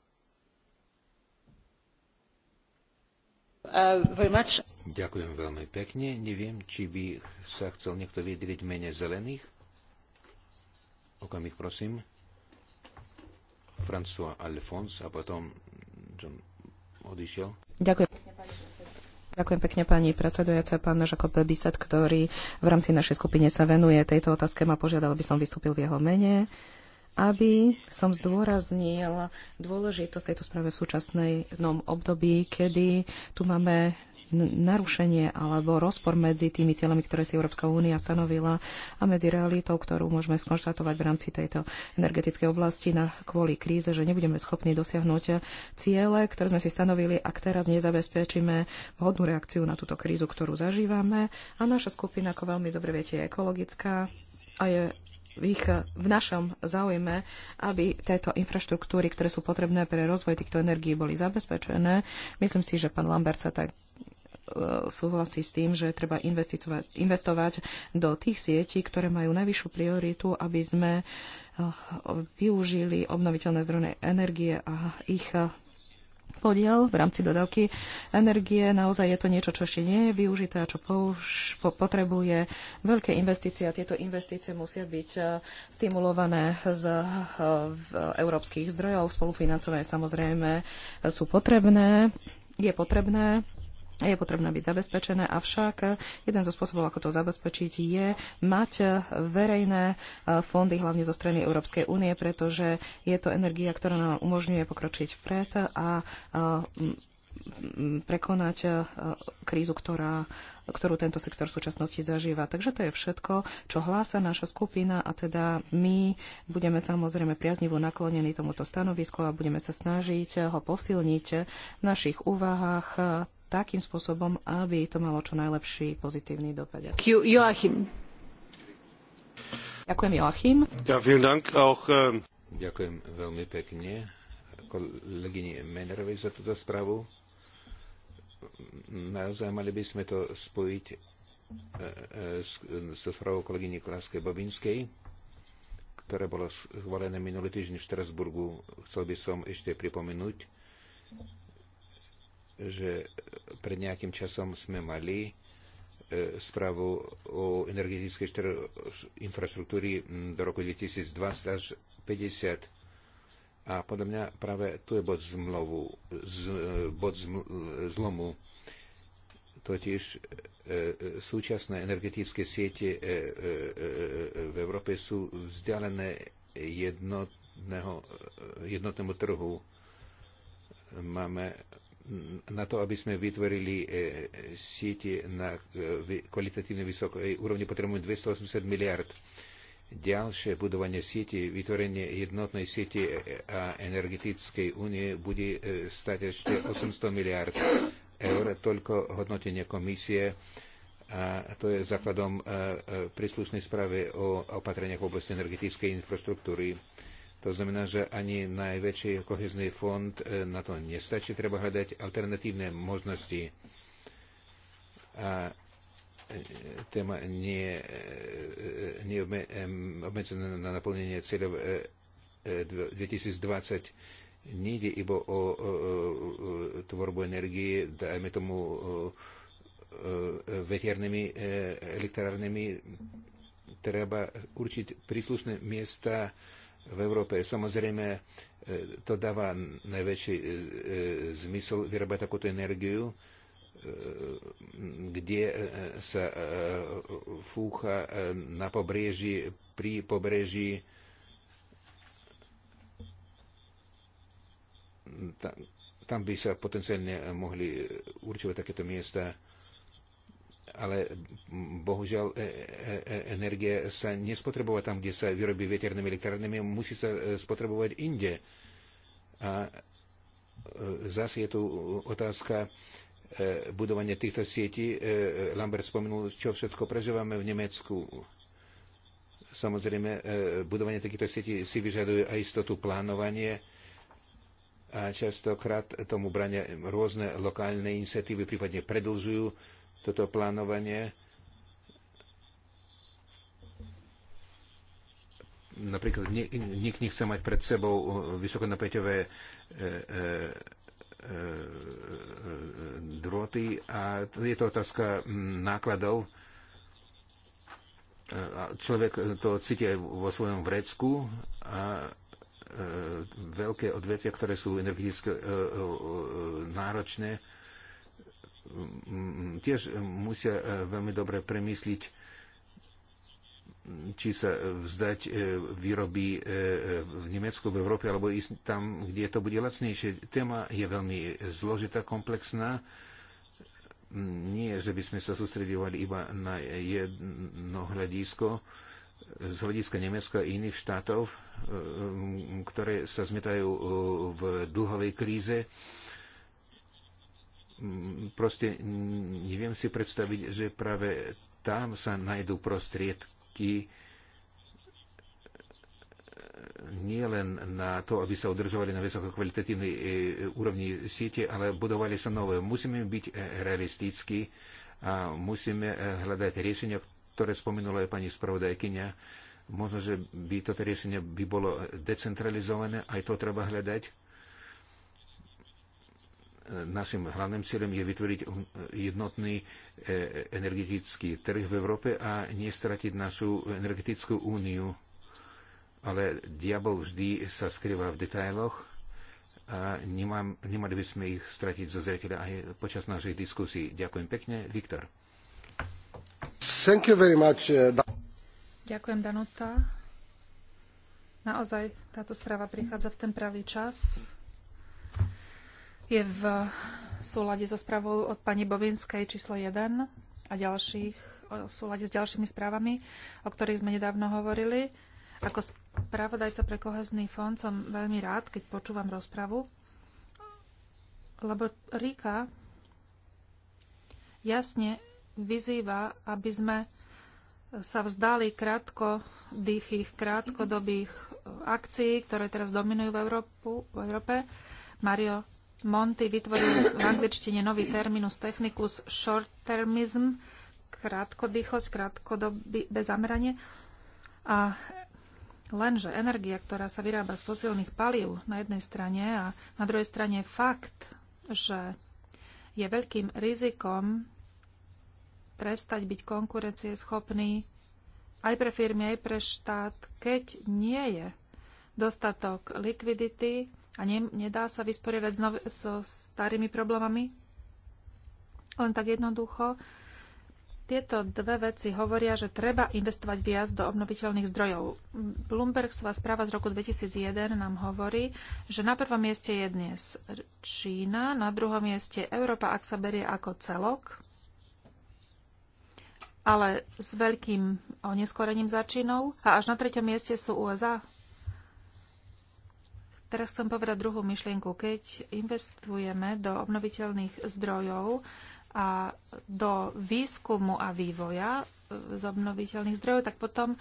Uh, Ďakujem veľmi pekne. Neviem, či by sa chcel niekto vyjadriť v mene zelených. Okamih, prosím. Ďakujem. Ďakujem pekne pani predsedujúca, pán Žakob Bisat, ktorý v rámci našej skupine sa venuje tejto otázke, ma požiadal, aby som vystúpil v jeho mene aby som zdôraznil dôležitosť tejto správy v súčasnej období, kedy tu máme narušenie alebo rozpor medzi tými cieľami, ktoré si Európska únia stanovila a medzi realitou, ktorú môžeme skonštatovať v rámci tejto energetickej oblasti na, kvôli kríze, že nebudeme schopní dosiahnuť ciele, ktoré sme si stanovili, ak teraz nezabezpečíme vhodnú reakciu na túto krízu, ktorú zažívame. A naša skupina, ako veľmi dobre viete, je ekologická a je v, ich, v našom záujme, aby tieto infraštruktúry, ktoré sú potrebné pre rozvoj týchto energií, boli zabezpečené. Myslím si, že pán Lambert sa tak súhlasí s tým, že treba investovať do tých sietí, ktoré majú najvyššiu prioritu, aby sme eh, využili obnoviteľné zdroje energie a ich eh, podiel v rámci dodávky energie. Naozaj je to niečo, čo ešte nie je využité a čo potrebuje veľké investície. A tieto investície musia byť eh, stimulované z európskych zdrojov. Spolufinancové samozrejme sú potrebné. Je potrebné je potrebné byť zabezpečené, avšak jeden zo spôsobov, ako to zabezpečiť, je mať verejné e, fondy, hlavne zo strany Európskej únie, pretože je to energia, ktorá nám umožňuje pokročiť vpred a e, prekonať e, krízu, ktorá, ktorú tento sektor v súčasnosti zažíva. Takže to je všetko, čo hlása naša skupina a teda my budeme samozrejme priaznivo naklonení tomuto stanovisku a budeme sa snažiť ho posilniť v našich úvahách takým spôsobom, aby to malo čo najlepší pozitívny dopad. Joachim. Ďakujem, Joachim. Ja, Dank auch, um... Ďakujem veľmi pekne kolegyni Menerovej za túto správu. Naozaj mali by sme to spojiť äh, äh, so správou kolegyni Koláskej Bobinskej, ktoré bolo schválené minulý týždeň v Štrasburgu. Chcel by som ešte pripomenúť, že pred nejakým časom sme mali e, správu o energetickej infraštruktúry do roku 2020 až 50. A podľa mňa práve tu je bod, zmlovu, z, bod zml, zlomu. Totiž e, e, súčasné energetické siete v Európe sú vzdialené jednotného, jednotnému trhu. Máme na to, aby sme vytvorili e, e, siete na e, kvalitatívne vysokej úrovni, potrebujeme 280 miliard. Ďalšie budovanie siete, vytvorenie jednotnej siete a energetickej únie bude stať ešte 800 miliard eur, toľko hodnotenie komisie a to je základom príslušnej správy o opatreniach v oblasti energetickej infraštruktúry. To znamená, že ani najväčší kohezný fond e, na to nestačí, treba hľadať alternatívne možnosti. A e, téma nie, je e, obmedzená na naplnenie cieľov 2020 nejde iba o, tvorbu energie, dajme tomu veternými elektrárnymi. treba určiť príslušné miesta v Európe. Samozrejme, e, to dáva najväčší e, e, zmysel vyrábať takúto energiu, kde sa fúcha na pobreží, pri pobreží tam by sa potenciálne mohli určovať takéto miesta ale bohužiaľ e, e, e, energie sa nespotrebova tam, kde sa vyrobí veternými elektrárnymi, musí sa spotrebovať inde. A zase je tu otázka budovania týchto sietí. Lambert spomenul, čo všetko prežívame v Nemecku. Samozrejme, budovanie takýchto sietí si vyžaduje aj istotu plánovanie a častokrát tomu brania rôzne lokálne iniciatívy, prípadne predlžujú toto plánovanie. Napríklad nik nechce mať pred sebou uh, vysokonapäťové uh, uh, drôty a je to otázka mm, nákladov. Človek to cíti vo svojom vrecku a veľké odvetvia, ktoré sú energeticky náročné, tiež musia eh, veľmi dobre premysliť, či sa vzdať eh, výroby eh, v Nemecku, v Európe, alebo ísť tam, kde to bude lacnejšie. Téma je veľmi zložitá, komplexná. Nie, že by sme sa sústredovali iba na jedno hľadisko z hľadiska Nemecka a iných štátov, ktoré sa zmetajú v dlhovej kríze proste neviem si predstaviť, že práve tam sa najdú prostriedky nie len na to, aby sa udržovali na vysoko kvalitatívnej e, úrovni siete, ale budovali sa nové. Musíme byť e, realistickí a musíme e, hľadať riešenia, ktoré spomenula aj pani spravodajkynia. Možno, že by toto riešenie by bolo decentralizované, aj to treba hľadať našim hlavným cieľom je vytvoriť um, jednotný e, energetický trh v Európe a nestratiť našu energetickú úniu. Ale diabol vždy sa skrýva v detailoch a nemám, nemali by sme ich stratiť zo zreteľa aj počas našich diskusí. Ďakujem pekne. Viktor. Thank you very much. Eh, Ďakujem, Danuta. Naozaj táto správa prichádza v ten pravý čas je v súlade so správou od pani Bovinskej číslo 1 a ďalších, v súlade s ďalšími správami, o ktorých sme nedávno hovorili. Ako spravodajca pre kohezný fond som veľmi rád, keď počúvam rozpravu, lebo Ríka jasne vyzýva, aby sme sa vzdali krátko dýchých, krátkodobých akcií, ktoré teraz dominujú v, Európu, v Európe. Mario Monty vytvoril v angličtine nový terminus technicus short-termism, krátkodýchosť, bez zameranie. A lenže energia, ktorá sa vyrába z fosílnych palív na jednej strane a na druhej strane fakt, že je veľkým rizikom prestať byť konkurencieschopný aj pre firmy, aj pre štát, keď nie je dostatok likvidity, a ne, nedá sa vysporiadať so, so starými problémami? Len tak jednoducho. Tieto dve veci hovoria, že treba investovať viac do obnoviteľných zdrojov. Bloombergsová správa z roku 2001 nám hovorí, že na prvom mieste je dnes Čína, na druhom mieste Európa, ak sa berie ako celok, ale s veľkým oneskorením za Čínou a až na treťom mieste sú USA. Teraz chcem povedať druhú myšlienku. Keď investujeme do obnoviteľných zdrojov a do výskumu a vývoja e, z obnoviteľných zdrojov, tak potom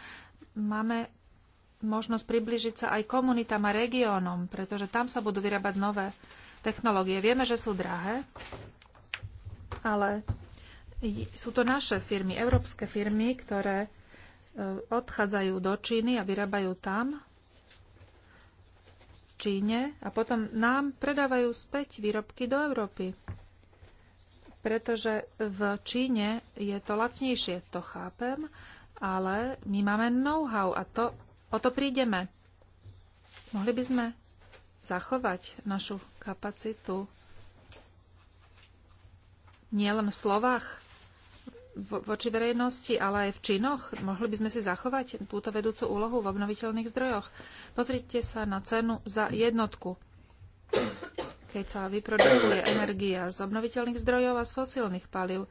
máme možnosť približiť sa aj komunitám a regiónom, pretože tam sa budú vyrábať nové technológie. Vieme, že sú drahé, ale sú to naše firmy, európske firmy, ktoré e, odchádzajú do Číny a vyrábajú tam Číne a potom nám predávajú späť výrobky do Európy. Pretože v Číne je to lacnejšie, to chápem, ale my máme know-how a to, o to prídeme. Mohli by sme zachovať našu kapacitu nielen v slovách voči verejnosti, ale aj v činoch. Mohli by sme si zachovať túto vedúcu úlohu v obnoviteľných zdrojoch. Pozrite sa na cenu za jednotku, keď sa vyprodukuje energia z obnoviteľných zdrojov a z fosílnych palív.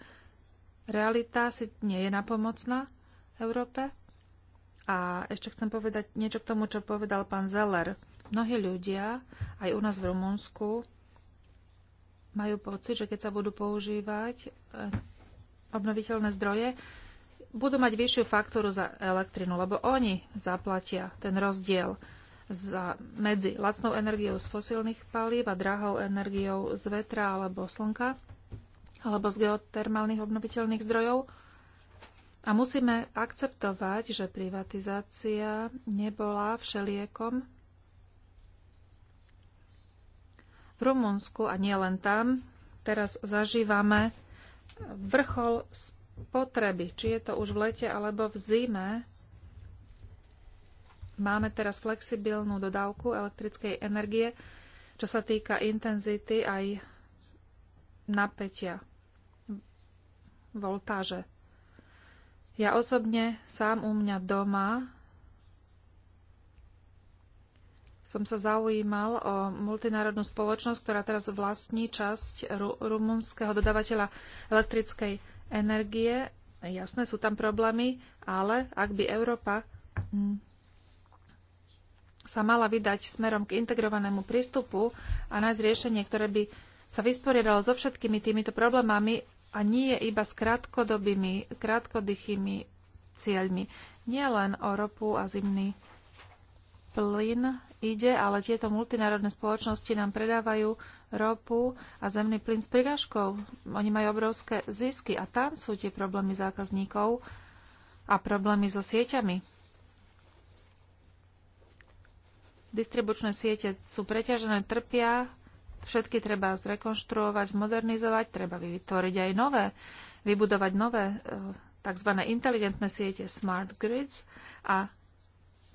Realita si nie je napomocná Európe. A ešte chcem povedať niečo k tomu, čo povedal pán Zeller. Mnohí ľudia, aj u nás v Rumunsku, majú pocit, že keď sa budú používať eh, obnoviteľné zdroje, budú mať vyššiu faktúru za elektrinu, lebo oni zaplatia ten rozdiel za, medzi lacnou energiou z fosílnych palív a drahou energiou z vetra alebo slnka alebo z geotermálnych obnoviteľných zdrojov. A musíme akceptovať, že privatizácia nebola všeliekom. V Rumunsku a nielen tam teraz zažívame vrchol potreby, či je to už v lete alebo v zime. Máme teraz flexibilnú dodávku elektrickej energie, čo sa týka intenzity aj napätia, voltáže. Ja osobne sám u mňa doma som sa zaujímal o multinárodnú spoločnosť, ktorá teraz vlastní časť rumunského dodávateľa elektrickej energie. Jasné, sú tam problémy, ale ak by Európa mm, sa mala vydať smerom k integrovanému prístupu a nájsť riešenie, ktoré by sa vysporiadalo so všetkými týmito problémami a nie iba s krátkodobými, krátkodychými cieľmi. Nie len o ropu a zimný plyn ide, ale tieto multinárodné spoločnosti nám predávajú ropu a zemný plyn s prirážkou. Oni majú obrovské zisky a tam sú tie problémy zákazníkov a problémy so sieťami. Distribučné siete sú preťažené, trpia, všetky treba zrekonštruovať, zmodernizovať, treba vytvoriť aj nové, vybudovať nové eh, tzv. inteligentné siete smart grids a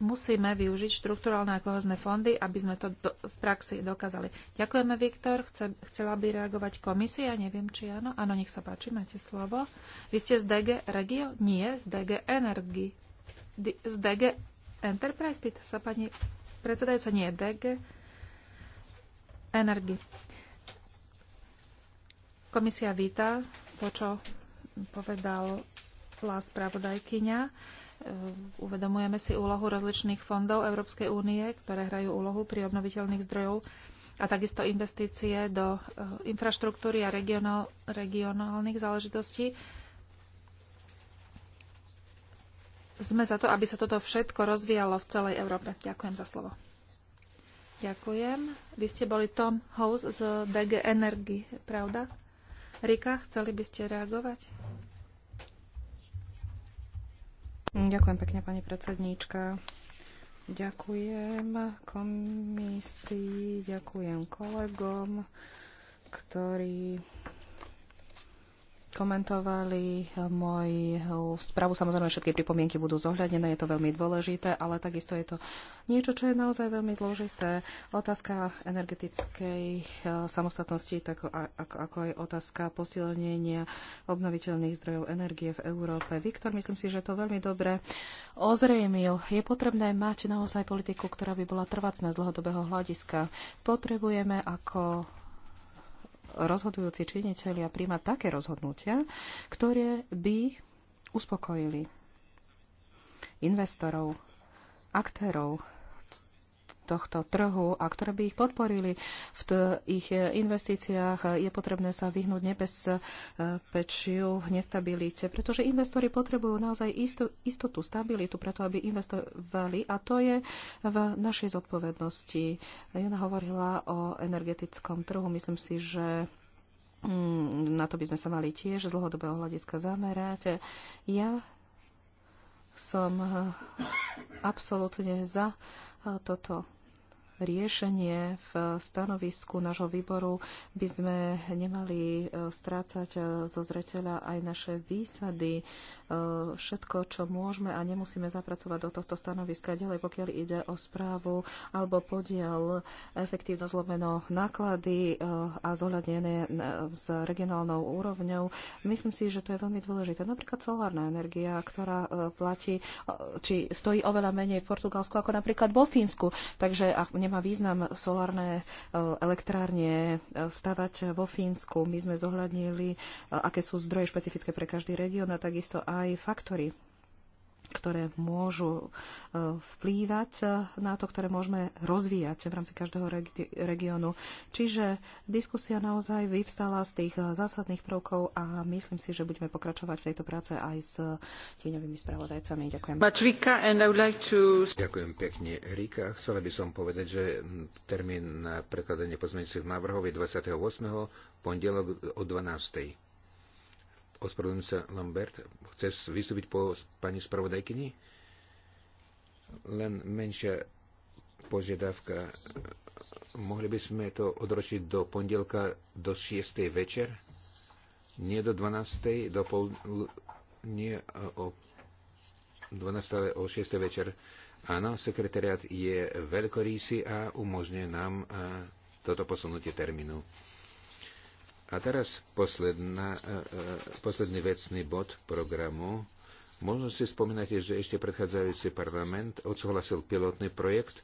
musíme využiť štrukturálne a kohozné fondy, aby sme to do, v praxi dokázali. Ďakujeme, Viktor. Chce, chcela by reagovať komisia? Neviem, či áno. Áno, nech sa páči, máte slovo. Vy ste z DG Regio? Nie, z DG Energy. D, z DG Enterprise? Pýta sa pani predsedajúca. Nie, DG Energy. Komisia víta to, čo povedala spravodajkyňa E, uvedomujeme si úlohu rozličných fondov Európskej únie, ktoré hrajú úlohu pri obnoviteľných zdrojov a takisto investície do e, infraštruktúry a regionál, regionálnych záležitostí. Sme za to, aby sa toto všetko rozvíjalo v celej Európe. Ďakujem za slovo. Ďakujem. Vy ste boli Tom House z DG Energy, pravda? Rika, chceli by ste reagovať? Ďakujem pekne, pani predsedníčka. Ďakujem komisii, ďakujem kolegom, ktorí komentovali moju správu. Samozrejme, všetky pripomienky budú zohľadené, je to veľmi dôležité, ale takisto je to niečo, čo je naozaj veľmi zložité. Otázka energetickej eh, samostatnosti, tak ako aj otázka posilnenia obnoviteľných zdrojov energie v Európe. Viktor, myslím si, že to veľmi dobre ozrejmil. Je potrebné mať naozaj politiku, ktorá by bola trvácna z dlhodobého hľadiska. Potrebujeme ako rozhodujúci činitelia príjmať také rozhodnutia, ktoré by uspokojili investorov, aktérov tohto trhu a ktoré by ich podporili v ich investíciách, je potrebné sa vyhnúť nebezpečiu, nestabilite, pretože investori potrebujú naozaj istú, istotu, stabilitu, preto aby investovali a to je v našej zodpovednosti. Jana hovorila o energetickom trhu. Myslím si, že mm, na to by sme sa mali tiež z dlhodobého hľadiska zamerať. Ja som absolútne za toto riešenie v stanovisku nášho výboru by sme nemali e, strácať e, zo zreteľa aj naše výsady, e, všetko, čo môžeme a nemusíme zapracovať do tohto stanoviska ďalej, pokiaľ ide o správu alebo podiel efektívnosť lomeno náklady a zohľadnené s regionálnou úrovňou. Myslím si, že to je veľmi dôležité. Napríklad solárna energia, ktorá platí, či stojí oveľa menej v Portugalsku ako napríklad vo Fínsku. Takže ak nemá význam solárne e, elektrárne e, stavať vo Fínsku. My sme zohľadnili, e, aké sú zdroje špecifické pre každý región a takisto aj faktory ktoré môžu e, vplývať e, na to, ktoré môžeme rozvíjať v rámci každého regiónu. Čiže diskusia naozaj vyvstala z tých e, zásadných prvkov a myslím si, že budeme pokračovať v tejto práce aj s tieňovými spravodajcami. Ďakujem. Rika, like to... Ďakujem pekne. Rika, chcela by som povedať, že hm, termín na predkladanie pozmeňujúcich návrhov je 28. pondelok o 12. Ospravedlňujem sa, Lambert. Chceš vystúpiť po pani spravodajkyni? Len menšia požiadavka. Mohli by sme to odročiť do pondelka do 6. večer? Nie do 12. do pol... Nie e, o 12. ale o 6. večer. Áno, sekretariat je veľkorýsy a umožňuje nám e, toto posunutie termínu. A teraz posledná, e, e, posledný vecný bod programu. Možno si spomínate, že ešte predchádzajúci parlament odsúhlasil pilotný projekt.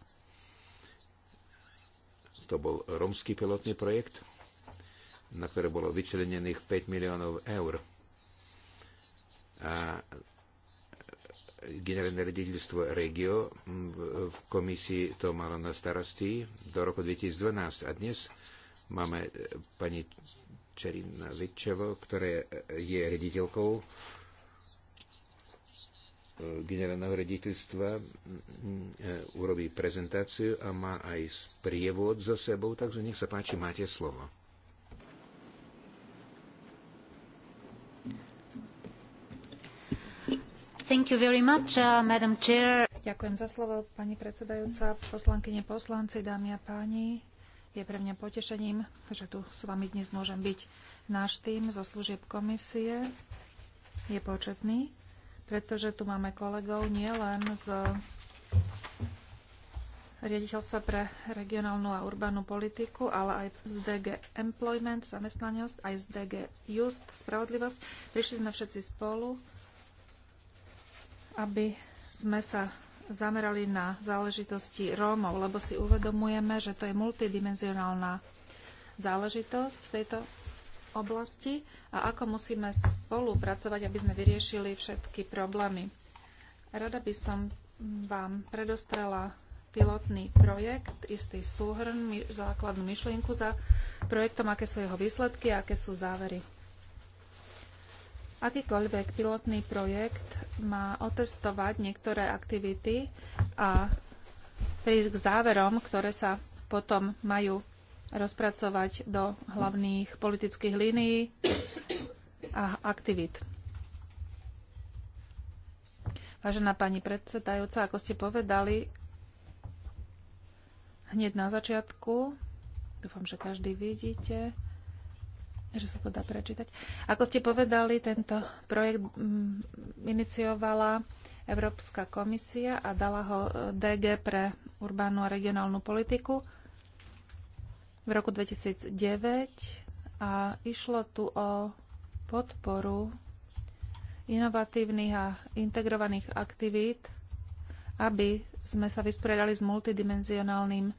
To bol romský pilotný projekt, na ktoré bolo vyčlenených 5 miliónov eur. A generálne rediteľstvo Regio v komisii to malo na starosti do roku 2012. A dnes máme pani Čerina Vitčevo, ktoré je rediteľkou eh, generálneho rediteľstva, mm, eh, urobí prezentáciu a má aj sprievod za sebou, takže nech sa páči, máte slovo. Thank you very much, uh, Madam Chair. Ďakujem za slovo, pani predsedajúca, poslankyne, poslanci, dámy a páni. Je pre mňa potešením, že tu s vami dnes môžem byť. Náš tým zo služieb komisie je početný, pretože tu máme kolegov nielen z riaditeľstva pre regionálnu a urbánnu politiku, ale aj z DG Employment, zamestnanosť, aj z DG Just, spravodlivosť. Prišli sme všetci spolu, aby sme sa zamerali na záležitosti Rómov, lebo si uvedomujeme, že to je multidimenzionálna záležitosť v tejto oblasti a ako musíme spolupracovať, aby sme vyriešili všetky problémy. Rada by som vám predostrela pilotný projekt, istý súhrn, základnú myšlienku za projektom, aké sú jeho výsledky a aké sú závery. Akýkoľvek pilotný projekt má otestovať niektoré aktivity a prísť k záverom, ktoré sa potom majú rozpracovať do hlavných politických línií a aktivít. Vážená pani predsedajúca, ako ste povedali hneď na začiatku, dúfam, že každý vidíte, že sa to dá prečítať. Ako ste povedali, tento projekt mm, iniciovala Európska komisia a dala ho e, DG pre urbánu a regionálnu politiku v roku 2009 a išlo tu o podporu inovatívnych a integrovaných aktivít, aby sme sa vysporiadali s multidimenzionálnym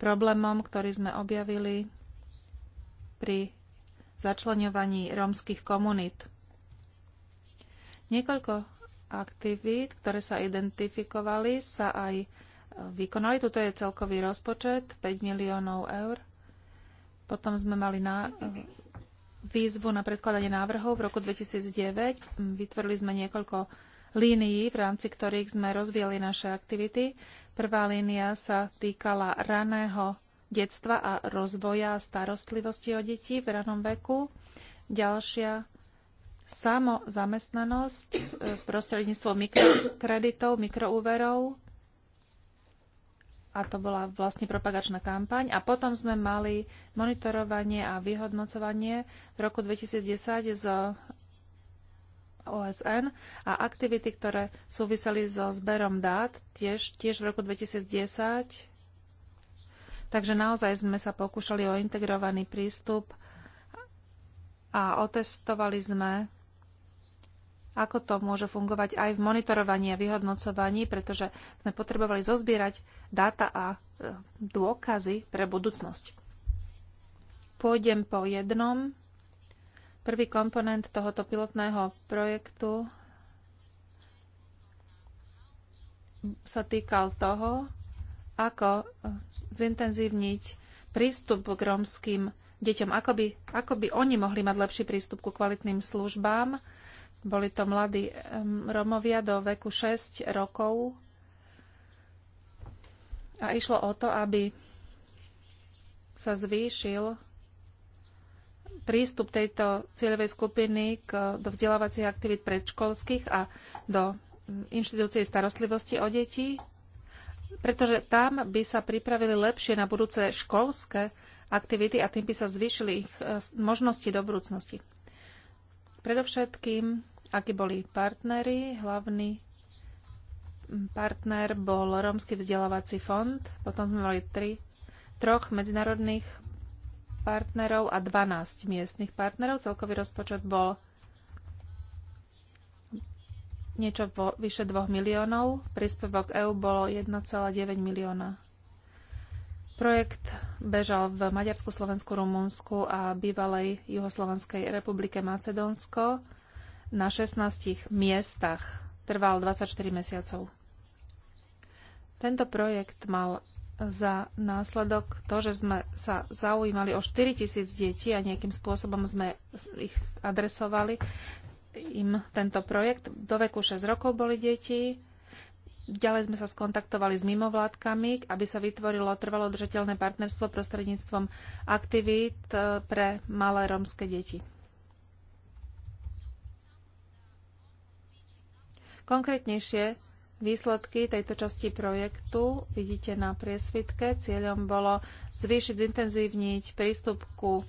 problémom, ktorý sme objavili pri začlenovaní rómskych komunít. Niekoľko aktivít, ktoré sa identifikovali, sa aj vykonali. Tuto je celkový rozpočet 5 miliónov eur. Potom sme mali na, výzvu na predkladanie návrhov v roku 2009. Vytvorili sme niekoľko línií, v rámci ktorých sme rozvíjali naše aktivity. Prvá línia sa týkala raného detstva a rozvoja a starostlivosti o deti v ranom veku. Ďalšia samozamestnanosť e, prostredníctvom mikrokreditov, mikroúverov. A to bola vlastne propagačná kampaň. A potom sme mali monitorovanie a vyhodnocovanie v roku 2010 z OSN a aktivity, ktoré súviseli so zberom dát, tiež, tiež v roku 2010 Takže naozaj sme sa pokúšali o integrovaný prístup a otestovali sme, ako to môže fungovať aj v monitorovaní a vyhodnocovaní, pretože sme potrebovali zozbierať dáta a e, dôkazy pre budúcnosť. Pôjdem po jednom. Prvý komponent tohoto pilotného projektu sa týkal toho, ako e, zintenzívniť prístup k rómskym deťom, ako by, ako by oni mohli mať lepší prístup ku kvalitným službám. Boli to mladí Romovia do veku 6 rokov a išlo o to, aby sa zvýšil prístup tejto cieľovej skupiny k, do vzdelávacích aktivít predškolských a do inštitúcie starostlivosti o deti pretože tam by sa pripravili lepšie na budúce školské aktivity a tým by sa zvýšili ich e, možnosti do budúcnosti. Predovšetkým, akí boli partnery, hlavný partner bol Rómsky vzdelávací fond, potom sme mali tri, troch medzinárodných partnerov a 12 miestnych partnerov. Celkový rozpočet bol niečo po vyše 2 miliónov, príspevok EU bolo 1,9 milióna. Projekt bežal v Maďarsku, Slovensku, Rumunsku a bývalej Juhoslovenskej republike Macedónsko na 16 miestach. Trval 24 mesiacov. Tento projekt mal za následok to, že sme sa zaujímali o 4000 detí a nejakým spôsobom sme ich adresovali im tento projekt. Do veku 6 rokov boli deti. Ďalej sme sa skontaktovali s mimovládkami, aby sa vytvorilo trvalo držateľné partnerstvo prostredníctvom aktivít e, pre malé rómske deti. Konkrétnejšie výsledky tejto časti projektu vidíte na priesvitke. Cieľom bolo zvýšiť, zintenzívniť prístup ku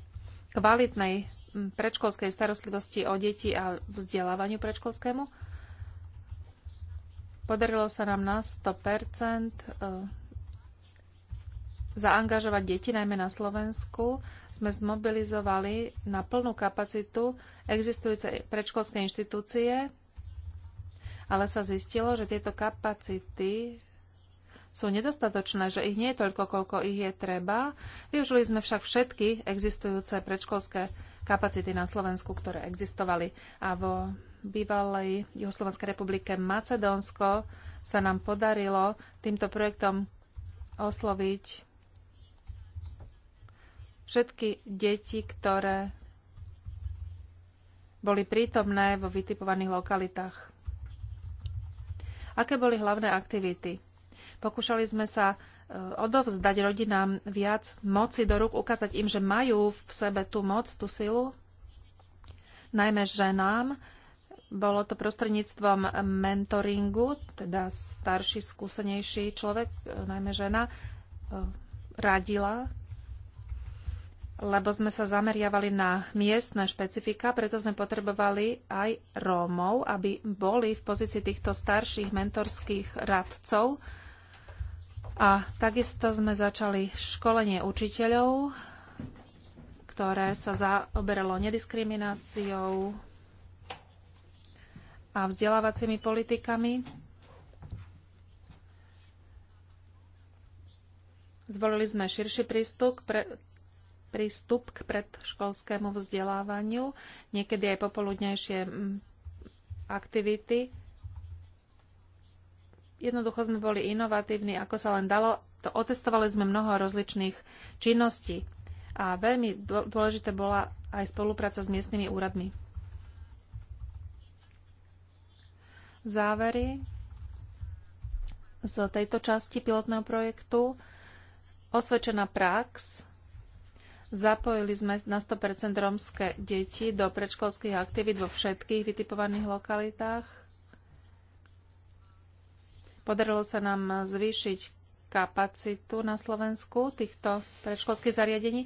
kvalitnej predškolskej starostlivosti o deti a vzdelávaniu predškolskému. Podarilo sa nám na 100% e, zaangažovať deti, najmä na Slovensku. Sme zmobilizovali na plnú kapacitu existujúce predškolské inštitúcie, ale sa zistilo, že tieto kapacity sú nedostatočné, že ich nie je toľko, koľko ich je treba. Využili sme však všetky existujúce predškolské kapacity na Slovensku, ktoré existovali. A vo bývalej Juhoslovenskej republike Macedónsko sa nám podarilo týmto projektom osloviť všetky deti, ktoré boli prítomné vo vytipovaných lokalitách. Aké boli hlavné aktivity? Pokúšali sme sa Eh, odovzdať rodinám viac moci do rúk, ukázať im, že majú v sebe tú moc, tú silu, najmä ženám. Bolo to prostredníctvom mentoringu, teda starší, skúsenejší človek, eh, najmä žena, eh, radila lebo sme sa zameriavali na miestne špecifika, preto sme potrebovali aj Rómov, aby boli v pozícii týchto starších mentorských radcov, a takisto sme začali školenie učiteľov, ktoré sa zaoberalo nediskrimináciou a vzdelávacími politikami. Zvolili sme širší prístup k, pre, prístup k predškolskému vzdelávaniu, niekedy aj popoludnejšie mm, aktivity Jednoducho sme boli inovatívni, ako sa len dalo. To otestovali sme mnoho rozličných činností. A veľmi dôležité bola aj spolupráca s miestnymi úradmi. Závery z tejto časti pilotného projektu. Osvedčená prax. Zapojili sme na 100% rómske deti do predškolských aktivít vo všetkých vytipovaných lokalitách Podarilo sa nám zvýšiť kapacitu na Slovensku týchto predškolských zariadení.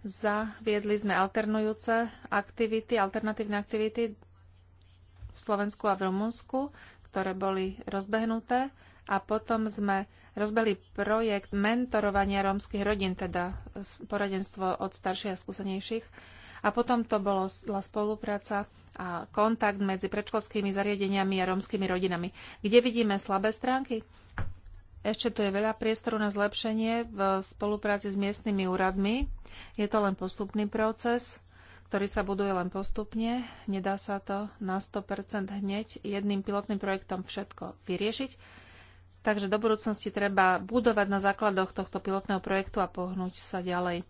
Zaviedli sme alternujúce aktivity, alternatívne aktivity v Slovensku a v Rumunsku, ktoré boli rozbehnuté a potom sme rozbehli projekt mentorovania rómskych rodín, teda poradenstvo od starších a skúsenejších. A potom to bola spolupráca kontakt medzi predškolskými zariadeniami a rómskymi rodinami. Kde vidíme slabé stránky? Ešte tu je veľa priestoru na zlepšenie v spolupráci s miestnymi úradmi. Je to len postupný proces, ktorý sa buduje len postupne. Nedá sa to na 100% hneď jedným pilotným projektom všetko vyriešiť. Takže do budúcnosti treba budovať na základoch tohto pilotného projektu a pohnúť sa ďalej.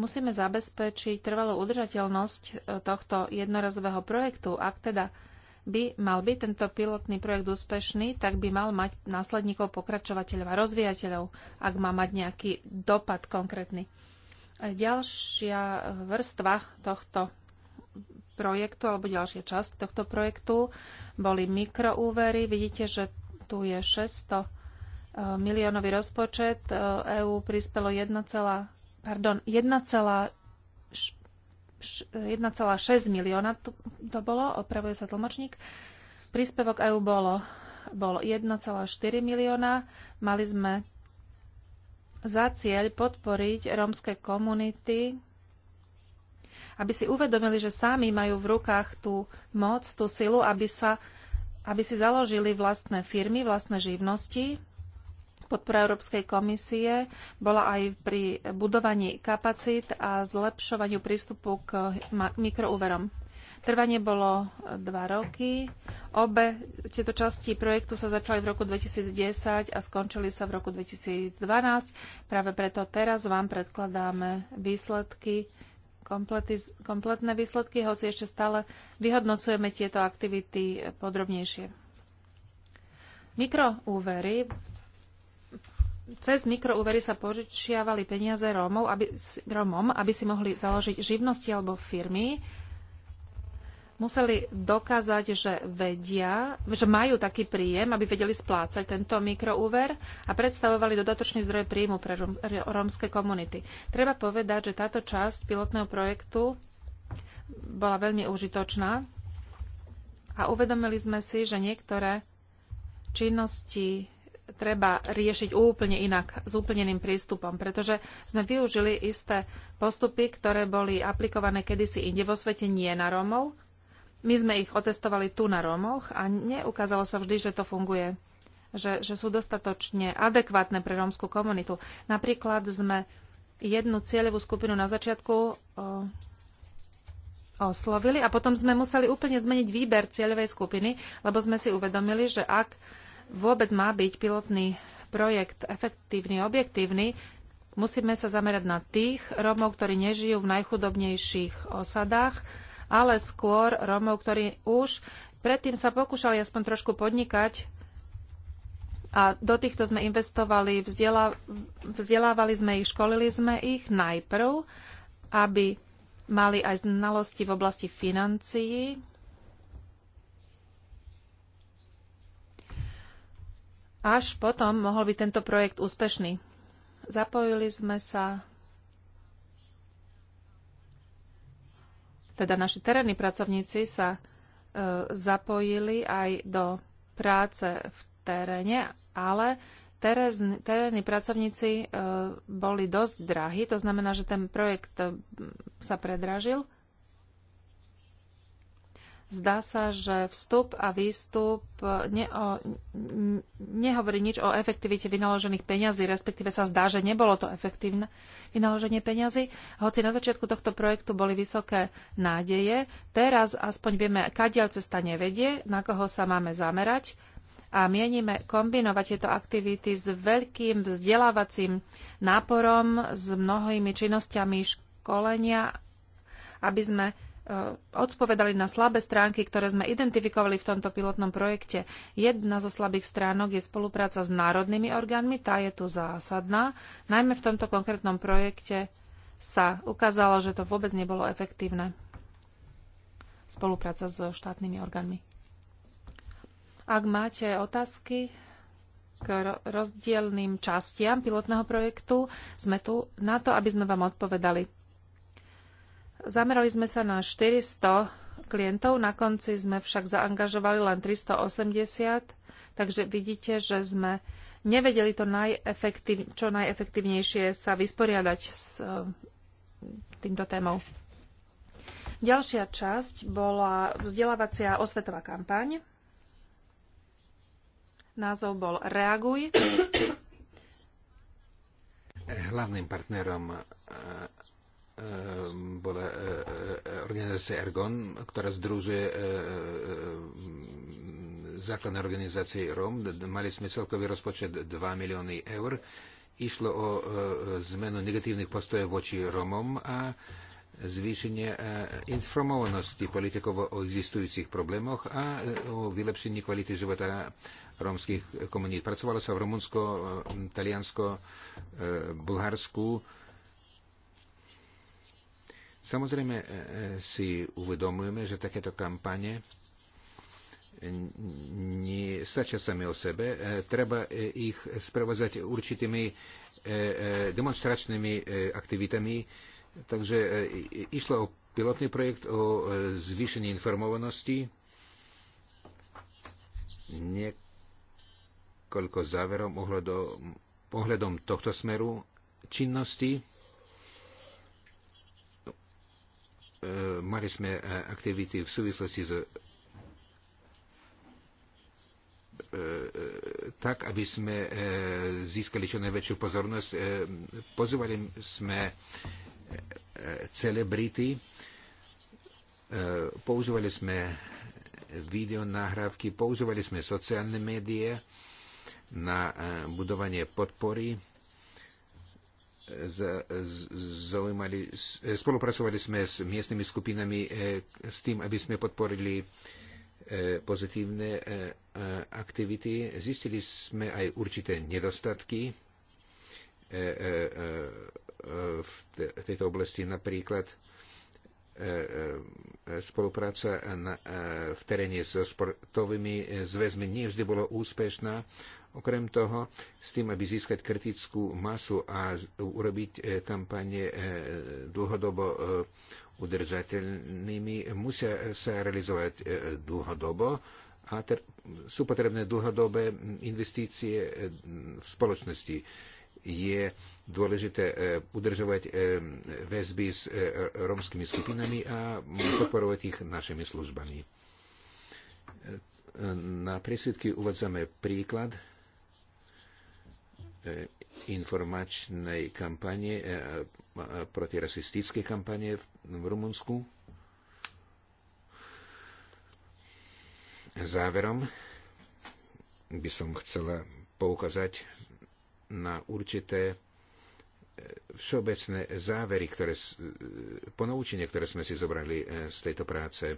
Musíme zabezpečiť trvalú udržateľnosť e, tohto jednorazového projektu. Ak teda by mal byť tento pilotný projekt úspešný, tak by mal mať následníkov pokračovateľov a rozvíjateľov, ak má mať nejaký dopad konkrétny. ďalšia vrstva tohto projektu alebo ďalšia časť tohto projektu boli mikroúvery. Vidíte, že tu je 600 e, miliónový rozpočet. EÚ e prispelo pardon, 1,6 milióna to, to bolo, opravuje sa tlmočník. Príspevok EU bolo, bolo 1,4 milióna. Mali sme za cieľ podporiť rómske komunity, aby si uvedomili, že sami majú v rukách tú moc, tú silu, aby, sa, aby si založili vlastné firmy, vlastné živnosti, Podpora Európskej komisie bola aj pri budovaní kapacít a zlepšovaniu prístupu k mikroúverom. Trvanie bolo dva roky. Obe tieto časti projektu sa začali v roku 2010 a skončili sa v roku 2012. Práve preto teraz vám predkladáme výsledky, kompletné výsledky, hoci ešte stále vyhodnocujeme tieto aktivity podrobnejšie. Mikroúvery cez mikroúvery sa požičiavali peniaze Rómov, aby, Rómom, aby si mohli založiť živnosti alebo firmy. Museli dokázať, že vedia, že majú taký príjem, aby vedeli splácať tento mikroúver a predstavovali dodatočný zdroj príjmu pre rómske komunity. Treba povedať, že táto časť pilotného projektu bola veľmi užitočná a uvedomili sme si, že niektoré činnosti treba riešiť úplne inak, s úplne iným prístupom, pretože sme využili isté postupy, ktoré boli aplikované kedysi inde vo svete, nie na Rómov. My sme ich otestovali tu na Rómoch a neukázalo sa vždy, že to funguje, že, že sú dostatočne adekvátne pre rómsku komunitu. Napríklad sme jednu cieľovú skupinu na začiatku o, oslovili a potom sme museli úplne zmeniť výber cieľovej skupiny, lebo sme si uvedomili, že ak vôbec má byť pilotný projekt efektívny, objektívny, musíme sa zamerať na tých Rómov, ktorí nežijú v najchudobnejších osadách, ale skôr Rómov, ktorí už predtým sa pokúšali aspoň trošku podnikať a do týchto sme investovali, vzdelá, vzdelávali sme ich, školili sme ich najprv, aby mali aj znalosti v oblasti financií, Až potom mohol byť tento projekt úspešný. Zapojili sme sa teda naši terénni pracovníci sa e, zapojili aj do práce v teréne, ale terénni pracovníci e, boli dosť drahí, to znamená, že ten projekt e, sa predražil. Zdá sa, že vstup a výstup o, nehovorí nič o efektivite vynaložených peňazí, respektíve sa zdá, že nebolo to efektívne vynaloženie peňazí. Hoci na začiatku tohto projektu boli vysoké nádeje, teraz aspoň vieme, kadiaľ cesta nevedie, na koho sa máme zamerať a mienime kombinovať tieto aktivity s veľkým vzdelávacím náporom, s mnohými činnosťami školenia, aby sme Eh, odpovedali na slabé stránky, ktoré sme identifikovali v tomto pilotnom projekte. Jedna zo slabých stránok je spolupráca s národnými orgánmi, tá je tu zásadná. Najmä v tomto konkrétnom projekte sa ukázalo, že to vôbec nebolo efektívne. Spolupráca so štátnymi orgánmi. Ak máte otázky k rozdielným častiam pilotného projektu, sme tu na to, aby sme vám odpovedali. Zamerali sme sa na 400 klientov, na konci sme však zaangažovali len 380, takže vidíte, že sme nevedeli to najefektív, čo najefektívnejšie sa vysporiadať s e, týmto témou. Ďalšia časť bola vzdelávacia osvetová kampaň. Názov bol Reaguj. Hlavným partnerom e, bola ehm, e, e, e, organizácia Ergon, ktorá združuje základné organizácie Róm. Mali sme celkový rozpočet 2 milióny eur. Išlo o zmenu negatívnych postojov voči Rómom a zvýšenie informovanosti politikov o existujúcich problémoch a o vylepšení kvality života rómskych komunít. Pracovalo sa v Rumunsko, Taliansko, Bulharsku, Samozrejme e, e, si uvedomujeme, že takéto kampane nestačia sami o sebe. E, treba ich sprevádzať určitými demonstračnými aktivitami. Takže išlo o pilotný projekt o zvýšení informovanosti. Niekoľko záverov ohľadom, ohľadom tohto smeru činnosti. E, mali sme e, aktivity v súvislosti s e, tak, aby sme získali čo najväčšiu pozornosť. Pozvali sme celebrity, používali sme videonahrávky, používali sme sociálne médiá na budovanie podpory zaujímali, e, spolupracovali sme s miestnymi skupinami e, s tým, aby sme podporili e, pozitívne aktivity. Zistili sme aj určité nedostatky v tejto oblasti, napríklad spolupráca na, v teréne so sportovými zväzmi nie vždy bola úspešná. Okrem toho, s tým, aby získať kritickú masu a urobiť e, kampanie e, dlhodobo e, udržateľnými, musia sa realizovať dlhodobo a sú potrebné dlhodobé investície v spoločnosti. Je dôležité udržovať väzby s romskými skupinami a podporovať ich našimi službami. Na presvedky uvádzame príklad E, informačnej kampanie e, protirasistické kampanie v Rumunsku. Záverom by som chcela poukázať na určité e, všeobecné závery, ktoré, ponaučenie, ktoré sme si zobrali z tejto práce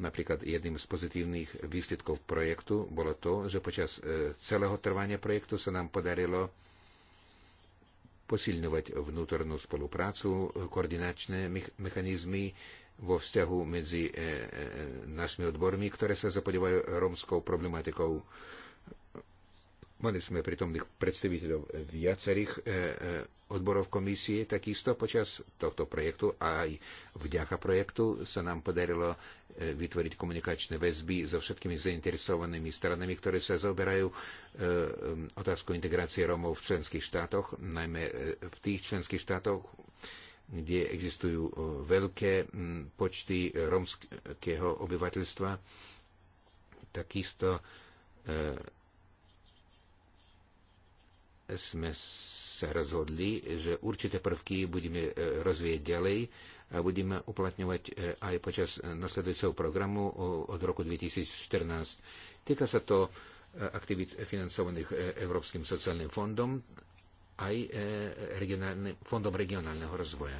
Napríklad jedným z pozitívnych výsledkov projektu bolo to, že počas e, celého trvania projektu sa nám podarilo posilňovať vnútornú spoluprácu, e, koordinačné mechanizmy vo vzťahu medzi e, našimi odbormi, ktoré sa zapodívajú rómskou problematikou. Mali sme pritomných predstaviteľov viacerých e, e, odborov komisie, takisto počas tohto projektu a aj vďaka projektu sa nám podarilo e, vytvoriť komunikačné väzby so všetkými zainteresovanými stranami, ktoré sa zaoberajú otázkou integrácie Rómov v členských štátoch, najmä v tých členských štátoch, kde existujú veľké počty rómskeho obyvateľstva. Takisto sme sa rozhodli, že určité prvky budeme e, rozvieť ďalej a budeme uplatňovať e, aj počas nasledujúceho programu od roku 2014. Týka sa to e, aktivít financovaných Európskym sociálnym fondom aj fondom regionálneho rozvoja.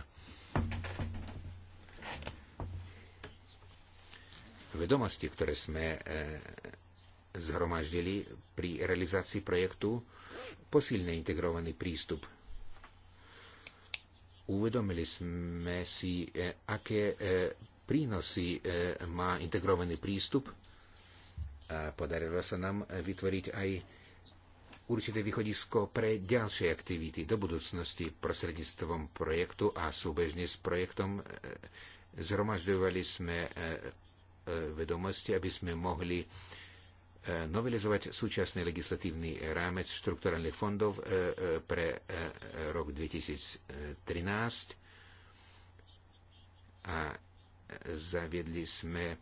Vedomosti, ktoré sme zhromaždili pri realizácii projektu, posilne integrovaný prístup. Uvedomili sme si, e, aké e, prínosy e, má integrovaný prístup a podarilo sa nám vytvoriť aj určité východisko pre ďalšie aktivity do budúcnosti prostredníctvom projektu a súbežne s projektom zhromažďovali sme vedomosti, aby sme mohli E, novelizovať súčasný legislatívny rámec štrukturálnych fondov e, e, pre rok 2013 a zaviedli sme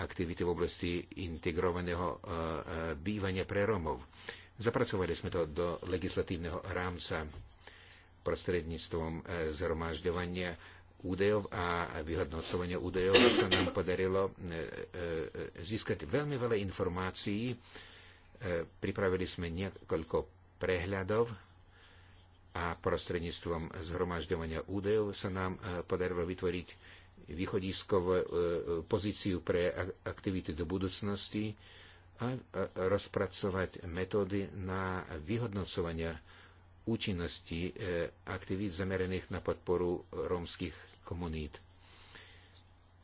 aktivity v oblasti integrovaného bývania pre Romov. Zapracovali sme to do legislatívneho rámca prostredníctvom zhromažďovania údajov a vyhodnocovania údajov sa nám podarilo e, e, e, získať veľmi veľa informácií. Pripravili sme niekoľko prehľadov a prostredníctvom zhromažďovania údajov sa nám podarilo vytvoriť východiskovú pozíciu pre aktivity do budúcnosti a rozpracovať metódy na vyhodnocovanie účinnosti aktivít zameraných na podporu rómskych komunít.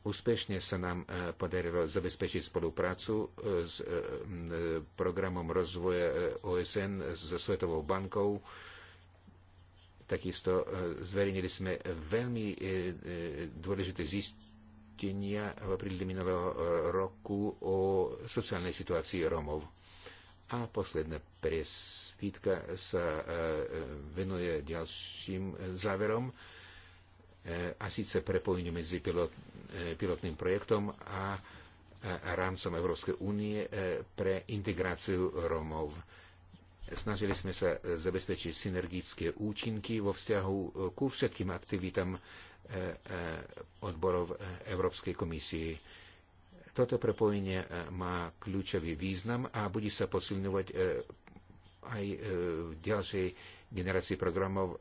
Úspešne sa nám e, podarilo zabezpečiť spoluprácu e, s e, programom rozvoja OSN so Svetovou bankou. Takisto zverejnili sme veľmi dôležité zistenia v apríli minulého roku o sociálnej situácii Rómov. A posledná presvítka sa venuje ďalším záverom E, a síce prepojenie medzi pilot, e, pilotným projektom a e, rámcom Európskej únie pre integráciu Rómov. Snažili sme sa zabezpečiť synergické účinky vo vzťahu ku všetkým aktivitám odborov Európskej komisie. Toto prepojenie má kľúčový význam a bude sa posilňovať aj v ďalšej generácii programov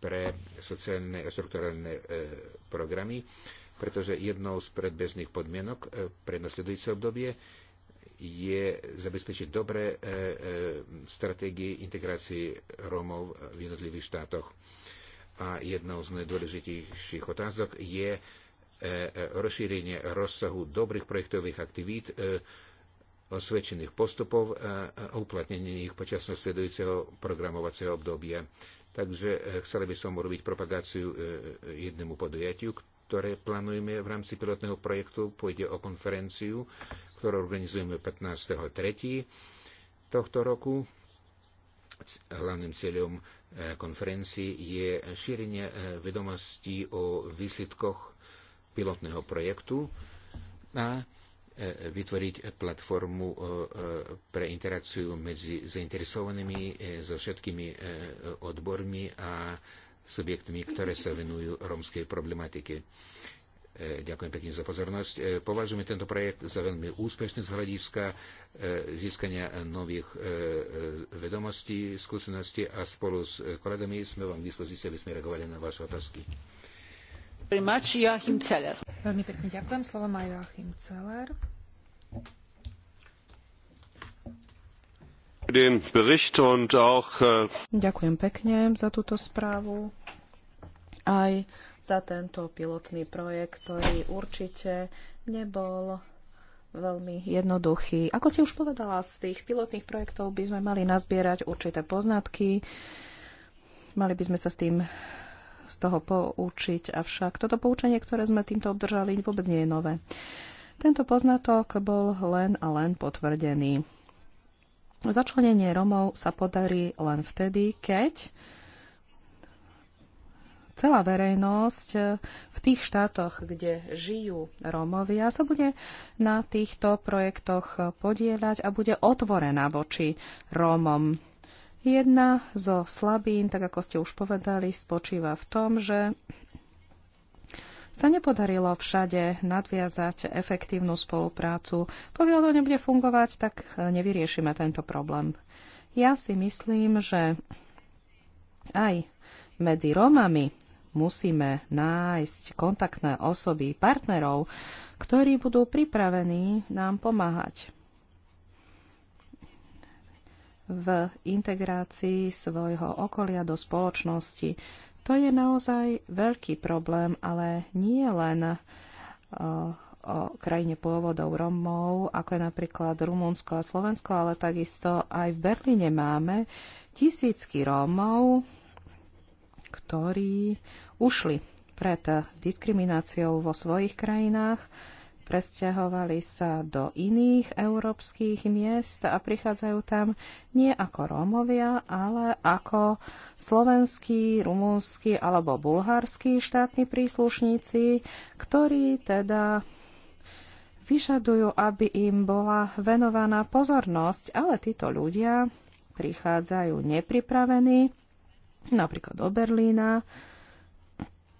pre sociálne a e, programy, pretože jednou z predbežných podmienok e, pre nasledujúce obdobie je zabezpečiť dobré e, e, stratégie integrácie Rómov v jednotlivých štátoch. A jednou z najdôležitejších otázok je rozšírenie rozsahu dobrých projektových aktivít, osvedčených postupov a uplatnenie ich počas nasledujúceho programovacieho obdobia. Takže e, chceli by som urobiť propagáciu e, e, jednému podujatiu, ktoré plánujeme v rámci pilotného projektu. Pôjde o konferenciu, ktorú organizujeme 15.3. tohto roku. Hlavným cieľom konferencii je šírenie vedomostí o výsledkoch pilotného projektu a E, vytvoriť platformu e, e, pre interakciu medzi zainteresovanými so všetkými odbormi a subjektmi, ktoré sa venujú romskej problematike. Ďakujem pekne za pozornosť. Považujeme tento projekt za veľmi úspešný z hľadiska získania nových vedomostí, skúseností a spolu s kolegami sme vám k dispozícii, aby sme reagovali na vaše otázky. Veľmi pekne ďakujem. Joachim Celer. Äh, ďakujem pekne za túto správu aj za tento pilotný projekt, ktorý určite nebol veľmi jednoduchý. Ako ste už povedala, z tých pilotných projektov by sme mali nazbierať určité poznatky, mali by sme sa s tým z toho poučiť. Avšak toto poučenie, ktoré sme týmto obdržali, vôbec nie je nové. Tento poznatok bol len a len potvrdený. Začlenenie Romov sa podarí len vtedy, keď celá verejnosť v tých štátoch, kde žijú Rómovia, sa bude na týchto projektoch podieľať a bude otvorená voči Rómom Jedna zo slabín, tak ako ste už povedali, spočíva v tom, že sa nepodarilo všade nadviazať efektívnu spoluprácu. Pokiaľ to nebude fungovať, tak e, nevyriešime tento problém. Ja si myslím, že aj medzi Romami musíme nájsť kontaktné osoby, partnerov, ktorí budú pripravení nám pomáhať v integrácii svojho okolia do spoločnosti. To je naozaj veľký problém, ale nie len eh, o krajine pôvodov Romov, ako je napríklad Rumunsko a Slovensko, ale takisto aj v Berlíne máme tisícky Rómov, ktorí ušli pred diskrimináciou vo svojich krajinách presťahovali sa do iných európskych miest a prichádzajú tam nie ako Rómovia, ale ako slovenskí, rumúnsky alebo bulharskí štátni príslušníci, ktorí teda vyžadujú, aby im bola venovaná pozornosť, ale títo ľudia prichádzajú nepripravení, napríklad do Berlína,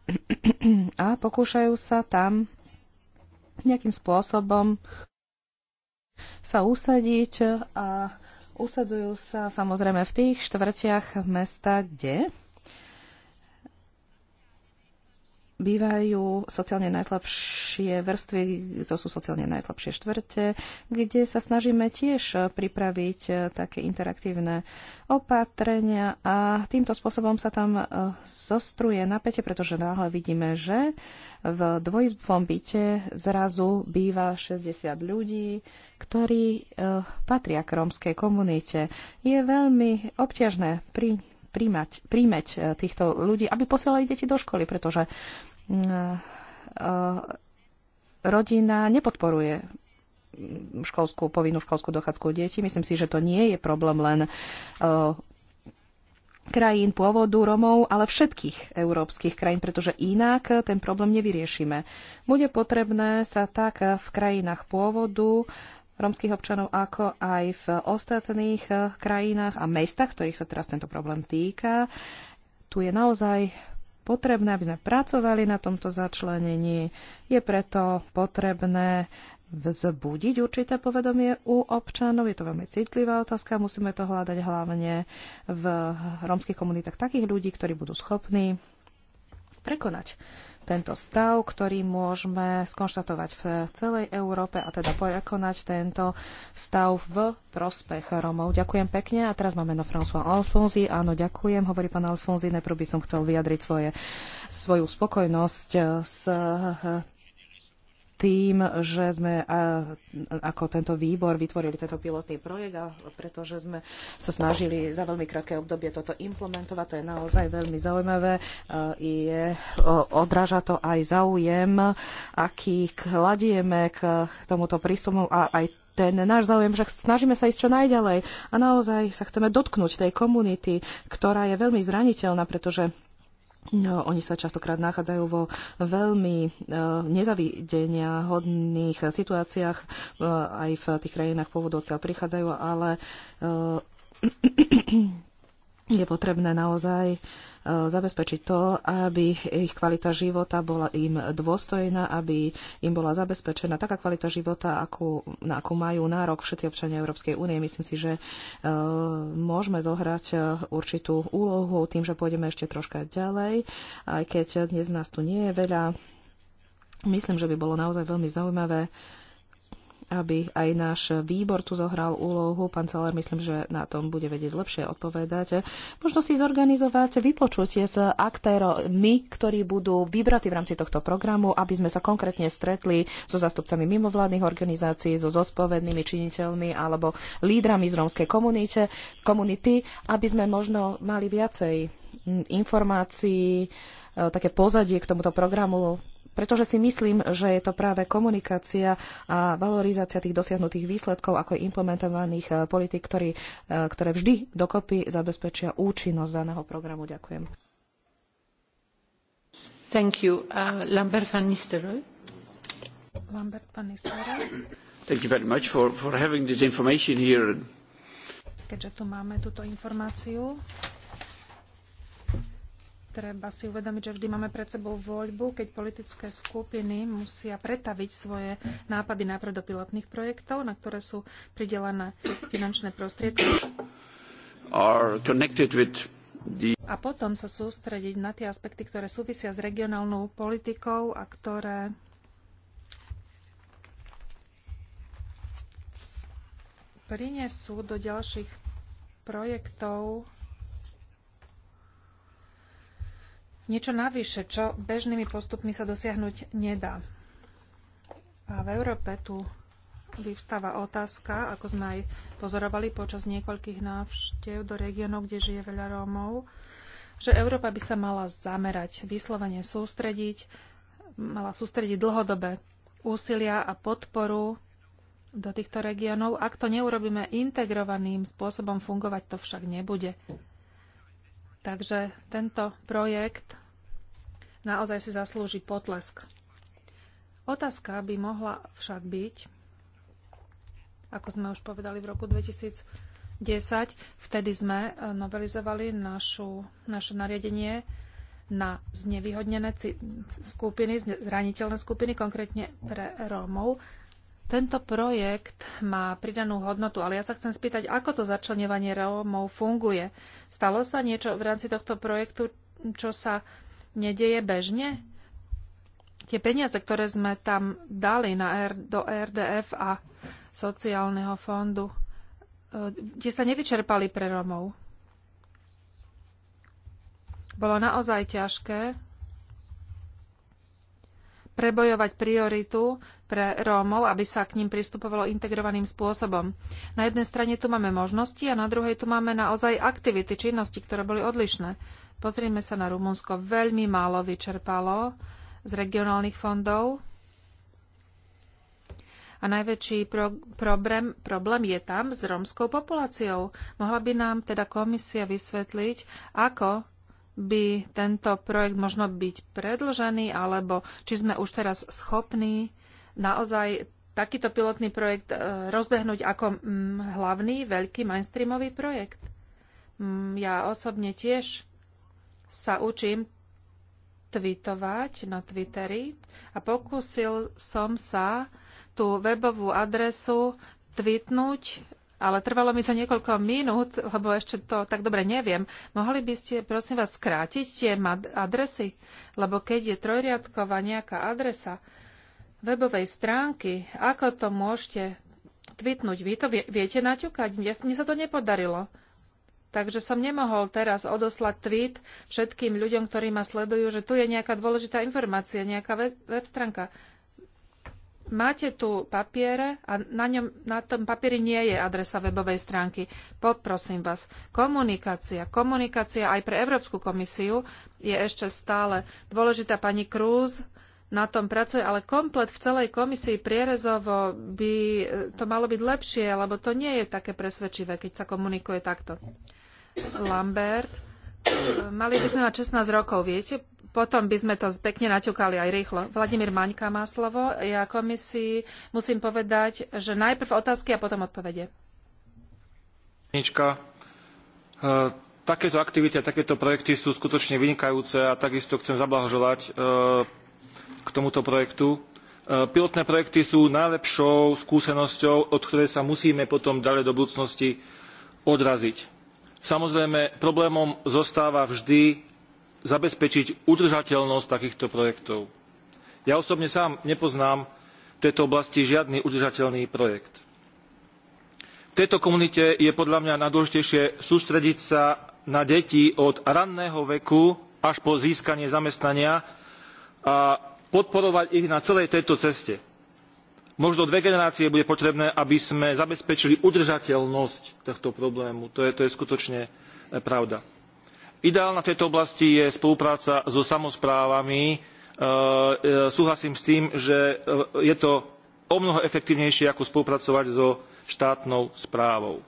a pokúšajú sa tam nejakým spôsobom sa usadiť a usadzujú sa samozrejme v tých štvrtiach mesta, kde bývajú sociálne najslabšie vrstvy, to sú sociálne najslabšie štvrte, kde sa snažíme tiež pripraviť e, také interaktívne opatrenia a týmto spôsobom sa tam e, zostruje napätie, pretože náhle vidíme, že v dvojizbovom byte zrazu býva 60 ľudí, ktorí e, patria k rómskej komunite. Je veľmi obťažné pri príjmať, príjmeť e, týchto ľudí, aby posielali deti do školy, pretože e, e, rodina nepodporuje školskú, povinnú školskú dochádzku detí. Myslím si, že to nie je problém len krajín pôvodu Romov, ale všetkých európskych krajín, pretože inak ten problém nevyriešime. Bude potrebné sa tak v krajinách pôvodu rómskych občanov, ako aj v ostatných eh, krajinách a mestách, ktorých sa teraz tento problém týka. Tu je naozaj potrebné, aby sme pracovali na tomto začlenení. Je preto potrebné vzbudiť určité povedomie u občanov. Je to veľmi citlivá otázka, musíme to hľadať hlavne v rómskych komunitách takých ľudí, ktorí budú schopní prekonať tento stav, ktorý môžeme skonštatovať v celej Európe a teda prekonať tento stav v prospech Romov. Ďakujem pekne a teraz máme na François Alfonzi. Áno, ďakujem, hovorí pán Alfonzi. Najprv by som chcel vyjadriť svoje, svoju spokojnosť s tým, že sme ako tento výbor vytvorili tento pilotný projekt a pretože sme sa snažili za veľmi krátke obdobie toto implementovať, to je naozaj veľmi zaujímavé. Je, odráža to aj záujem, aký kladieme k tomuto prístupu a aj ten náš záujem, že snažíme sa ísť čo najďalej a naozaj sa chceme dotknúť tej komunity, ktorá je veľmi zraniteľná, pretože No, oni sa častokrát nachádzajú vo veľmi e, nezavidenia hodných situáciách e, aj v tých krajinách pôvodu, odkiaľ prichádzajú, ale e, je potrebné naozaj e, zabezpečiť to, aby ich kvalita života bola im dôstojná, aby im bola zabezpečená taká kvalita života, akú, na akú majú nárok všetci občania Európskej únie. Myslím si, že e, môžeme zohrať e, určitú úlohu tým, že pôjdeme ešte troška ďalej, aj keď dnes nás tu nie je veľa. Myslím, že by bolo naozaj veľmi zaujímavé aby aj náš výbor tu zohral úlohu. Pán Celer, myslím, že na tom bude vedieť lepšie odpovedať. Možno si zorganizovať vypočutie s aktérmi, ktorí budú vybratí v rámci tohto programu, aby sme sa konkrétne stretli so zastupcami mimovládnych organizácií, so zospovednými činiteľmi alebo lídrami z rómskej komunite, komunity, aby sme možno mali viacej informácií, e, také pozadie k tomuto programu pretože si myslím, že je to práve komunikácia a valorizácia tých dosiahnutých výsledkov, ako implementovaných eh, politik, ktorý, eh, ktoré vždy dokopy zabezpečia účinnosť daného programu. Ďakujem. Thank you. Uh, Lambert van Nistelrooy. Lambert van Nistelrooy. Thank you very much for, for having this information here. Keďže tu máme túto informáciu, treba si uvedomiť, že vždy máme pred sebou voľbu, keď politické skupiny musia pretaviť svoje nápady najprv do pilotných projektov, na ktoré sú pridelené finančné prostriedky. A potom sa sústrediť na tie aspekty, ktoré súvisia s regionálnou politikou a ktoré prinesú do ďalších projektov niečo navyše, čo bežnými postupmi sa dosiahnuť nedá. A v Európe tu vyvstáva otázka, ako sme aj pozorovali počas niekoľkých návštev do regiónov, kde žije veľa Rómov, že Európa by sa mala zamerať, vyslovene sústrediť, mala sústrediť dlhodobé úsilia a podporu do týchto regiónov. Ak to neurobíme integrovaným spôsobom, fungovať to však nebude. Takže tento projekt naozaj si zaslúži potlesk. Otázka by mohla však byť, ako sme už povedali v roku 2010, vtedy sme e, novelizovali našu, naše nariadenie na znevýhodnené skupiny, zraniteľné skupiny, konkrétne pre Rómov. Tento projekt má pridanú hodnotu, ale ja sa chcem spýtať, ako to začlenovanie Rómov funguje. Stalo sa niečo v rámci tohto projektu, čo sa nedeje bežne? Tie peniaze, ktoré sme tam dali na R, do RDF a sociálneho fondu, e, tie sa nevyčerpali pre Rómov. Bolo naozaj ťažké prebojovať prioritu pre Rómov, aby sa k ním pristupovalo integrovaným spôsobom. Na jednej strane tu máme možnosti a na druhej tu máme naozaj aktivity, činnosti, ktoré boli odlišné. Pozrieme sa na Rumunsko. Veľmi málo vyčerpalo z regionálnych fondov. A najväčší pro- problém, problém je tam s romskou populáciou. Mohla by nám teda komisia vysvetliť, ako by tento projekt možno byť predlžený, alebo či sme už teraz schopní naozaj takýto pilotný projekt e, rozbehnúť ako mm, hlavný veľký mainstreamový projekt. Mm, ja osobne tiež sa učím tweetovať na Twitteri a pokúsil som sa tú webovú adresu tweetnúť ale trvalo mi to niekoľko minút, lebo ešte to tak dobre neviem. Mohli by ste, prosím vás, skrátiť tie adresy? Lebo keď je trojriadková nejaká adresa webovej stránky, ako to môžete tweetnúť? Vy to viete naťukať? Ja, mne sa to nepodarilo. Takže som nemohol teraz odoslať tweet všetkým ľuďom, ktorí ma sledujú, že tu je nejaká dôležitá informácia, nejaká web stránka. Máte tu papiere a na, ňom, na tom papieri nie je adresa webovej stránky. Poprosím vás, komunikácia, komunikácia aj pre Európsku komisiu je ešte stále dôležitá. Pani Krúz na tom pracuje, ale komplet v celej komisii prierezovo by e, to malo byť lepšie, lebo to nie je také presvedčivé, keď sa komunikuje takto. Lambert mali by sme mať 16 rokov, viete? Potom by sme to pekne naťukali aj rýchlo. Vladimír Maňka má slovo. Ja komisii musím povedať, že najprv otázky a potom odpovede. Nička. E, takéto aktivity a takéto projekty sú skutočne vynikajúce a takisto chcem zablahoželať e, k tomuto projektu. E, pilotné projekty sú najlepšou skúsenosťou, od ktorej sa musíme potom ďalej do budúcnosti odraziť Samozrejme, problémom zostáva vždy zabezpečiť udržateľnosť takýchto projektov. Ja osobne sám nepoznám v tejto oblasti žiadny udržateľný projekt. V tejto komunite je podľa mňa najdôležitejšie sústrediť sa na deti od ranného veku až po získanie zamestnania a podporovať ich na celej tejto ceste možno dve generácie bude potrebné, aby sme zabezpečili udržateľnosť tohto problému. To je, to je skutočne e, pravda. Ideálna tejto oblasti je spolupráca so samozprávami. E, e, súhlasím s tým, že e, je to omnoho efektívnejšie, ako spolupracovať so štátnou správou.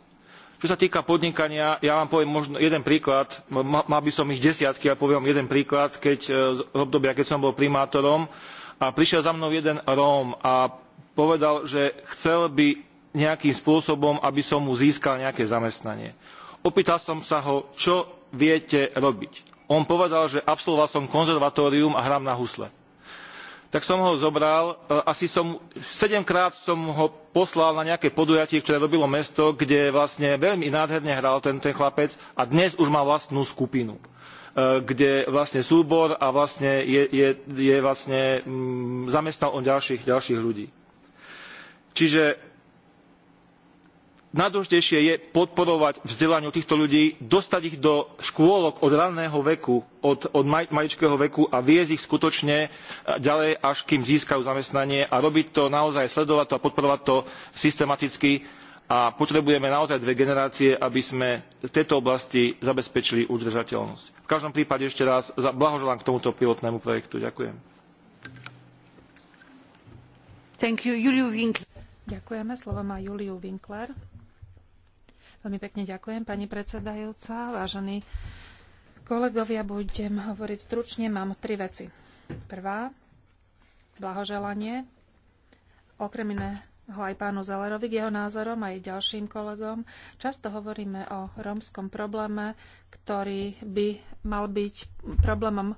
Čo sa týka podnikania, ja vám poviem možno jeden príklad, mal by som ich desiatky, ale ja poviem jeden príklad, keď e, z obdobia, keď som bol primátorom a prišiel za mnou jeden Róm a povedal, že chcel by nejakým spôsobom, aby som mu získal nejaké zamestnanie. Opýtal som sa ho, čo viete robiť. On povedal, že absolvoval som konzervatórium a hrám na husle. Tak som ho zobral, e, asi som, sedemkrát som ho poslal na nejaké podujatie, ktoré robilo mesto, kde vlastne veľmi nádherne hral ten, ten chlapec a dnes už má vlastnú skupinu e, kde vlastne súbor a vlastne je, je, je vlastne mm, zamestnal on ďalších, ďalších ľudí. Čiže najdôležitejšie je podporovať vzdelaniu týchto ľudí, dostať ich do škôlok od ranného veku, od, od maličkého veku a viesť ich skutočne ďalej, až kým získajú zamestnanie a robiť to naozaj, sledovať to a podporovať to systematicky a potrebujeme naozaj dve generácie, aby sme v tejto oblasti zabezpečili udržateľnosť. V každom prípade ešte raz blahoželám k tomuto pilotnému projektu. Ďakujem. Ďakujeme. Slovo má Juliu Winkler. Veľmi pekne ďakujem, pani predsedajúca. Vážení kolegovia, budem hovoriť stručne. Mám tri veci. Prvá, blahoželanie. Okrem iného aj pánu Zelerovi k jeho názorom, aj ďalším kolegom. Často hovoríme o rómskom probléme, ktorý by mal byť problémom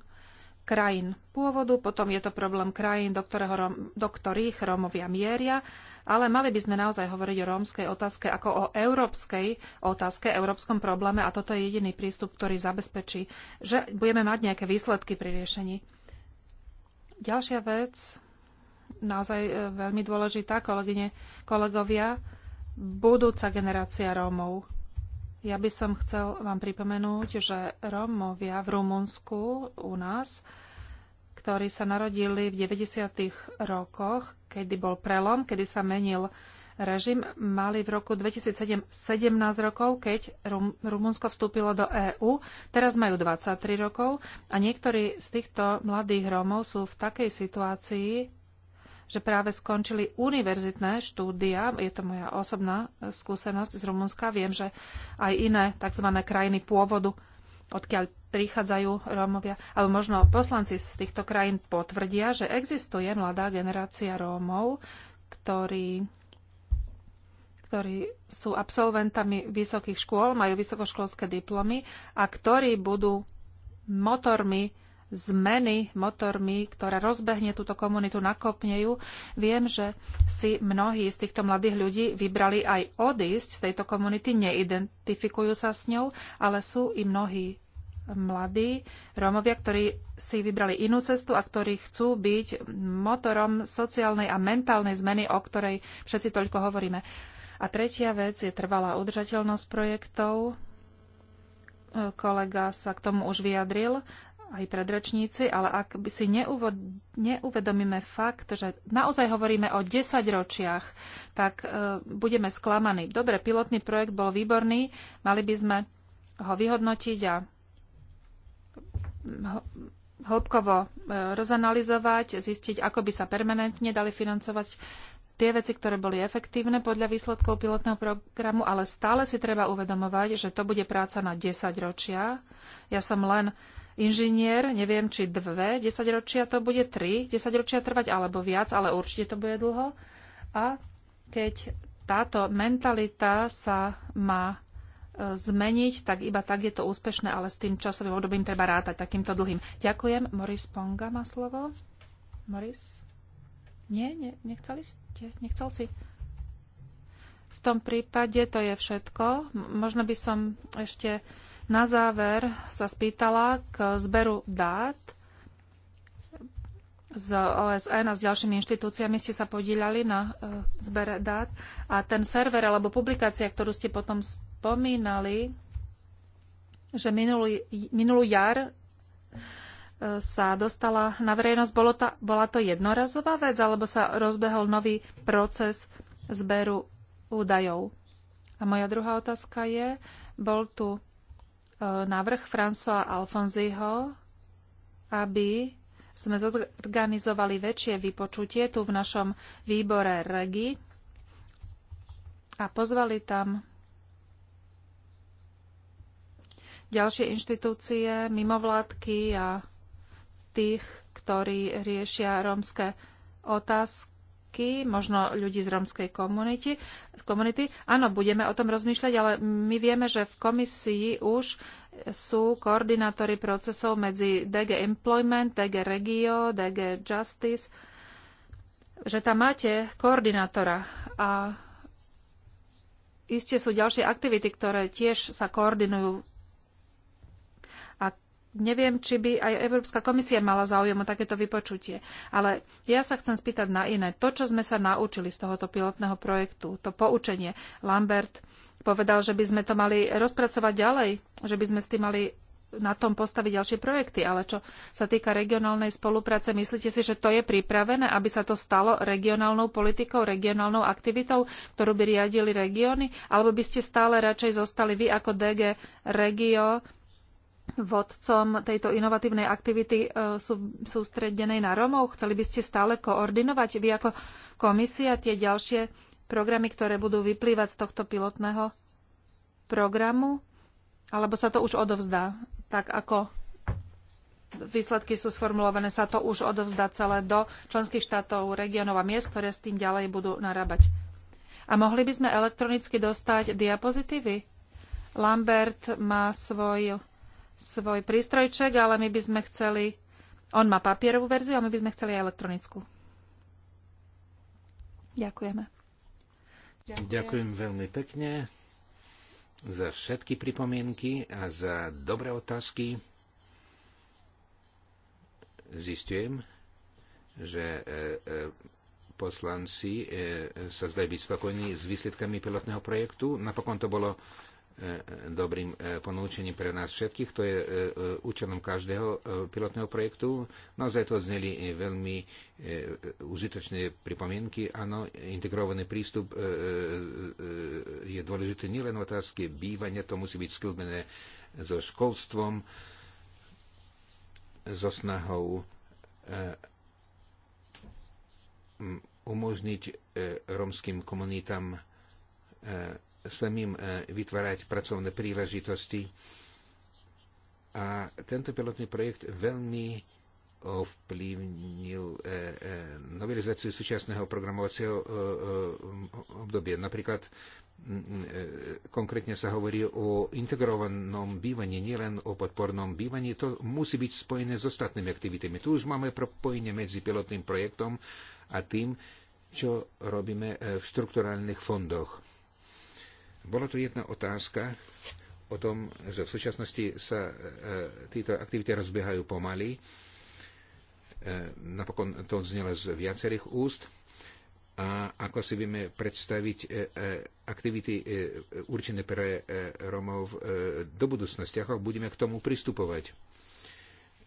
krajín pôvodu, potom je to problém krajín, do, ktorého, do ktorých Rómovia mieria, ale mali by sme naozaj hovoriť o rómskej otázke ako o európskej otázke, európskom probléme a toto je jediný prístup, ktorý zabezpečí, že budeme mať nejaké výsledky pri riešení. Ďalšia vec, naozaj e, veľmi dôležitá, kolegyne, kolegovia, budúca generácia Rómov ja by som chcel vám pripomenúť, že Rómovia v Rumunsku u nás, ktorí sa narodili v 90. rokoch, kedy bol prelom, kedy sa menil režim, mali v roku 2007 17 rokov, keď Rum, Rumunsko vstúpilo do EÚ. Teraz majú 23 rokov a niektorí z týchto mladých Rómov sú v takej situácii, že práve skončili univerzitné štúdia. Je to moja osobná skúsenosť z Rumunska. Viem, že aj iné tzv. krajiny pôvodu, odkiaľ prichádzajú Rómovia, alebo možno poslanci z týchto krajín potvrdia, že existuje mladá generácia Rómov, ktorí ktorí sú absolventami vysokých škôl, majú vysokoškolské diplomy a ktorí budú motormi zmeny motormi, ktorá rozbehne túto komunitu, nakopne ju. Viem, že si mnohí z týchto mladých ľudí vybrali aj odísť z tejto komunity, neidentifikujú sa s ňou, ale sú i mnohí mladí Rómovia, ktorí si vybrali inú cestu a ktorí chcú byť motorom sociálnej a mentálnej zmeny, o ktorej všetci toľko hovoríme. A tretia vec je trvalá udržateľnosť projektov. Kolega sa k tomu už vyjadril aj predrečníci, ale ak by si neuvedomíme fakt, že naozaj hovoríme o 10 ročiach, tak e, budeme sklamaní. Dobre, pilotný projekt bol výborný, mali by sme ho vyhodnotiť a hĺbkovo e, rozanalizovať, zistiť, ako by sa permanentne dali financovať tie veci, ktoré boli efektívne podľa výsledkov pilotného programu, ale stále si treba uvedomovať, že to bude práca na 10 ročia. Ja som len inžinier, neviem, či dve desaťročia to bude, tri desaťročia trvať, alebo viac, ale určite to bude dlho. A keď táto mentalita sa má e, zmeniť, tak iba tak je to úspešné, ale s tým časovým obdobím treba rátať takýmto dlhým. Ďakujem. Moris Ponga má slovo. Moris? Nie, nie nechceli ste? Nechcel si? V tom prípade to je všetko. Možno by som ešte uh, na záver sa spýtala k zberu dát z OSN a s ďalšími inštitúciami ste sa podílali na e, zbere dát a ten server alebo publikácia, ktorú ste potom spomínali, že minulý, minulú jar e, sa dostala na verejnosť, bolo ta, bola to jednorazová vec, alebo sa rozbehol nový proces zberu údajov? A moja druhá otázka je, bol tu E, návrh François Alfonziho, aby sme zorganizovali väčšie vypočutie tu v našom výbore REGI a pozvali tam ďalšie inštitúcie, mimovládky a tých, ktorí riešia rómske otázky prvky, možno ľudí z romskej komunity. komunity. Áno, budeme o tom rozmýšľať, ale my vieme, že v komisii už sú koordinátori procesov medzi DG Employment, DG Regio, DG Justice, že tam máte koordinátora a iste sú ďalšie aktivity, ktoré tiež sa koordinujú neviem, či by aj Európska komisia mala záujem o takéto vypočutie. Ale ja sa chcem spýtať na iné. To, čo sme sa naučili z tohoto pilotného projektu, to poučenie, Lambert povedal, že by sme to mali rozpracovať ďalej, že by sme s tým mali na tom postaviť ďalšie projekty. Ale čo sa týka regionálnej spolupráce, myslíte si, že to je pripravené, aby sa to stalo regionálnou politikou, regionálnou aktivitou, ktorú by riadili regióny? Alebo by ste stále radšej zostali vy ako DG Regio vodcom tejto inovatívnej aktivity e, sú, sústredenej na Romov? Chceli by ste stále koordinovať vy ako komisia tie ďalšie programy, ktoré budú vyplývať z tohto pilotného programu? Alebo sa to už odovzdá? Tak ako výsledky sú sformulované, sa to už odovzdá celé do členských štátov, regionov a miest, ktoré s tým ďalej budú narábať. A mohli by sme elektronicky dostať diapozitívy? Lambert má svoj svoj prístrojček, ale my by sme chceli... On má papierovú verziu a my by sme chceli aj elektronickú. Ďakujeme. Ďakujem. Ďakujem veľmi pekne za všetky pripomienky a za dobré otázky. Zistujem, že e, e, poslanci e, sa zdajú byť spokojní s výsledkami pilotného projektu. Napokon to bolo E, dobrým e, ponúčením pre nás všetkých. To je e, účelom každého pilotného projektu. Naozaj to zneli veľmi užitočné pripomienky. Áno, integrovaný prístup je dôležitý nielen v otázke bývania, to musí byť sklbené so školstvom, so snahou umožniť romským komunitám samým e, vytvárať pracovné príležitosti. A tento pilotný projekt veľmi ovplyvnil e, e, novelizáciu súčasného programovacieho obdobia. Napríklad konkrétne sa hovorí o integrovanom bývaní, nielen o podpornom bývaní. To musí byť spojené s ostatnými aktivitami. Tu už máme propojenie medzi pilotným projektom a tým, čo robíme v štrukturálnych fondoch. Bola tu jedna otázka o tom, že v súčasnosti sa e, títo aktivity rozbiehajú pomaly. E, napokon to odznelo z viacerých úst. A ako si vieme predstaviť e, aktivity určené pre Romov do budúcnosti, ako budeme k tomu pristupovať.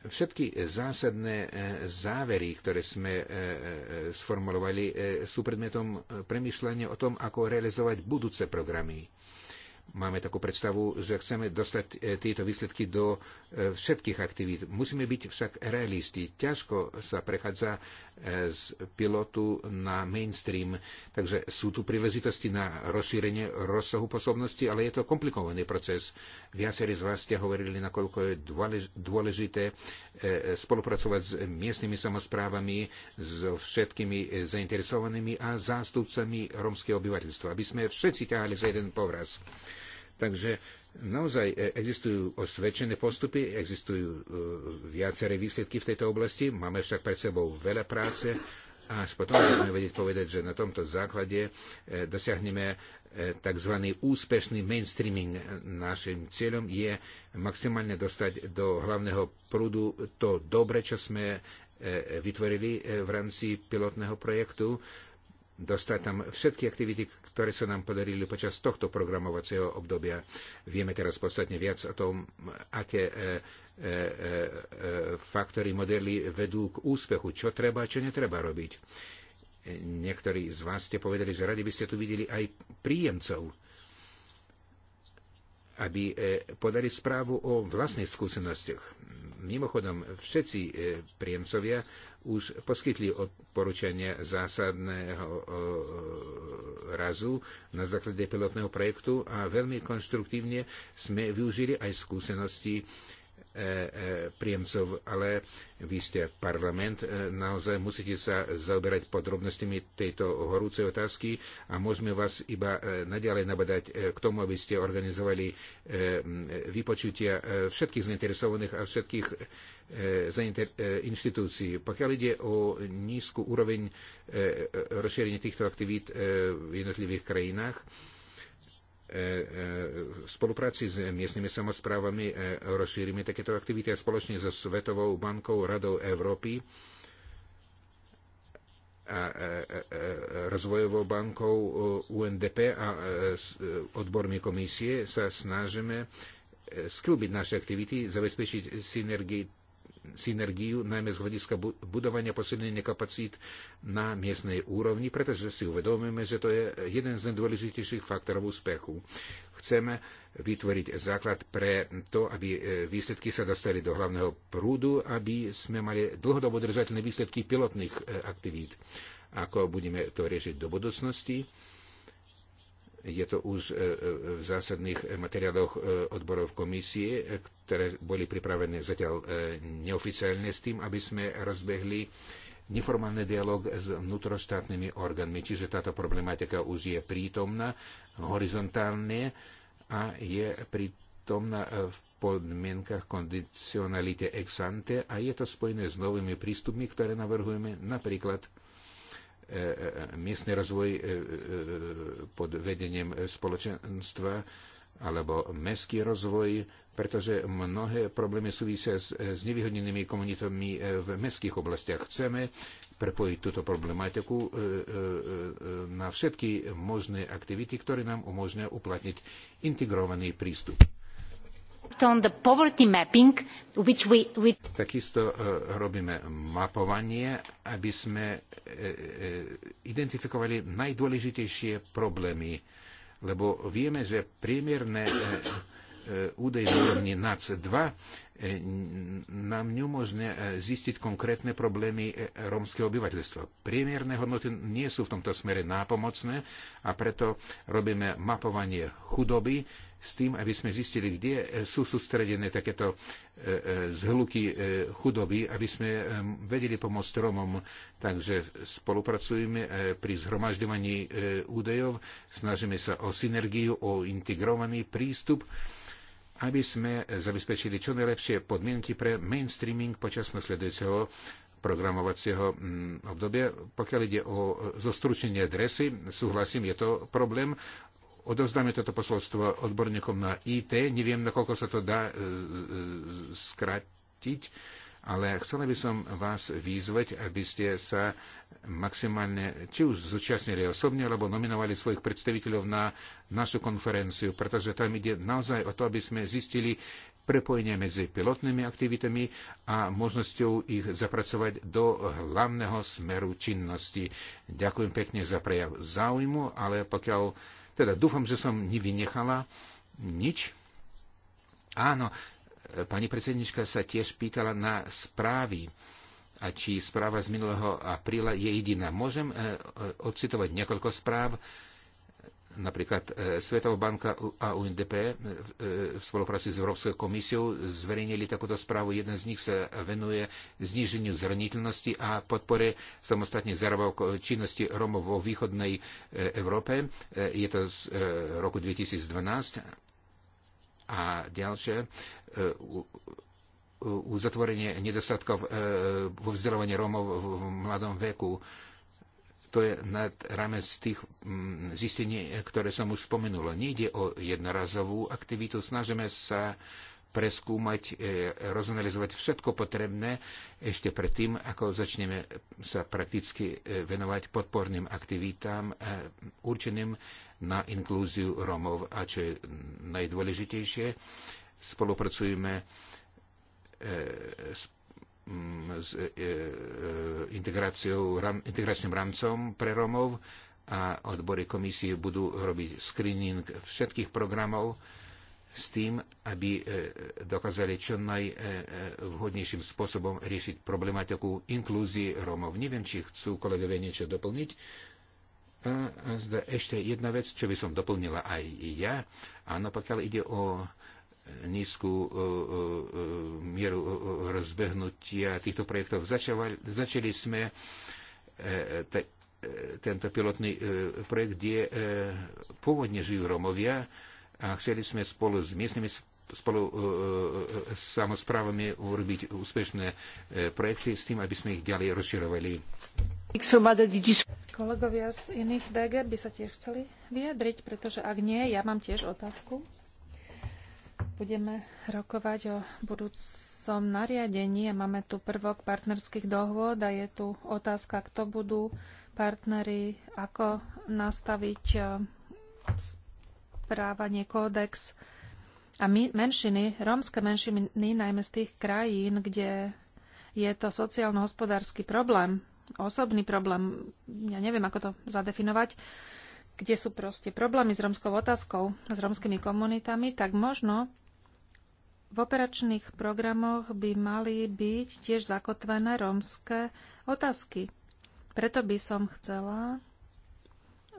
Všetky zásadné e, závery, ktoré sme e, e, sformulovali, sú predmetom premyšľania o tom, ako realizovať budúce programy. Máme takú predstavu, že chceme dostať e, tieto výsledky do e, všetkých aktivít. Musíme byť však realisti. Ťažko sa prechádza e, z pilotu na mainstream. Takže sú tu príležitosti na rozšírenie rozsahu posobnosti, ale je to komplikovaný proces. Viacerí z vás ste hovorili, nakoľko je dôležité spolupracovať s miestnymi samozprávami, so všetkými zainteresovanými a zástupcami romského obyvateľstva, aby sme všetci ťahali za jeden povraz. Takže naozaj e, existujú osvedčené postupy, existujú e, viaceré výsledky v tejto oblasti, máme však pred sebou veľa práce a potom budeme vedieť povedať, že na tomto základe e, dosiahneme tzv. úspešný mainstreaming. Našim cieľom je maximálne dostať do hlavného prúdu to dobre, čo sme vytvorili v rámci pilotného projektu, dostať tam všetky aktivity, ktoré sa nám podarili počas tohto programovacieho obdobia. Vieme teraz podstatne viac o tom, aké e, e, e, faktory, modely vedú k úspechu, čo treba a čo netreba robiť. Niektorí z vás ste povedali, že radi by ste tu videli aj príjemcov, aby podali správu o vlastných skúsenostiach. Mimochodom, všetci príjemcovia už poskytli odporúčania zásadného e, razu na základe pilotného projektu a veľmi konštruktívne sme využili aj skúsenosti E, e, príjemcov, ale vy ste parlament, e, naozaj musíte sa zaoberať podrobnostiami tejto horúcej otázky a môžeme vás iba naďalej nabadať k tomu, aby ste organizovali vypočutia všetkých zainteresovaných a všetkých inštitúcií. Pokiaľ ide o nízku úroveň rozšírenia týchto aktivít v jednotlivých krajinách, v e, e, spolupráci s miestnymi samozprávami e, rozšírime takéto aktivity a spoločne so Svetovou bankou Radou Európy a rozvojovou bankou UNDP a odbormi komisie sa snažíme sklbiť naše aktivity, zabezpečiť synergii synergiu, najmä z hľadiska budovania posilnenia kapacít na miestnej úrovni, pretože si uvedomujeme, že to je jeden z najdôležitejších faktorov úspechu. Chceme vytvoriť základ pre to, aby e, výsledky sa dostali do hlavného prúdu, aby sme mali dlhodobo držateľné výsledky pilotných e, aktivít. Ako budeme to riešiť do budúcnosti? Je to už e, e, v zásadných e, materiáloch odborov komisie, ktoré boli pripravené zatiaľ neoficiálne s tým, aby sme rozbehli neformálny dialog s vnútroštátnymi orgánmi. Čiže táto problematika už je prítomná horizontálne a je prítomná v podmienkach kondicionality ex ante a je to spojené s novými prístupmi, ktoré navrhujeme napríklad miestny rozvoj e, e, pod vedením spoločenstva alebo mestský rozvoj, pretože mnohé problémy súvisia s, s nevyhodnenými komunitami e, v mestských oblastiach. Chceme prepojiť túto problematiku na všetky možné aktivity, ktoré nám umožňujú uplatniť integrovaný prístup. Mapping, which we, Takisto e, robíme mapovanie, aby sme e, e, identifikovali najdôležitejšie problémy, lebo vieme, že priemerné údaj na úrovni NAC2 nám neumožňuje zistiť konkrétne problémy rómskeho obyvateľstva. Priemerné hodnoty nie sú v tomto smere nápomocné a preto robíme mapovanie chudoby, s tým, aby sme zistili, kde e, sú sústredené takéto e, e, zhluky chudoby, aby sme vedeli pomôcť Romom. Takže spolupracujeme pri zhromažďovaní údajov, snažíme sa o synergiu, o integrovaný prístup aby sme zabezpečili čo najlepšie podmienky pre mainstreaming počas nasledujúceho programovacieho mm, obdobia. Pokiaľ ide o zostručenie adresy, súhlasím, je to problém odovzdáme toto posolstvo odborníkom na IT. Neviem, nakoľko sa to dá e, e, skratiť, ale chcela by som vás vyzvať, aby ste sa maximálne, či už zúčastnili osobne, alebo nominovali svojich predstaviteľov na našu konferenciu, pretože tam ide naozaj o to, aby sme zistili prepojenie medzi pilotnými aktivitami a možnosťou ich zapracovať do hlavného smeru činnosti. Ďakujem pekne za prejav záujmu, ale pokiaľ teda dúfam, že som nevynechala nič. Áno, pani predsednička sa tiež pýtala na správy a či správa z minulého apríla je jediná. Môžem eh, eh, ocitovať niekoľko správ, Napríklad e, Svetová banka a UNDP e, e, v spolupráci s Európskou komisiou zverejnili takúto správu. Jeden z nich sa venuje zníženiu zraniteľnosti a podpore samostatne zárobok činnosti Romov vo východnej Európe. Je to z roku 2012. A ďalšie uzatvorenie nedostatkov vo vzdelávaní Rómov v mladom veku to je nad rámec tých mm, zistení, ktoré som už spomenul. Nejde o jednorazovú aktivitu, snažíme sa preskúmať, e, rozanalizovať všetko potrebné ešte predtým, ako začneme sa prakticky e, venovať podporným aktivitám e, určeným na inklúziu Romov. A čo je najdôležitejšie, spolupracujeme s Mm, s e, e, integračným rámcom pre Romov a odbory komisie budú robiť screening všetkých programov s tým, aby e, dokázali čo najvhodnejším spôsobom riešiť problematiku inklúzie Rómov. Neviem, či chcú kolegovia niečo doplniť. ešte jedna vec, čo by som doplnila aj ja. Áno, pokiaľ ide o nízku e, e, e, mieru rozbehnutia týchto projektov. Začali, začali sme tento pilotný projekt, kde pôvodne žijú Romovia a chceli sme spolu s miestnymi spolu s samozprávami urobiť úspešné projekty s tým, aby sme ich ďalej rozširovali. Kolegovia z iných DG by sa tiež chceli vyjadriť, pretože ak nie, ja mám tiež otázku budeme rokovať o budúcom nariadení a máme tu prvok partnerských dohôd a je tu otázka, kto budú partnery, ako nastaviť e, správanie kódex a my, menšiny, rómske menšiny, najmä z tých krajín, kde je to sociálno-hospodársky problém, osobný problém, ja neviem, ako to zadefinovať, kde sú proste problémy s romskou otázkou, s romskými komunitami, tak možno v operačných programoch by mali byť tiež zakotvené rómske otázky. Preto by som chcela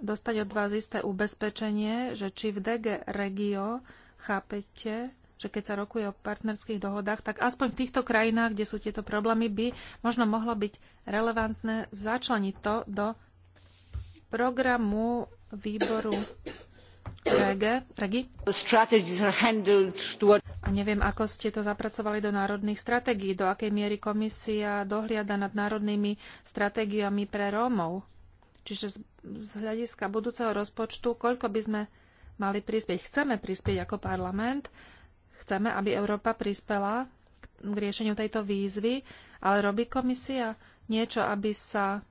dostať od vás isté ubezpečenie, že či v DG Regio chápete, že keď sa rokuje o partnerských dohodách, tak aspoň v týchto krajinách, kde sú tieto problémy, by možno mohlo byť relevantné začleniť to do programu výboru REGI. A neviem, ako ste to zapracovali do národných stratégií, do akej miery komisia dohliada nad národnými stratégiami pre Rómov. Čiže z, z hľadiska budúceho rozpočtu, koľko by sme mali prispieť. Chceme prispieť ako parlament, chceme, aby Európa prispela k riešeniu tejto výzvy, ale robí komisia niečo, aby sa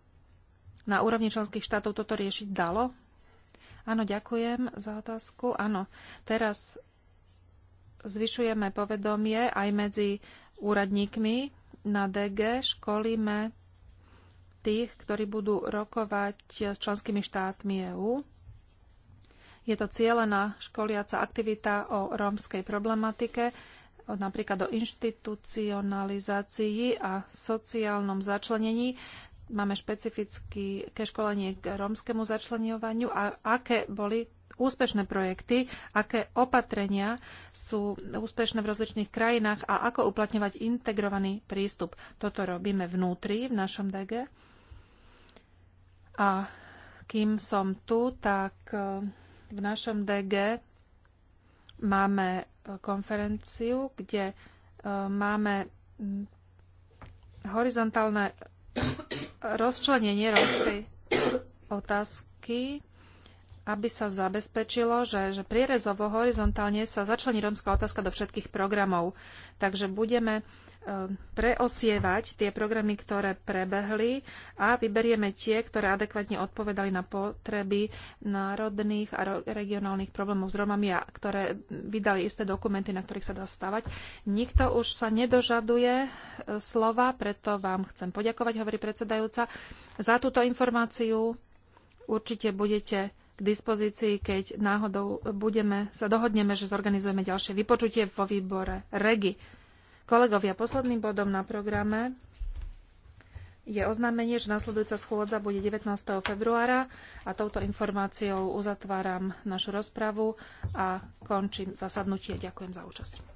na úrovni členských štátov toto riešiť dalo? Áno, ďakujem za otázku. Áno, teraz zvyšujeme povedomie aj medzi úradníkmi na DG, školíme tých, ktorí budú rokovať s členskými štátmi EÚ. Je to cieľená školiaca aktivita o rómskej problematike, napríklad o inštitucionalizácii a sociálnom začlenení. Máme špecifické školenie k rómskemu začleniovaniu a aké boli úspešné projekty, aké opatrenia sú úspešné v rozličných krajinách a ako uplatňovať integrovaný prístup. Toto robíme vnútri v našom DG. A kým som tu, tak e, v našom DG máme e, konferenciu, kde e, máme horizontálne rozčlenenie tej otázky aby sa zabezpečilo, že, že prierezovo, horizontálne sa začlení rómska otázka do všetkých programov. Takže budeme e, preosievať tie programy, ktoré prebehli a vyberieme tie, ktoré adekvátne odpovedali na potreby národných a regionálnych problémov s Romami a ktoré vydali isté dokumenty, na ktorých sa dá stavať. Nikto už sa nedožaduje e, slova, preto vám chcem poďakovať, hovorí predsedajúca, za túto informáciu. Určite budete k dispozícii, keď náhodou budeme, sa dohodneme, že zorganizujeme ďalšie vypočutie vo výbore REGI. Kolegovia, posledným bodom na programe je oznámenie, že nasledujúca schôdza bude 19. februára a touto informáciou uzatváram našu rozpravu a končím zasadnutie. Ďakujem za účasť.